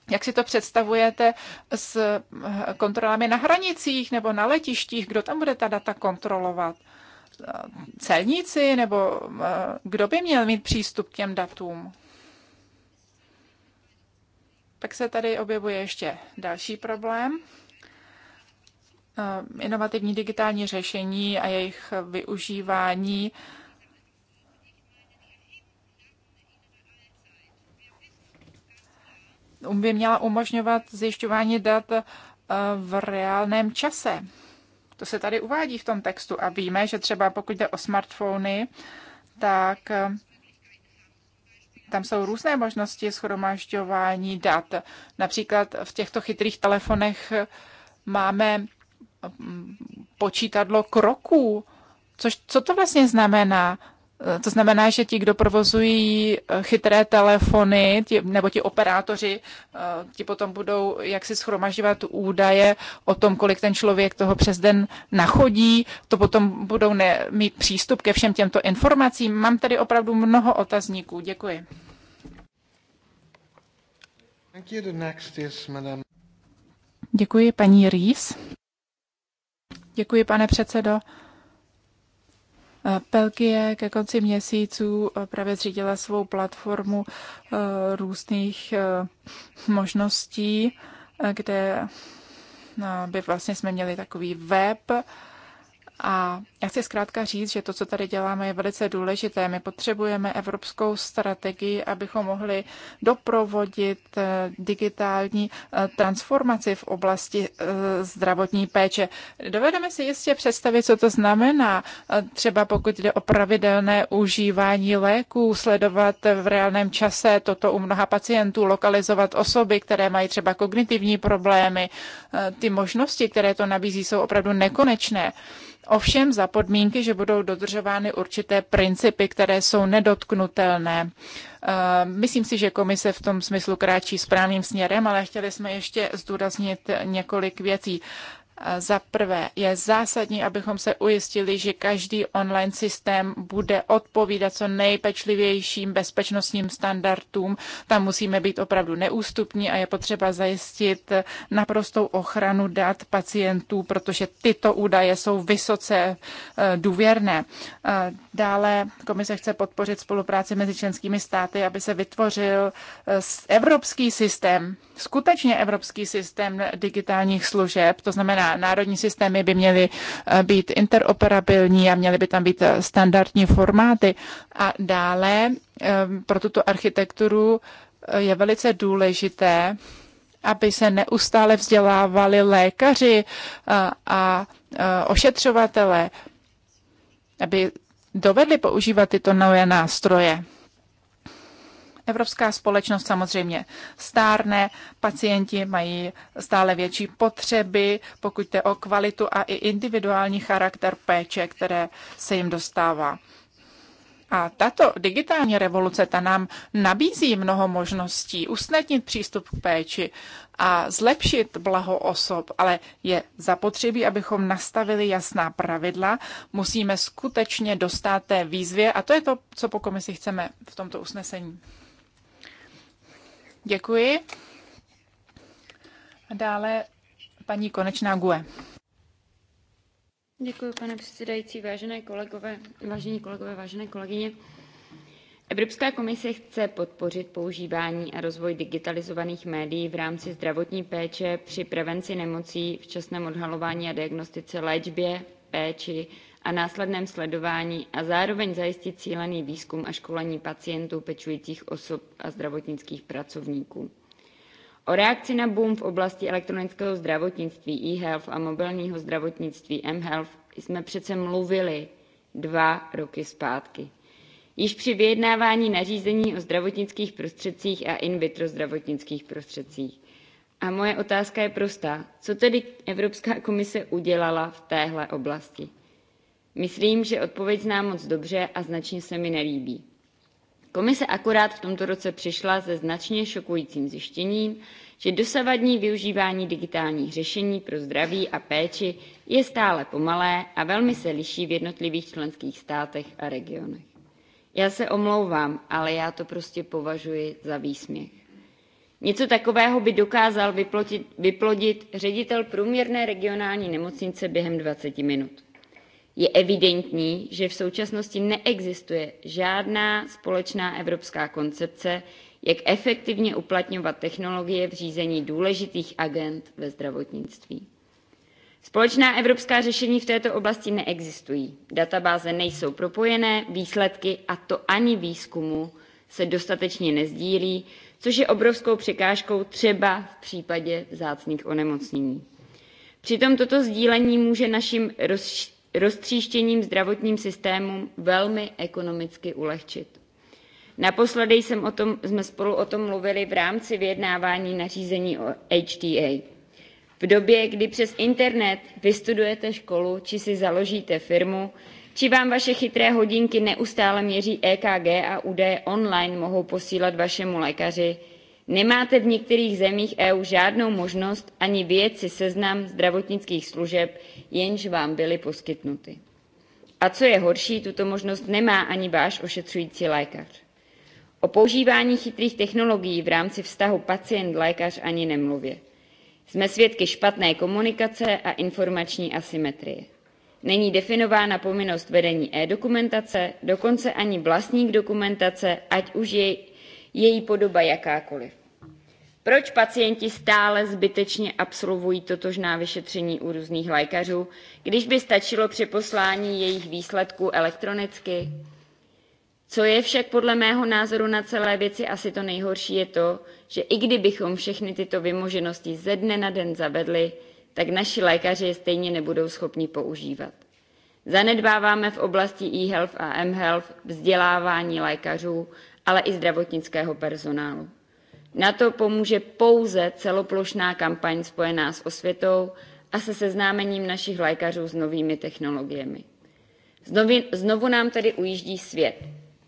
Jak si to představujete s eh, kontrolami na hranicích nebo na letištích? Kdo tam bude ta data kontrolovat? Eh, celníci nebo kdo by měl mít přístup k těm datům? Pak se tady objevuje ještě další problém. Eh, inovativní digitální řešení a jejich využívání um, by měla umožňovat zjišťování dat eh, v reálném čase. To se tady uvádí v tom textu a víme, že třeba pokud jde o smartfony, tak eh, tam jsou různé možnosti schromažďování dat. Například v těchto chytrých telefonech máme počítadlo kroků. Což, co to vlastně znamená? Eh, to znamená, že ti, kdo provozují eh, chytré telefony, ti, nebo ti operátoři, eh, ti potom budou jaksi schromažďovat údaje o tom, kolik ten člověk toho přes den nachodí, to potom budou ne, mít přístup ke všem těmto informacím. Mám tady opravdu mnoho otazníků. Děkuji. Děkuji, paní Rýs. Děkuji, pane předsedo. Pelkie ke konci měsíců právě zřídila svou platformu eh, různých eh, možností, eh, kde by vlastně jsme měli takový web, a já chci zkrátka říct, že to, co tady děláme, je velice důležité. My potřebujeme evropskou strategii, abychom mohli doprovodit eh, digitální eh, transformaci v oblasti eh, zdravotní péče. Dovedeme si jistě představit, co to znamená, třeba pokud jde o pravidelné užívání léků, sledovat v reálném čase toto u mnoha pacientů, lokalizovat osoby, které mají třeba kognitivní problémy. Ty možnosti, které to nabízí, jsou opravdu nekonečné. Ovšem za podmínky, že budou dodržovány určité principy, které jsou nedotknutelné. Eh, myslím si, že komise v tom smyslu kráčí správným směrem, ale chtěli jsme ještě zdůraznit několik věcí. Za prvé je zásadní, abychom se ujistili, že každý online systém bude odpovídat co nejpečlivějším bezpečnostním standardům. Tam musíme být opravdu neústupní a je potřeba zajistit naprostou ochranu dat pacientů, protože tyto údaje jsou vysoce eh, důvěrné. Eh, dále komise chce podpořit spolupráci mezi členskými státy, aby se vytvořil eh, evropský systém, skutečně evropský systém digitálních služeb, to znamená národní systémy by měly eh, být interoperabilní a měly by tam být eh, standardní formáty. A dále eh, pro tuto architekturu je velice důležité, aby se neustále vzdělávali lékaři a ošetřovatele, aby dovedli používat tyto nové nástroje. Evropská společnost samozřejmě stárne, pacienti mají stále větší potřeby, pokud jde o kvalitu a i individuální charakter péče, které se jim dostává. A tato digitální revoluce, ta nám nabízí mnoho možností usnadnit přístup k péči a zlepšit blaho osob, ale je zapotřebí, abychom nastavili jasná pravidla. Musíme skutečně dostat té výzvě a to je to, co po komisi chceme v tomto usnesení. Děkuji. A dále paní Konečná Gue. Děkuji, pane předsedající, vážené kolegové, vážení kolegové, vážené kolegyně. Evropská komise chce podpořit používání a rozvoj digitalizovaných médií v rámci zdravotní péče při prevenci nemocí, včasném odhalování a diagnostice léčbě, péči a následném sledování a zároveň zajistit cílený výzkum a školení pacientů, pečujících osob a zdravotnických pracovníků. O reakci na boom v oblasti elektronického zdravotnictví e-health a mobilního zdravotnictví mHealth jsme přece mluvili dva roky zpátky. Již při vyjednávání nařízení o zdravotnických prostředcích a in vitro zdravotnických prostředcích. A moje otázka je prostá. Co tedy Evropská komise udělala v téhle oblasti? Myslím, že odpověď znám moc dobře a značně se mi nelíbí. Komise akorát v tomto roce přišla se značně šokujícím zjištěním, že dosavadní využívání digitálních řešení pro zdraví a péči je stále pomalé a velmi se liší v jednotlivých členských státech a regionech. Já se omlouvám, ale já to prostě považuji za výsměch. Něco takového by dokázal vyplodit, vyplodit ředitel průměrné regionální nemocnice během 20 minut. Je evidentní, že v současnosti neexistuje žádná společná evropská koncepce, jak efektivně uplatňovat technologie v řízení důležitých agent ve zdravotnictví. Společná evropská řešení v této oblasti neexistují. Databáze nejsou propojené, výsledky a to ani výzkumu se dostatečně nezdílí, což je obrovskou překážkou třeba v případě vzácných onemocnění. Přitom toto sdílení může našim rozš roztříštěním zdravotním systémům velmi ekonomicky ulehčit. Naposledy jsem o tom, jsme spolu o tom mluvili v rámci vyjednávání nařízení o HTA. V době, kdy přes internet vystudujete školu, či si založíte firmu, či vám vaše chytré hodinky neustále měří EKG a údaje online mohou posílat vašemu lékaři, nemáte v některých zemích EU žádnou možnost ani vyjet si seznam zdravotnických služeb, jenž vám byly poskytnuty. A co je horší, tuto možnost nemá ani váš ošetřující lékař. O používání chytrých technologií v rámci vztahu pacient-lékař ani nemluvě. Jsme svědky špatné komunikace a informační asymetrie. Není definována povinnost vedení e-dokumentace, dokonce ani vlastník dokumentace, ať už je její podoba jakákoliv. Proč pacienti stále zbytečně absolvují totožná vyšetření u různých lékařů, když by stačilo přeposlání jejich výsledků elektronicky? Co je však podle mého názoru na celé věci asi to nejhorší je to, že i kdybychom všechny tyto vymoženosti ze dne na den zavedli, tak naši lékaři je stejně nebudou schopni používat. Zanedbáváme v oblasti e-health a mHealth vzdělávání lékařů, ale i zdravotnického personálu. Na to pomůže pouze celoplošná kampaň spojená s osvětou a se seznámením našich lékařů s novými technologiemi. Znovu, znovu nám tedy ujíždí svět.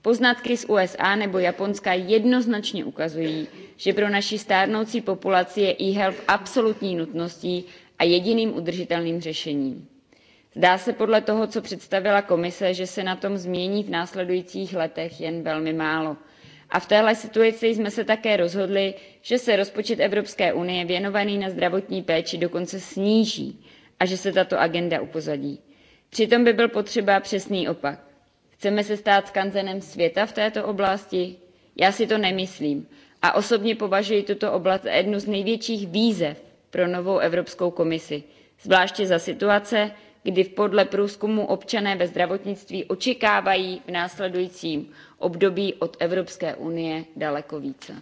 Poznatky z USA nebo Japonska jednoznačně ukazují, že pro naši stárnoucí populaci je e-health absolutní nutností a jediným udržitelným řešením. Zdá se podle toho, co představila komise, že se na tom změní v následujících letech jen velmi málo – a v téhle situaci jsme se také rozhodli že se rozpočet evropské unie věnovaný na zdravotní péči dokonce sníží a že se tato agenda upozadí. přitom by byl potřeba přesný opak. chceme se stát skanzenem světa v této oblasti? já si to nemyslím a osobně považuji tuto oblast za jednu z největších výzev pro novou evropskou komisi zvláště za situace kdy podle průzkumu občané ve zdravotnictví očekávají v následujícím období od Evropské unie daleko více.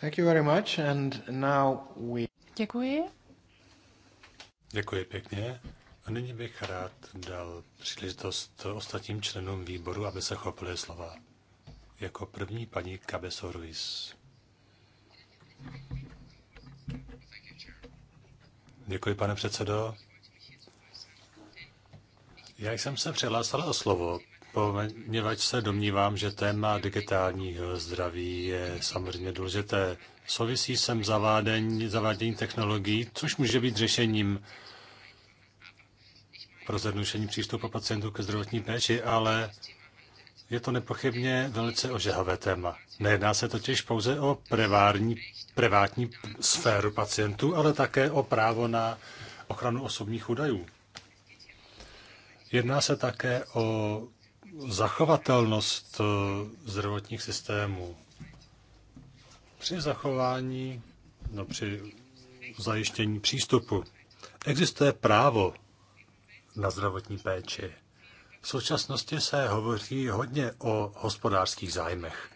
Thank you very much and now we... Děkuji. Děkuji pěkně. A nyní bych rád dal příležitost ostatním členům výboru, aby se chopili slova. Jako první paní Cabeso Ruiz. Děkuji, pane předsedo. Já jsem se přihlásil o slovo, poněvadž se domnívám, že téma digitálního zdraví je samozřejmě důležité. Souvisí sem zavádění, zavádění technologií, což může být řešením pro zjednodušení přístupu pacientů ke zdravotní péči, ale je to nepochybně velice ožehavé téma. Nejedná se totiž pouze o privární, privátní sféru pacientů, ale také o právo na ochranu osobních údajů. Jedná se také o zachovatelnost eh, zdravotních systémů. Při zachování, no při zajištění přístupu, existuje právo na zdravotní péči. V současnosti se hovoří hodně o hospodářských zájmech.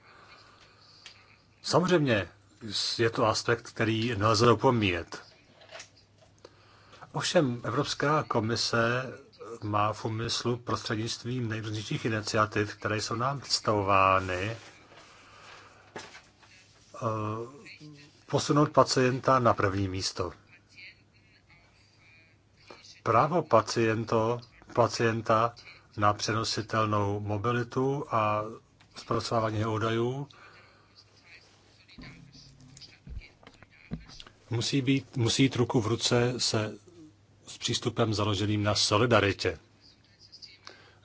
Samozřejmě je to aspekt, který nelze opomíjet. Ovšem Evropská komise má v úmyslu prostřednictvím nejrůznějších iniciativ, které jsou nám představovány, eh, posunout pacienta na první místo. Právo paciento, pacienta na přenositelnou mobilitu a zpracování jeho údajů musí, být, musí jít ruku v ruce se s přístupem založeným na solidaritě.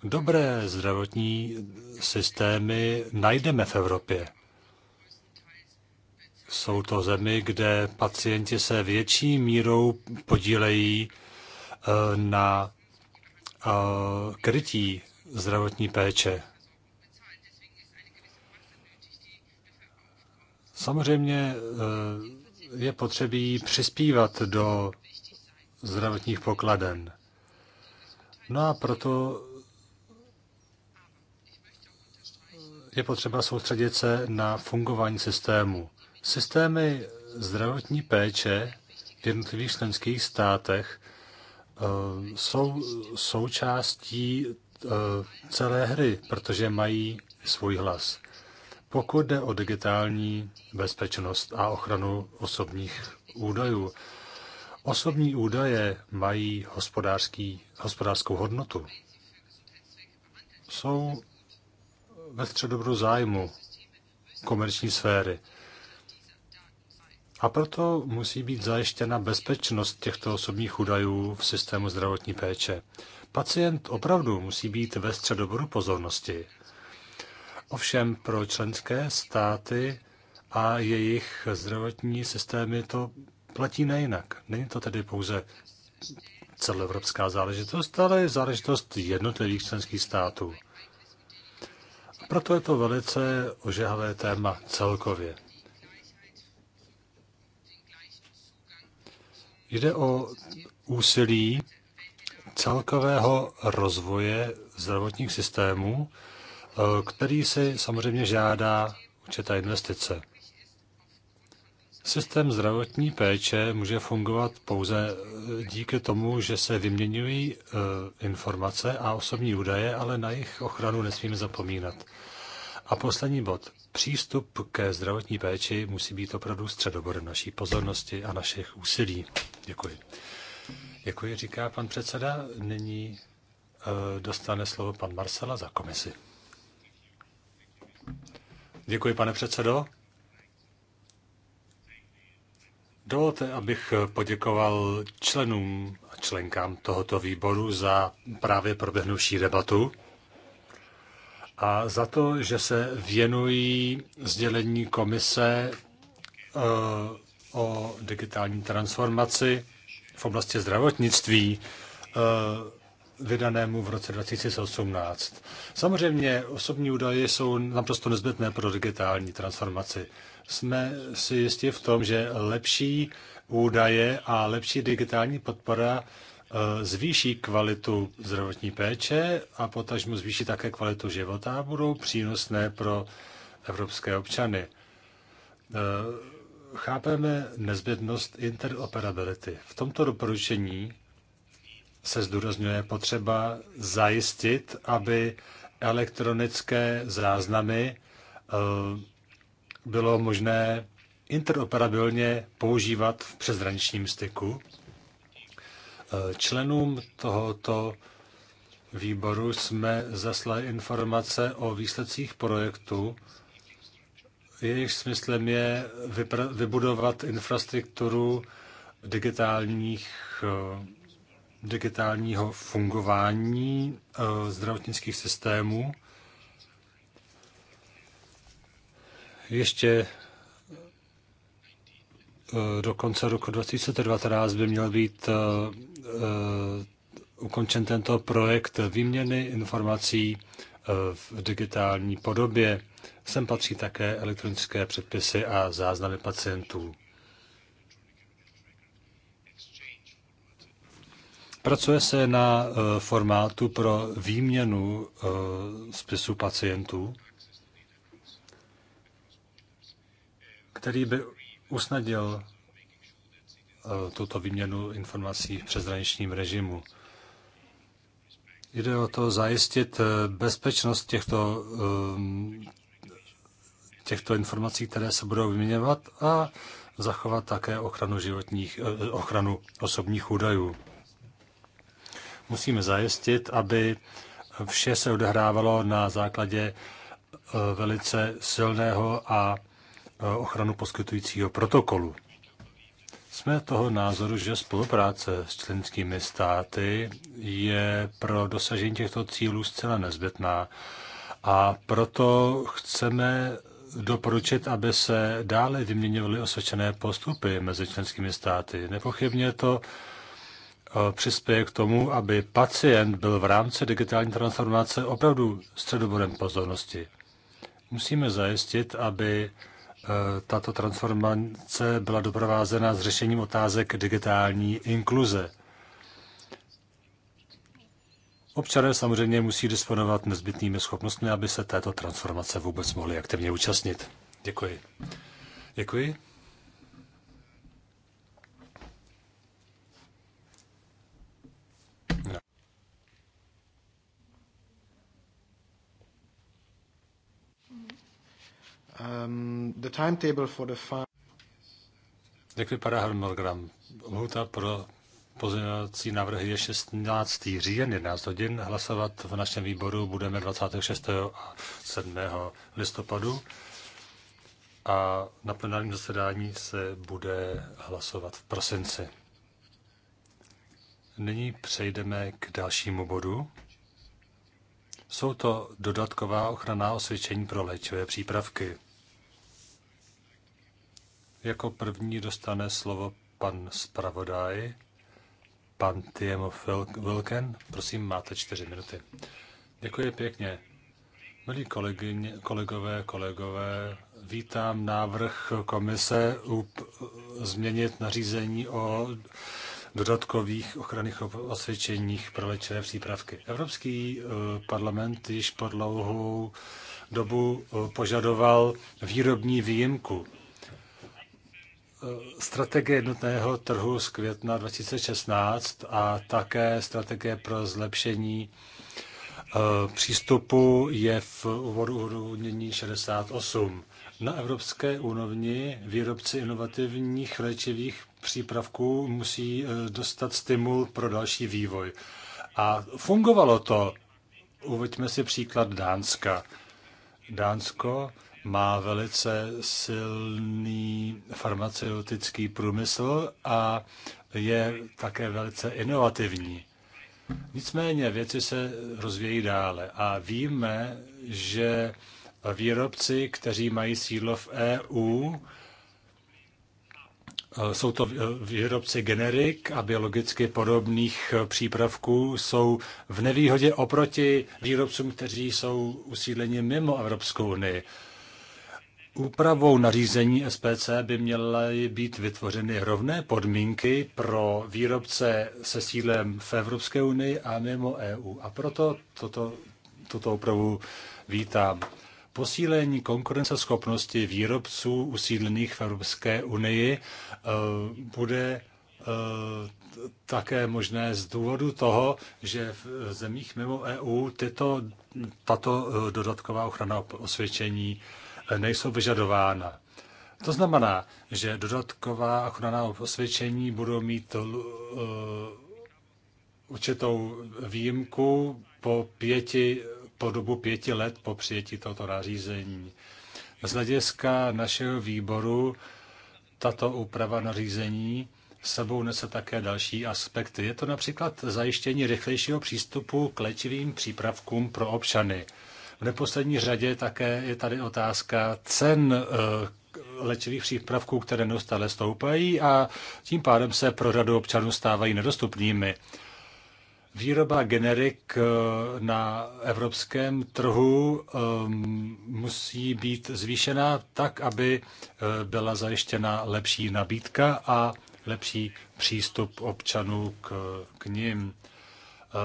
Dobré zdravotní systémy najdeme v Evropě. Jsou to zemi, kde pacienti se větší mírou podílejí eh, na eh, krytí zdravotní péče. Samozřejmě eh, je potřebí přispívat do zdravotních pokladen. No a proto je potřeba soustředit se na fungování systému. Systémy zdravotní péče v jednotlivých členských státech eh, jsou součástí eh, celé hry, protože mají svůj hlas. Pokud jde o digitální bezpečnost a ochranu osobních údajů, Osobní údaje mají hospodářský, hospodářskou hodnotu. Jsou ve středobru zájmu komerční sféry. A proto musí být zajištěna bezpečnost těchto osobních údajů v systému zdravotní péče. Pacient opravdu musí být ve středobru pozornosti. Ovšem pro členské státy a jejich zdravotní systémy to platí nejinak. Není to tedy pouze celoevropská záležitost, ale je záležitost jednotlivých členských států. A proto je to velice ožehavé téma celkově. Jde o úsilí celkového rozvoje zdravotních systémů, eh, který si samozřejmě žádá určité investice. Systém zdravotní péče může fungovat pouze e, díky tomu, že se vyměňují e, informace a osobní údaje, ale na jejich ochranu nesmíme zapomínat. A poslední bod. Přístup ke zdravotní péči musí být opravdu středoborem naší pozornosti a našich úsilí. Děkuji. Děkuji, říká pan předseda. Nyní e, dostane slovo pan Marcela za komisi. Děkuji, pane předsedo. Dovolte, abych poděkoval členům a členkám tohoto výboru za právě proběhnuvší debatu a za to, že se věnují sdělení komise eh, o digitální transformaci v oblasti zdravotnictví eh, vydanému v roce 2018. Samozřejmě osobní údaje jsou naprosto nezbytné pro digitální transformaci jsme si jistí v tom, že lepší údaje a lepší digitální podpora eh, zvýší kvalitu zdravotní péče a potažmo zvýší také kvalitu života a budou přínosné pro evropské občany. Eh, chápeme nezbytnost interoperability. V tomto doporučení se zdůrazňuje potřeba zajistit, aby elektronické záznamy eh, bylo možné interoperabilně používat v přezraničním styku. E, členům tohoto výboru jsme zaslali informace o výsledcích projektu. Jejich smyslem je vybudovat infrastrukturu digitálních, e, digitálního fungování e, zdravotnických systémů ještě eh, do konce roku 2019 by měl být eh, eh, ukončen tento projekt výměny informací v digitální podobě. Sem patří také elektronické předpisy a záznamy pacientů. Pracuje se na formátu pro výměnu spisu pacientů. který by usnadil eh, tuto výměnu informací v přezraničním režimu. Jde o to zajistit eh, bezpečnost těchto, eh, těchto informací, které se budou vyměňovat a zachovat také ochranu, životních, ochranu osobních údajů. Musíme zajistit, aby vše se odehrávalo na základě velice silného a ochranu poskytujícího protokolu. Jsme toho názoru, že spolupráce s členskými státy je pro dosažení těchto cílů zcela nezbytná a proto chceme doporučit, aby se dále vyměňovaly osvědčené postupy mezi členskými státy. Nepochybně to e, přispěje k tomu, aby pacient byl v rámci digitální transformace opravdu středobodem pozornosti. Musíme zajistit, aby Eh, tato transformace byla doprovázena s řešením otázek digitální inkluze. Občané samozřejmě musí disponovat nezbytnými schopnostmi, aby se této transformace vůbec mohli aktivně účastnit. Děkuji. Děkuji. Um, the timetable for the Jak vypadá harmonogram? Lhuta pro pozměňovací návrhy je 16. říjen, 11 hodin. Hlasovat v našem výboru budeme 26. a 7. listopadu. A na plenárním zasedání se bude hlasovat v prosinci. Nyní přejdeme k dalšímu bodu. Jsou to dodatková ochranná osvědčení pro léčivé přípravky. Jako první dostane slovo pan zpravodaj, pan Tiemo Wilken. Prosím, máte čtyři minuty. Děkuji pěkně. Milí kolegyně, kolegové, kolegové, vítám návrh komise up, změnit nařízení o dodatkových ochranných osvědčeních pro léčivé přípravky. Evropský eh, parlament již po dlouhou dobu eh, požadoval výrobní výjimku strategie jednotného trhu z května 2016 a také strategie pro zlepšení eh, přístupu je v úvodu odůvodnění 68. Na evropské úrovni výrobci inovativních léčivých přípravků musí eh, dostat stimul pro další vývoj. A fungovalo to. Uveďme si příklad Dánska. Dánsko má velice silný farmaceutický průmysl a je také velice inovativní. Nicméně věci se rozvějí dále a víme, že výrobci, kteří mají sídlo v EU, jsou to výrobci generik a biologicky podobných přípravků, jsou v nevýhodě oproti výrobcům, kteří jsou usídleni mimo Evropskou unii. Úpravou nařízení SPC by měly být vytvořeny rovné podmínky pro výrobce se sídlem v Evropské unii a mimo EU. A proto toto, tuto úpravu vítám. Posílení konkurenceschopnosti výrobců usídlených v Evropské unii eh, bude eh, také možné z důvodu toho, že v zemích mimo EU tyto, tato eh, dodatková ochrana osvědčení nejsou vyžadována. To znamená, že dodatková ochranná osvědčení budou mít uh, určitou výjimku po, pěti, po dobu pěti let po přijetí tohoto nařízení. Z hlediska našeho výboru tato úprava nařízení sebou nese také další aspekty. Je to například zajištění rychlejšího přístupu k léčivým přípravkům pro občany. V neposlední řadě také je tady otázka cen eh, léčivých přípravků, které neustále stoupají a tím pádem se pro řadu občanů stávají nedostupnými. Výroba generik eh, na evropském trhu eh, musí být zvýšena tak, aby byla zajištěna lepší nabídka a lepší přístup občanů k, k nim.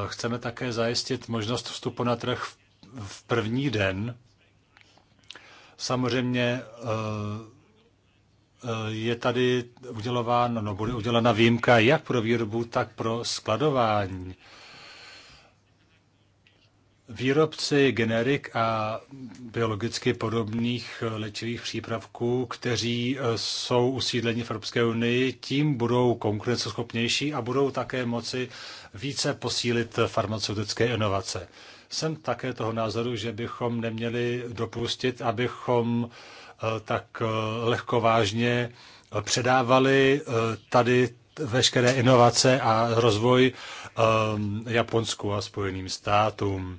Chceme také zajistit možnost vstupu na trh v první den. Samozřejmě eh, eh, je tady udělována, no bude udělena výjimka jak pro výrobu, tak pro skladování. Výrobci generik a biologicky podobných eh, léčivých přípravků, kteří jsou usídleni v Evropské unii, tím budou konkurenceschopnější a budou také moci více posílit farmaceutické inovace. Jsem také toho názoru, že bychom neměli dopustit, abychom eh, tak eh, lehkovážně eh, předávali tady veškeré inovace a rozvoj Japonsku a Spojeným státům.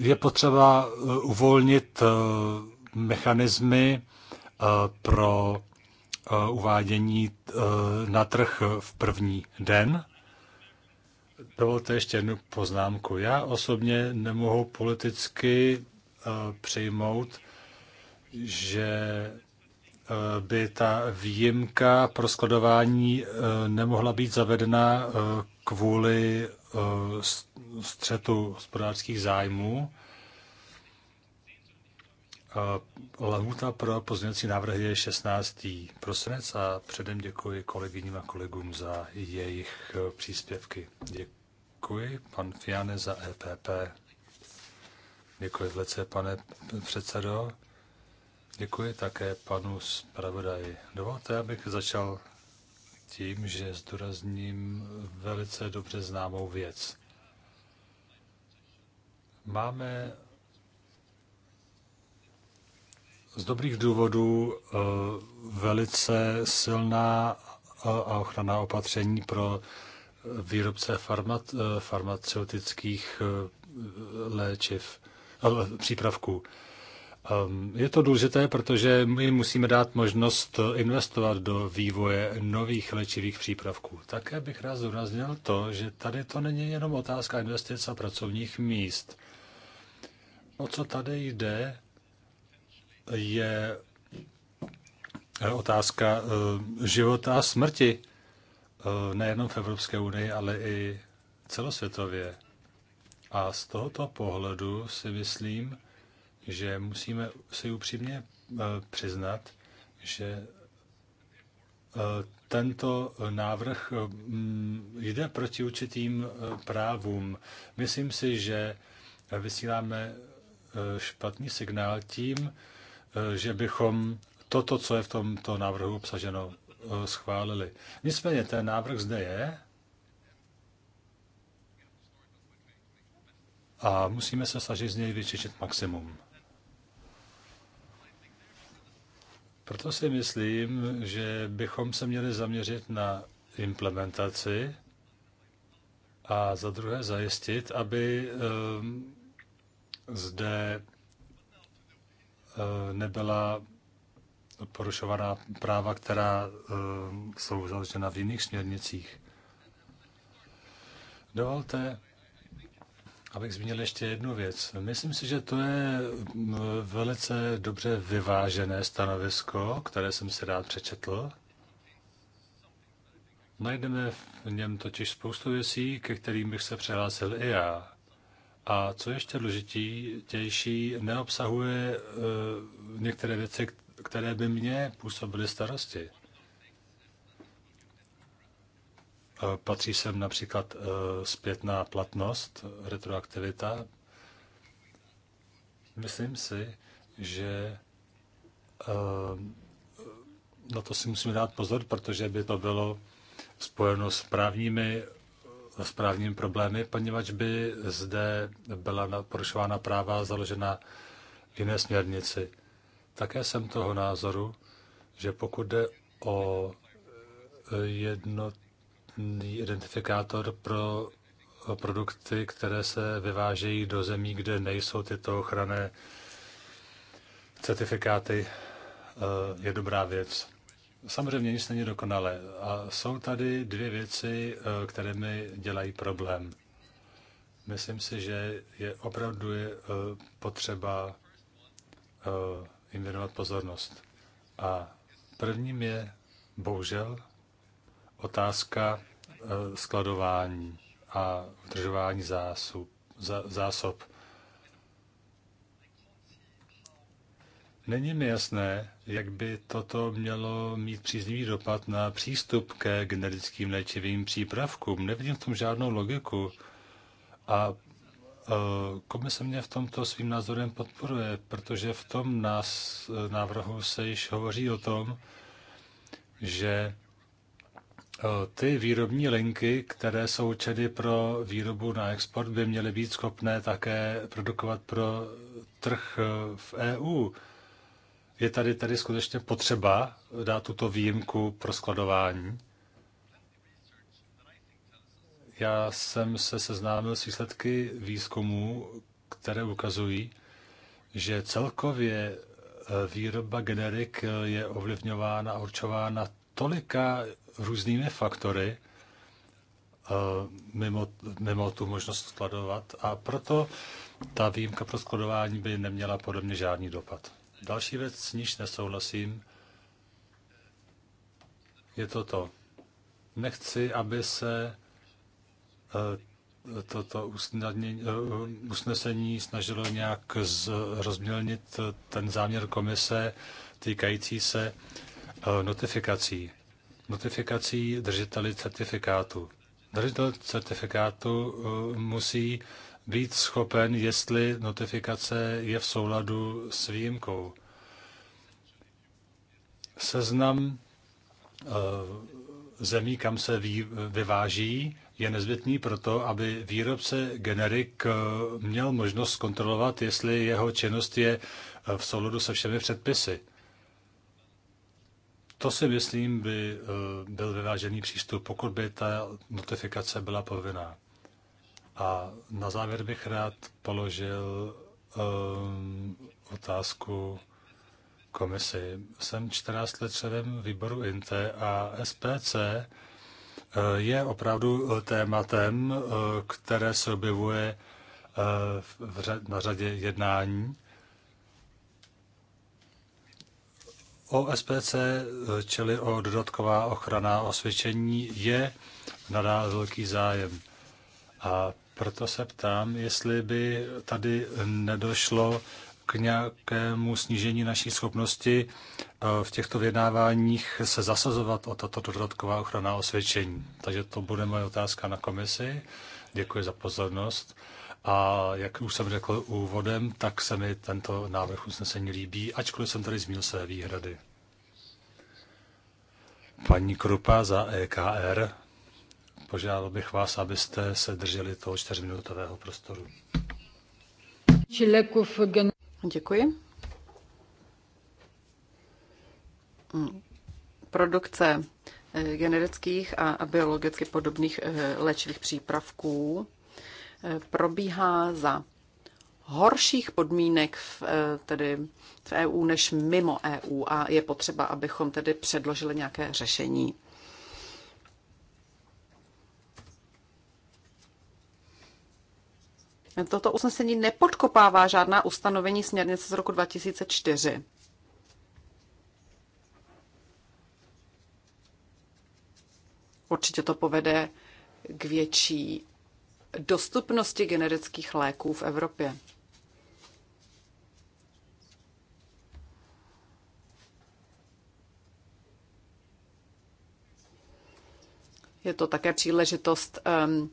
Je potřeba uvolnit mechanismy pro Eh, uvádění eh, na trh v první den. Dovolte ještě jednu poznámku. Já osobně nemohu politicky eh, přijmout, že by ta výjimka pro skladování nemohla být zavedena kvůli střetu hospodářských zájmů. Lahuta pro pozměňovací návrhy je 16. prosinec a předem děkuji kolegyním a kolegům za jejich eh, příspěvky. Děkuji pan Fiane za EPP. Děkuji velice, pane předsedo. Děkuji také panu zpravodaji. Dovolte, abych začal tím, že zdůrazním velice dobře známou věc. Máme z dobrých důvodů eh, velice silná eh, a ochranná opatření pro eh, výrobce farmaceutických léčiv, přípravků. Ehm, je to důležité, protože my musíme dát možnost investovat do vývoje nových léčivých přípravků. Také bych rád zdůraznil to, že tady to není jenom otázka investice a pracovních míst. O co tady jde, je otázka eh, života a smrti eh, nejenom v Evropské unii, ale i celosvětově. A z tohoto pohledu si myslím, že musíme si upřímně eh, přiznat, že tento návrh mm, jde proti určitým právům. Myslím si, že vysíláme špatný signál tím, Eh, že bychom toto, co je v tomto návrhu obsaženo, eh, schválili. Nicméně ten návrh zde je a musíme se snažit z něj vyčičit maximum. Proto si myslím, že bychom se měli zaměřit na implementaci a za druhé zajistit, aby ehm, zde Eh, nebyla porušovaná práva, která eh, jsou založena v jiných směrnicích. Dovolte, abych zmínil ještě jednu věc. Myslím si, že to je mm, velice dobře vyvážené stanovisko, které jsem si rád přečetl. Najdeme v něm totiž spoustu věcí, ke kterým bych se přihlásil i já. A co ještě důležitější, neobsahuje eh, některé věci, které by mě působily starosti. Eh, patří sem například eh, zpětná platnost, retroaktivita. Myslím si, že na to si musíme dát pozor, protože by to bylo spojeno s právními správními problémy, poněvadž by zde byla porušována práva založena v jiné směrnici. Také jsem toho názoru, že pokud jde o eh, jednotný identifikátor pro eh, produkty, které se vyvážejí do zemí, kde nejsou tyto ochranné certifikáty, eh, je dobrá věc samozřejmě nic není dokonalé. A jsou tady dvě věci, eh, které mi dělají problém. Myslím si, že je opravdu je eh, potřeba eh, jim věnovat pozornost. A prvním je, bohužel, otázka skladování a udržování zásob. zásob. Není mi jasné, jak by toto mělo mít příznivý dopad na přístup ke generickým léčivým přípravkům. Nevidím v tom žádnou logiku. A e, komise mě v tomto svým názorem podporuje, protože v tom nás e, návrhu se již hovoří o tom, že e, ty výrobní linky, které jsou čedy pro výrobu na export, by měly být schopné také produkovat pro trh v EU. Je tady tedy skutečně potřeba dát tuto výjimku pro skladování? Já jsem se seznámil s výsledky výzkumů, které ukazují, že celkově eh, výroba generik eh, je ovlivňována a určována tolika různými faktory, eh, mimo, mimo tu možnost skladovat a proto ta výjimka pro skladování by neměla podle mě žádný dopad. Další věc, s níž nesouhlasím, je toto. Nechci, aby se eh, toto eh, usnesení snažilo nějak rozmělnit eh, ten záměr komise týkající se notifikací. Notifikací držiteli certifikátu. Držitel certifikátu musí být schopen, jestli notifikace je v souladu s výjimkou. Seznam eh, zemí, kam se vyváží, je nezbytný proto, aby výrobce generik eh, měl možnost kontrolovat, jestli jeho činnost je eh, v souladu se všemi předpisy. To si myslím by byl vyvážený přístup, pokud by ta notifikace byla povinná. A na závěr bych rád položil um, otázku komisi. Jsem 14 let členem výboru INTE a SPC eh, je opravdu eh, tématem, eh, které se objevuje na řadě jednání. O SPC, čili o dodatková ochrana osvědčení, je nadále velký zájem. A proto se ptám, jestli by tady nedošlo k nějakému snížení naší schopnosti eh, v těchto vyjednáváních se zasazovat o tato dodatková ochrana osvědčení. Takže to bude moje otázka na komisi. Děkuji za pozornost. A jak už jsem řekl úvodem, tak se mi tento návrh usnesení líbí, ačkoliv jsem tady zmínil své výhrady. Paní Krupa za EKR požádal bych vás, abyste se drželi toho čtyřminutového prostoru. Děkuji. Produkce eh, generických a biologicky podobných eh, léčivých přípravků eh, probíhá za horších podmínek v, tedy v EU než mimo EU a je potřeba, abychom tedy předložili nějaké řešení Toto usnesení nepodkopává žádná ustanovení směrnice z roku 2004. Určitě to povede k větší dostupnosti generických léků v Evropě. Je to také příležitost um,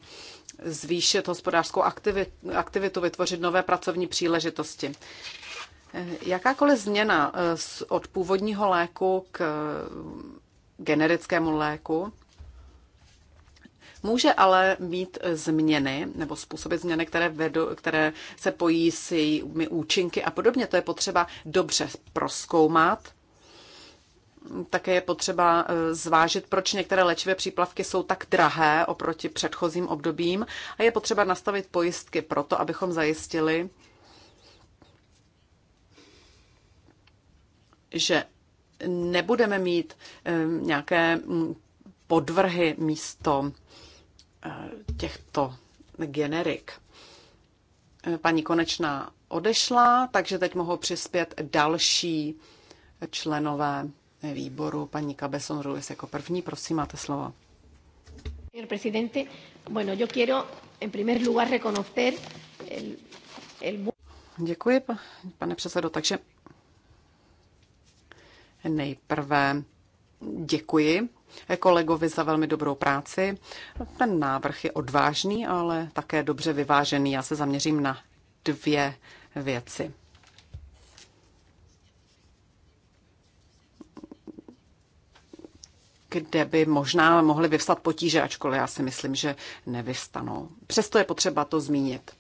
zvýšit hospodářskou aktivitu, aktivitu, vytvořit nové pracovní příležitosti. Jakákoliv změna eh, od původního léku k eh, generickému léku může ale mít změny nebo způsobit změny, které, vedu, které se pojí s jejími účinky a podobně. To je potřeba dobře proskoumat také je potřeba eh, zvážit, proč některé léčivé příplavky jsou tak drahé oproti předchozím obdobím a je potřeba nastavit pojistky proto, abychom zajistili, že nebudeme mít eh, nějaké mm, podvrhy místo eh, těchto generik. Paní Konečná odešla, takže teď mohou přispět další členové výboru paní Cabezón Ruiz jako první. Prosím, máte slovo. Señor presidente, bueno, yo quiero en primer lugar reconocer el, el... Děkuji, pane předsedo. Takže nejprve děkuji kolegovi za velmi dobrou práci. Ten návrh je odvážný, ale také dobře vyvážený. Já se zaměřím na dvě věci. kde by možná mohly vyvstat potíže, ačkoliv já si myslím, že nevyvstanou. Přesto je potřeba to zmínit.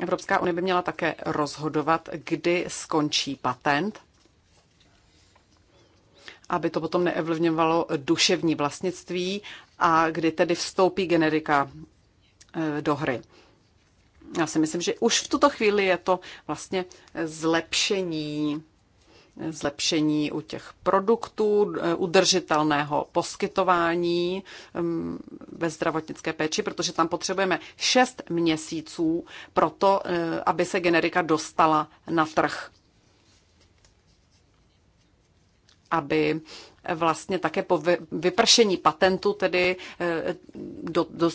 Evropská unie by měla také rozhodovat, kdy skončí patent, aby to potom neovlivňovalo duševní vlastnictví a kdy tedy vstoupí generika eh, do hry. Já si myslím, že už v tuto chvíli je to vlastně zlepšení zlepšení u těch produktů, eh, udržitelného poskytování ve zdravotnické péči, protože tam potřebujeme 6 měsíců pro to, eh, aby se generika dostala na trh. Aby eh, vlastně také po vypršení patentu tedy do, do,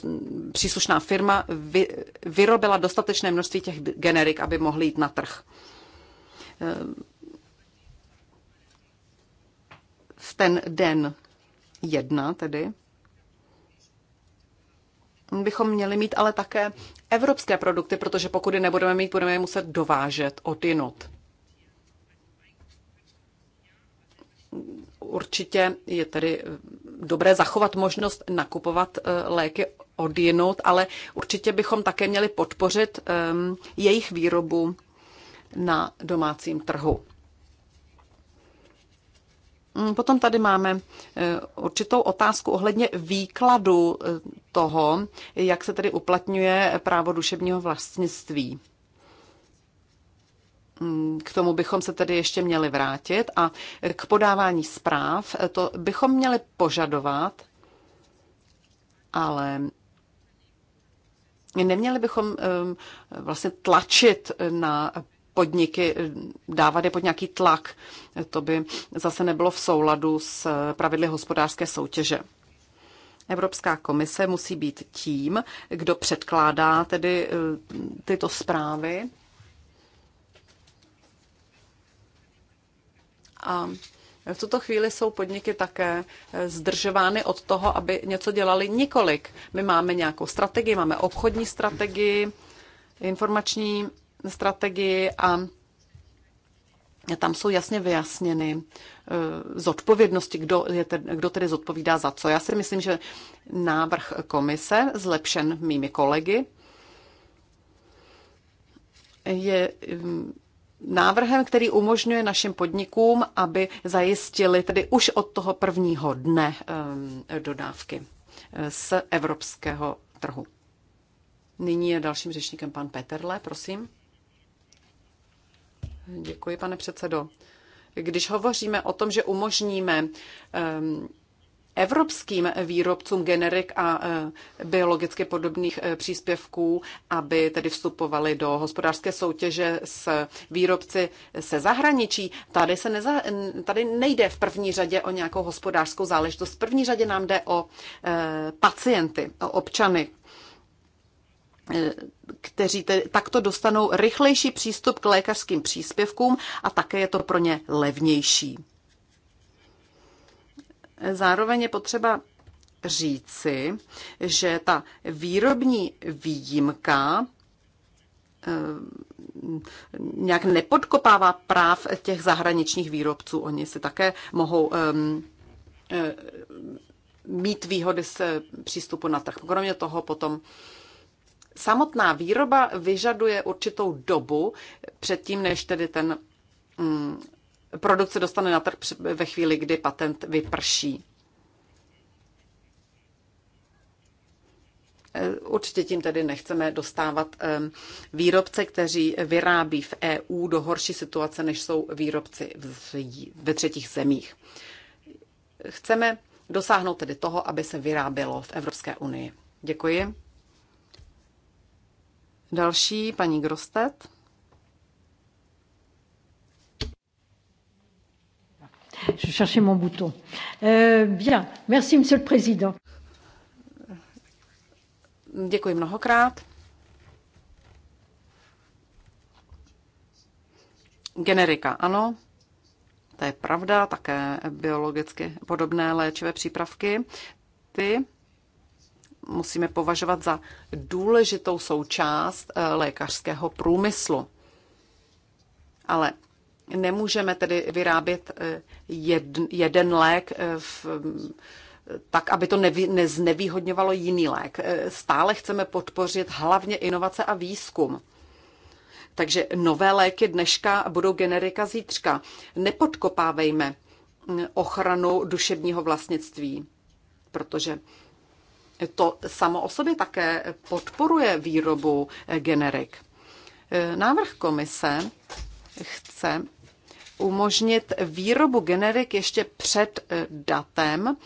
příslušná firma vy, vyrobila dostatečné množství těch generik, aby mohly jít na trh v ten den jedna tedy, bychom měli mít ale také evropské produkty, protože pokud je nebudeme mít, budeme je muset dovážet od jinot. Určitě je tedy eh, dobré zachovat možnost nakupovat eh, léky od jinot, ale určitě bychom také měli podpořit ehm, jejich výrobu na domácím trhu. Mm, potom tady máme eh, určitou otázku ohledně výkladu eh, toho, jak se tedy uplatňuje právo duševního vlastnictví. Mm, k tomu bychom se tedy ještě měli vrátit a eh, k podávání zpráv to bychom měli požadovat, ale neměli bychom vlastně tlačit na podniky, eh, dávat je pod nějaký tlak. To by zase nebylo v souladu s eh, pravidly hospodářské soutěže. Evropská komise musí být tím, kdo předkládá tedy eh, tyto zprávy. A v tuto chvíli jsou podniky také zdržovány od toho, aby něco dělali Nikolik. My máme nějakou strategii, máme obchodní strategii, informační strategii a tam jsou jasně vyjasněny eh, zodpovědnosti, kdo, je tedy, kdo tedy zodpovídá za co. Já si myslím, že návrh komise, zlepšen mými kolegy, je mm, návrhem, který umožňuje našim podnikům, aby zajistili tedy už od toho prvního dne eh, dodávky eh, z evropského trhu. Nyní je dalším řečníkem pan Peterle, prosím. Děkuji, pane předsedo. Když hovoříme o tom, že umožníme ehm, evropským výrobcům generik a e, biologicky podobných e, příspěvků, aby tedy vstupovali do hospodářské soutěže s výrobci se zahraničí. Tady, se neza, tady nejde v první řadě o nějakou hospodářskou záležitost. V první řadě nám jde o e, pacienty, o občany kteří te, takto dostanou rychlejší přístup k lékařským příspěvkům a také je to pro ně levnější. Zároveň je potřeba říci, že ta výrobní výjimka eh, nějak nepodkopává práv těch zahraničních výrobců. Oni si také mohou ehm, eh, mít výhody z přístupu na trh. Kromě toho potom Samotná výroba vyžaduje určitou dobu předtím, než tedy ten mm, produkt se dostane na trh ve chvíli, kdy patent vyprší. E, určitě tím tedy nechceme dostávat e, výrobce, kteří vyrábí v EU do horší situace, než jsou výrobci ve třetích zemích. Chceme dosáhnout tedy toho, aby se vyrábělo v Evropské unii. Děkuji. Další, paní Grostet. Je cherchais mon bouton. Euh, bien, merci, monsieur le président. Děkuji mnohokrát. Generika, ano, to je pravda, také biologicky podobné léčivé přípravky. Ty musíme považovat za důležitou součást eh, lékařského průmyslu. Ale nemůžeme tedy vyrábět eh, jeden, jeden lék eh, v, tak, aby to nevy, neznevýhodňovalo jiný lék. Stále chceme podpořit hlavně inovace a výzkum. Takže nové léky dneška budou generika zítřka. Nepodkopávejme mm, ochranu duševního vlastnictví, protože to samo o sobě také podporuje výrobu eh, generik. Eh, návrh komise chce umožnit výrobu generik ještě před eh, datem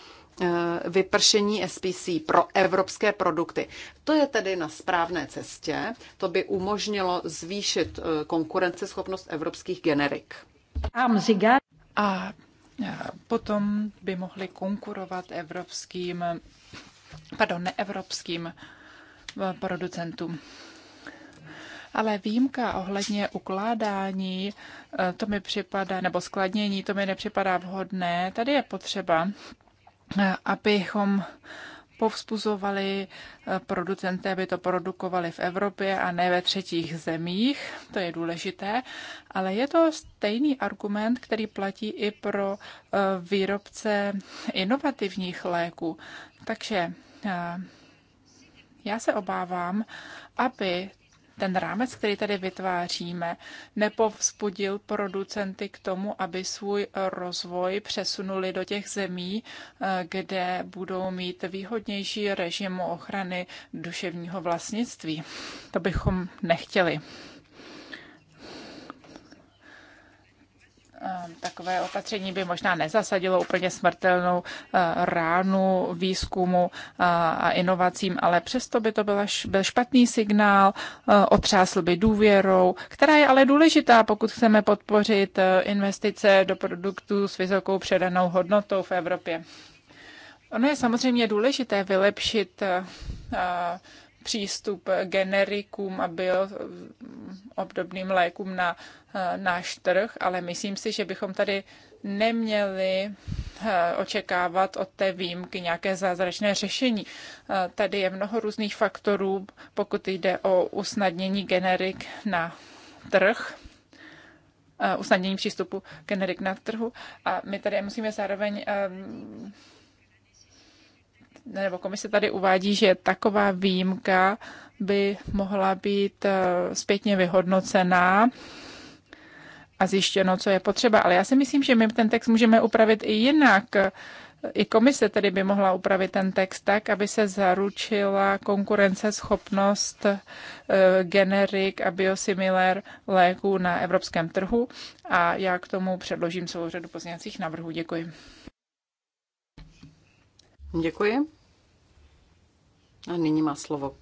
vypršení SPC pro evropské produkty. To je tedy na správné cestě. To by umožnilo zvýšit konkurenceschopnost evropských generik. A potom by mohli konkurovat evropským pardon, neevropským eh, producentům. Ale výjimka ohledně ukládání, eh, to mi připadá, nebo skladnění, to mi nepřipadá vhodné. Tady je potřeba, eh, abychom povzbuzovali producenty, aby to produkovali v Evropě a ne ve třetích zemích. To je důležité, ale je to stejný argument, který platí i pro výrobce inovativních léků. Takže já se obávám, aby ten rámec, který tady vytváříme, nepovzbudil producenty k tomu, aby svůj rozvoj přesunuli do těch zemí, eh, kde budou mít výhodnější režim ochrany duševního vlastnictví. To bychom nechtěli. Ehm, takové opatření by možná nezasadilo úplně smrtelnou eh, ránu výzkumu eh, a inovacím, ale přesto by to byl špatný signál, eh, otřásl by důvěrou, která je ale důležitá, pokud chceme podpořit investice do produktů s vysokou předanou hodnotou v Evropě. Ono je samozřejmě důležité vylepšit přístup generikům a bio obdobným lékům na eh, náš trh, ale myslím si, že bychom tady neměli eh, očekávat od té výjimky nějaké zázračné řešení. Eh, tady je mnoho různých faktorů, pokud jde o usnadnění generik na trh, usnadnění přístupu generik na trhu. A my tady musíme zároveň ehm, nebo komise tady uvádí, že taková výjimka by mohla být eh, zpětně vyhodnocená a zjištěno, co je potřeba. Ale já si myslím, že my ten text můžeme upravit i jinak. I komise tedy by mohla upravit ten text tak, aby se zaručila konkurenceschopnost eh, generik a biosimilar léků na evropském trhu. A já k tomu předložím celou řadu pozněcích návrhů. Děkuji. Děkuji. A nyní má slovo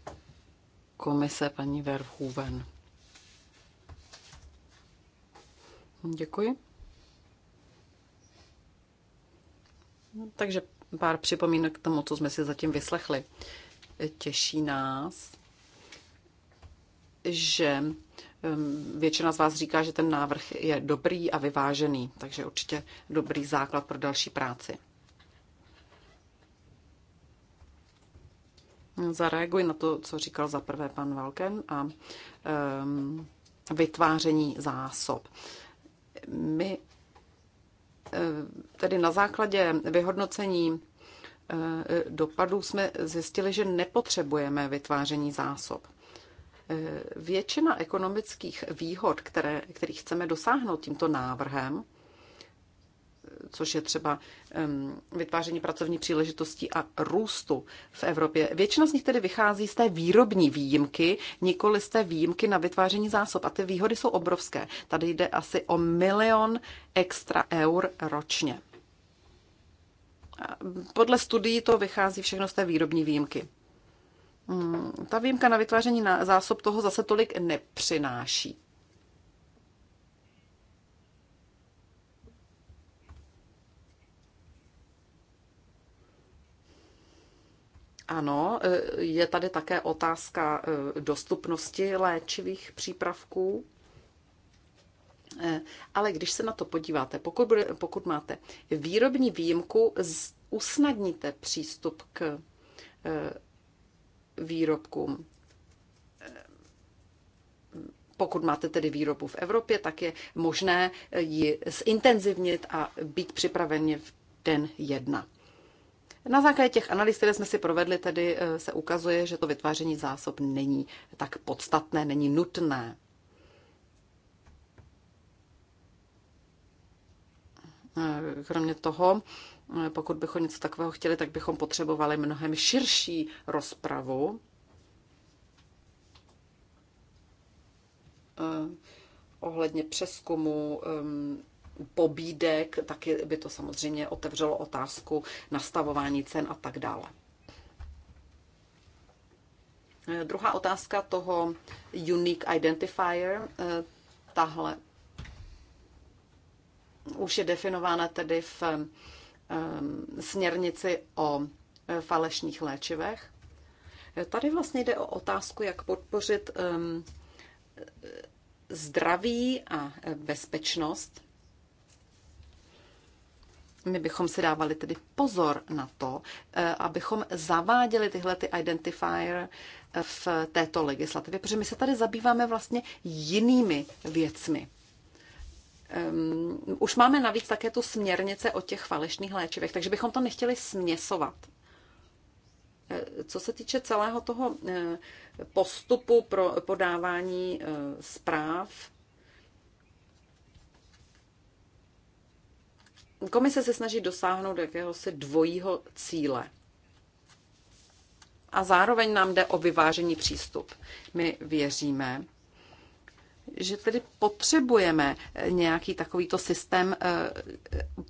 komise paní Verhoeven. Děkuji. No, takže pár připomínek k tomu, co jsme si zatím vyslechli. Těší nás, že většina z vás říká, že ten návrh je dobrý a vyvážený, takže určitě dobrý základ pro další práci. zareaguji na to, co říkal za prvé pan Valken a um, vytváření zásob. My eh, tedy na základě vyhodnocení eh, dopadů jsme zjistili, že nepotřebujeme vytváření zásob. Eh, většina ekonomických výhod, které, kterých chceme dosáhnout tímto návrhem, což je třeba vytváření pracovní příležitostí a růstu v Evropě. Většina z nich tedy vychází z té výrobní výjimky, nikoli z té výjimky na vytváření zásob. A ty výhody jsou obrovské. Tady jde asi o milion extra eur ročně. Podle studií to vychází všechno z té výrobní výjimky. Hmm, ta výjimka na vytváření zásob toho zase tolik nepřináší. Ano, e, je tady také otázka e, dostupnosti léčivých přípravků. E, ale když se na to podíváte, pokud, bude, pokud máte výrobní výjimku, usnadníte přístup k výrobkům. Pokud máte tedy výrobu v Evropě, tak je možné ji zintenzivnit a být připraveni v den jedna. Na základě těch analýz, které jsme si provedli, tedy eh, se ukazuje, že to vytváření zásob není tak podstatné, není nutné. Eh, kromě toho, eh, pokud bychom něco takového chtěli, tak bychom potřebovali mnohem širší rozpravu. Ohledně přeskumu ehm, pobídek, taky by to samozřejmě otevřelo otázku nastavování cen a tak dále. Eh, druhá otázka toho unique identifier, eh, tahle už je definována tedy v eh, směrnici o falešních léčivech. Tady vlastně jde o otázku, jak podpořit zdraví a bezpečnost my bychom si dávali tedy pozor na to, eh, abychom zaváděli tyhle ty identifier eh, v této legislativě, protože my se tady zabýváme vlastně jinými věcmi. Um, už máme navíc také tu směrnice o těch falešných léčivech, takže bychom to nechtěli směsovat. Eh, co se týče celého toho postupu pro podávání zpráv, Komise se snaží dosáhnout jakéhosi dvojího cíle. A zároveň nám jde o vyvážený přístup. My věříme, že tedy potřebujeme nějaký takovýto systém eh,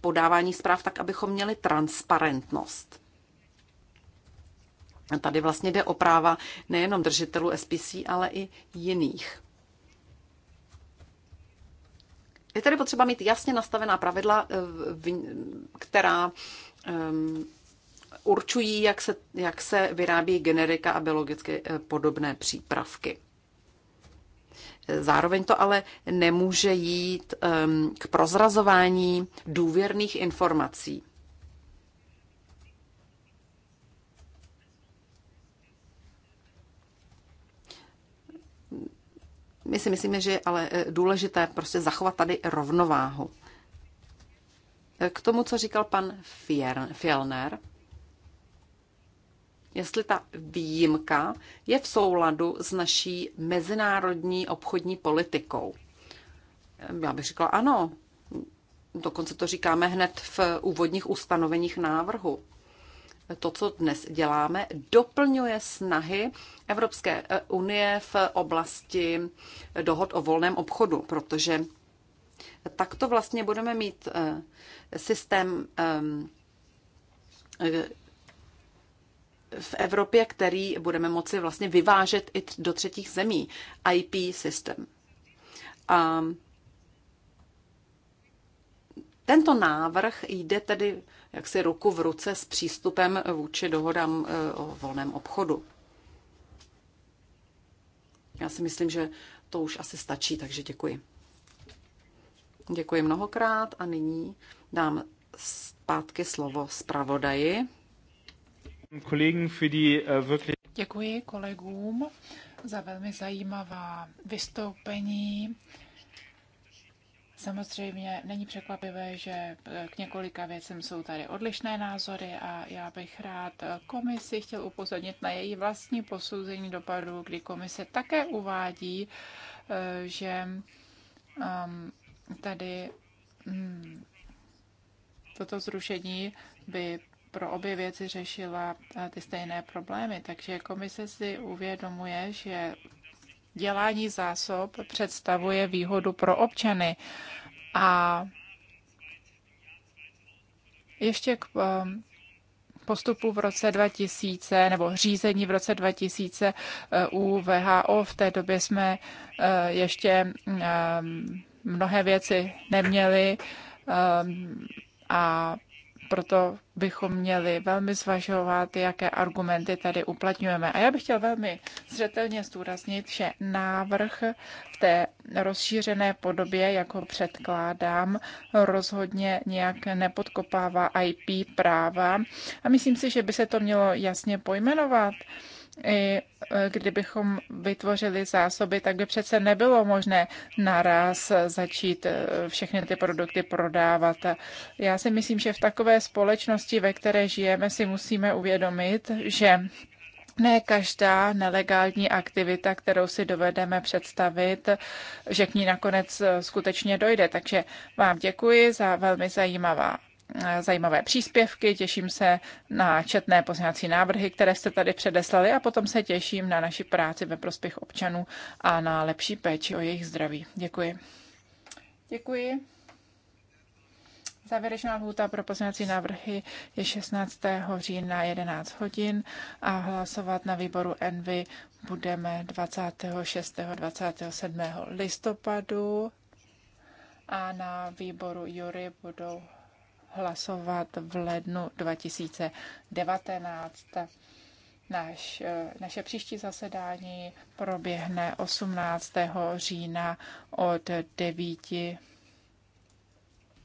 podávání zpráv tak, abychom měli transparentnost. Tady vlastně jde o práva nejenom držitelů SPC, ale i jiných. Je tedy potřeba mít jasně nastavená pravidla, eh, která ehm, určují, jak se, jak se vyrábí generika a biologicky eh, podobné přípravky. Zároveň to ale nemůže jít ehm, k prozrazování důvěrných informací. My si myslíme, že je ale eh, důležité prostě zachovat tady rovnováhu. Eh, k tomu, co říkal pan Fjellner, jestli ta výjimka je v souladu s naší mezinárodní obchodní politikou. Eh, já bych říkala ano. Dokonce to říkáme hned v úvodních ustanoveních návrhu to, co dnes děláme, doplňuje snahy Evropské eh, unie v oblasti dohod o volném obchodu, protože takto vlastně budeme mít eh, systém eh, v Evropě, který budeme moci vlastně vyvážet i do třetích zemí, IP systém. A tento návrh jde tedy jaksi ruku v ruce s přístupem vůči dohodám eh, o volném obchodu. Já si myslím, že to už asi stačí, takže děkuji. Děkuji mnohokrát a nyní dám zpátky slovo zpravodaji. Eh, děkuji kolegům za velmi zajímavá vystoupení. Samozřejmě není překvapivé, že eh, k několika věcem jsou tady odlišné názory a já bych rád eh, komisi chtěl upozornit na její vlastní posouzení dopadu, kdy komise také uvádí, eh, že ehm, tady hm, toto zrušení by pro obě věci řešila ty stejné problémy. Takže komise si uvědomuje, že dělání zásob představuje výhodu pro občany. A ještě k um, postupu v roce 2000 nebo řízení v roce 2000 uh, u VHO. V té době jsme uh, ještě um, mnohé věci neměli um, a proto bychom měli velmi zvažovat, jaké argumenty tady uplatňujeme. A já bych chtěl velmi zřetelně zdůraznit, že návrh v té rozšířené podobě, jak ho předkládám, rozhodně nějak nepodkopává IP práva. A myslím si, že by se to mělo jasně pojmenovat i e, kdybychom vytvořili zásoby, tak by přece nebylo možné naraz začít e, všechny ty produkty prodávat. Já si myslím, že v takové společnosti, ve které žijeme, si musíme uvědomit, že ne každá nelegální aktivita, kterou si dovedeme představit, že k ní nakonec e, skutečně dojde. Takže vám děkuji za velmi zajímavá Eh, zajímavé příspěvky, těším se na četné pozměňovací návrhy, které jste tady předeslali a potom se těším na naši práci ve prospěch občanů a na lepší péči o jejich zdraví. Děkuji. Děkuji. Závěrečná lhůta pro pozměňovací návrhy je 16. října 11 hodin a hlasovat na výboru Envy budeme 26. 27. listopadu a na výboru Jury budou hlasovat v lednu 2019. Naš, eh, naše příští zasedání proběhne 18. října od 9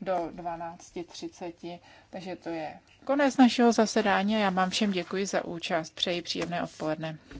do 12.30, takže to je konec našeho zasedání a já vám všem děkuji za účast. Přeji příjemné odpoledne.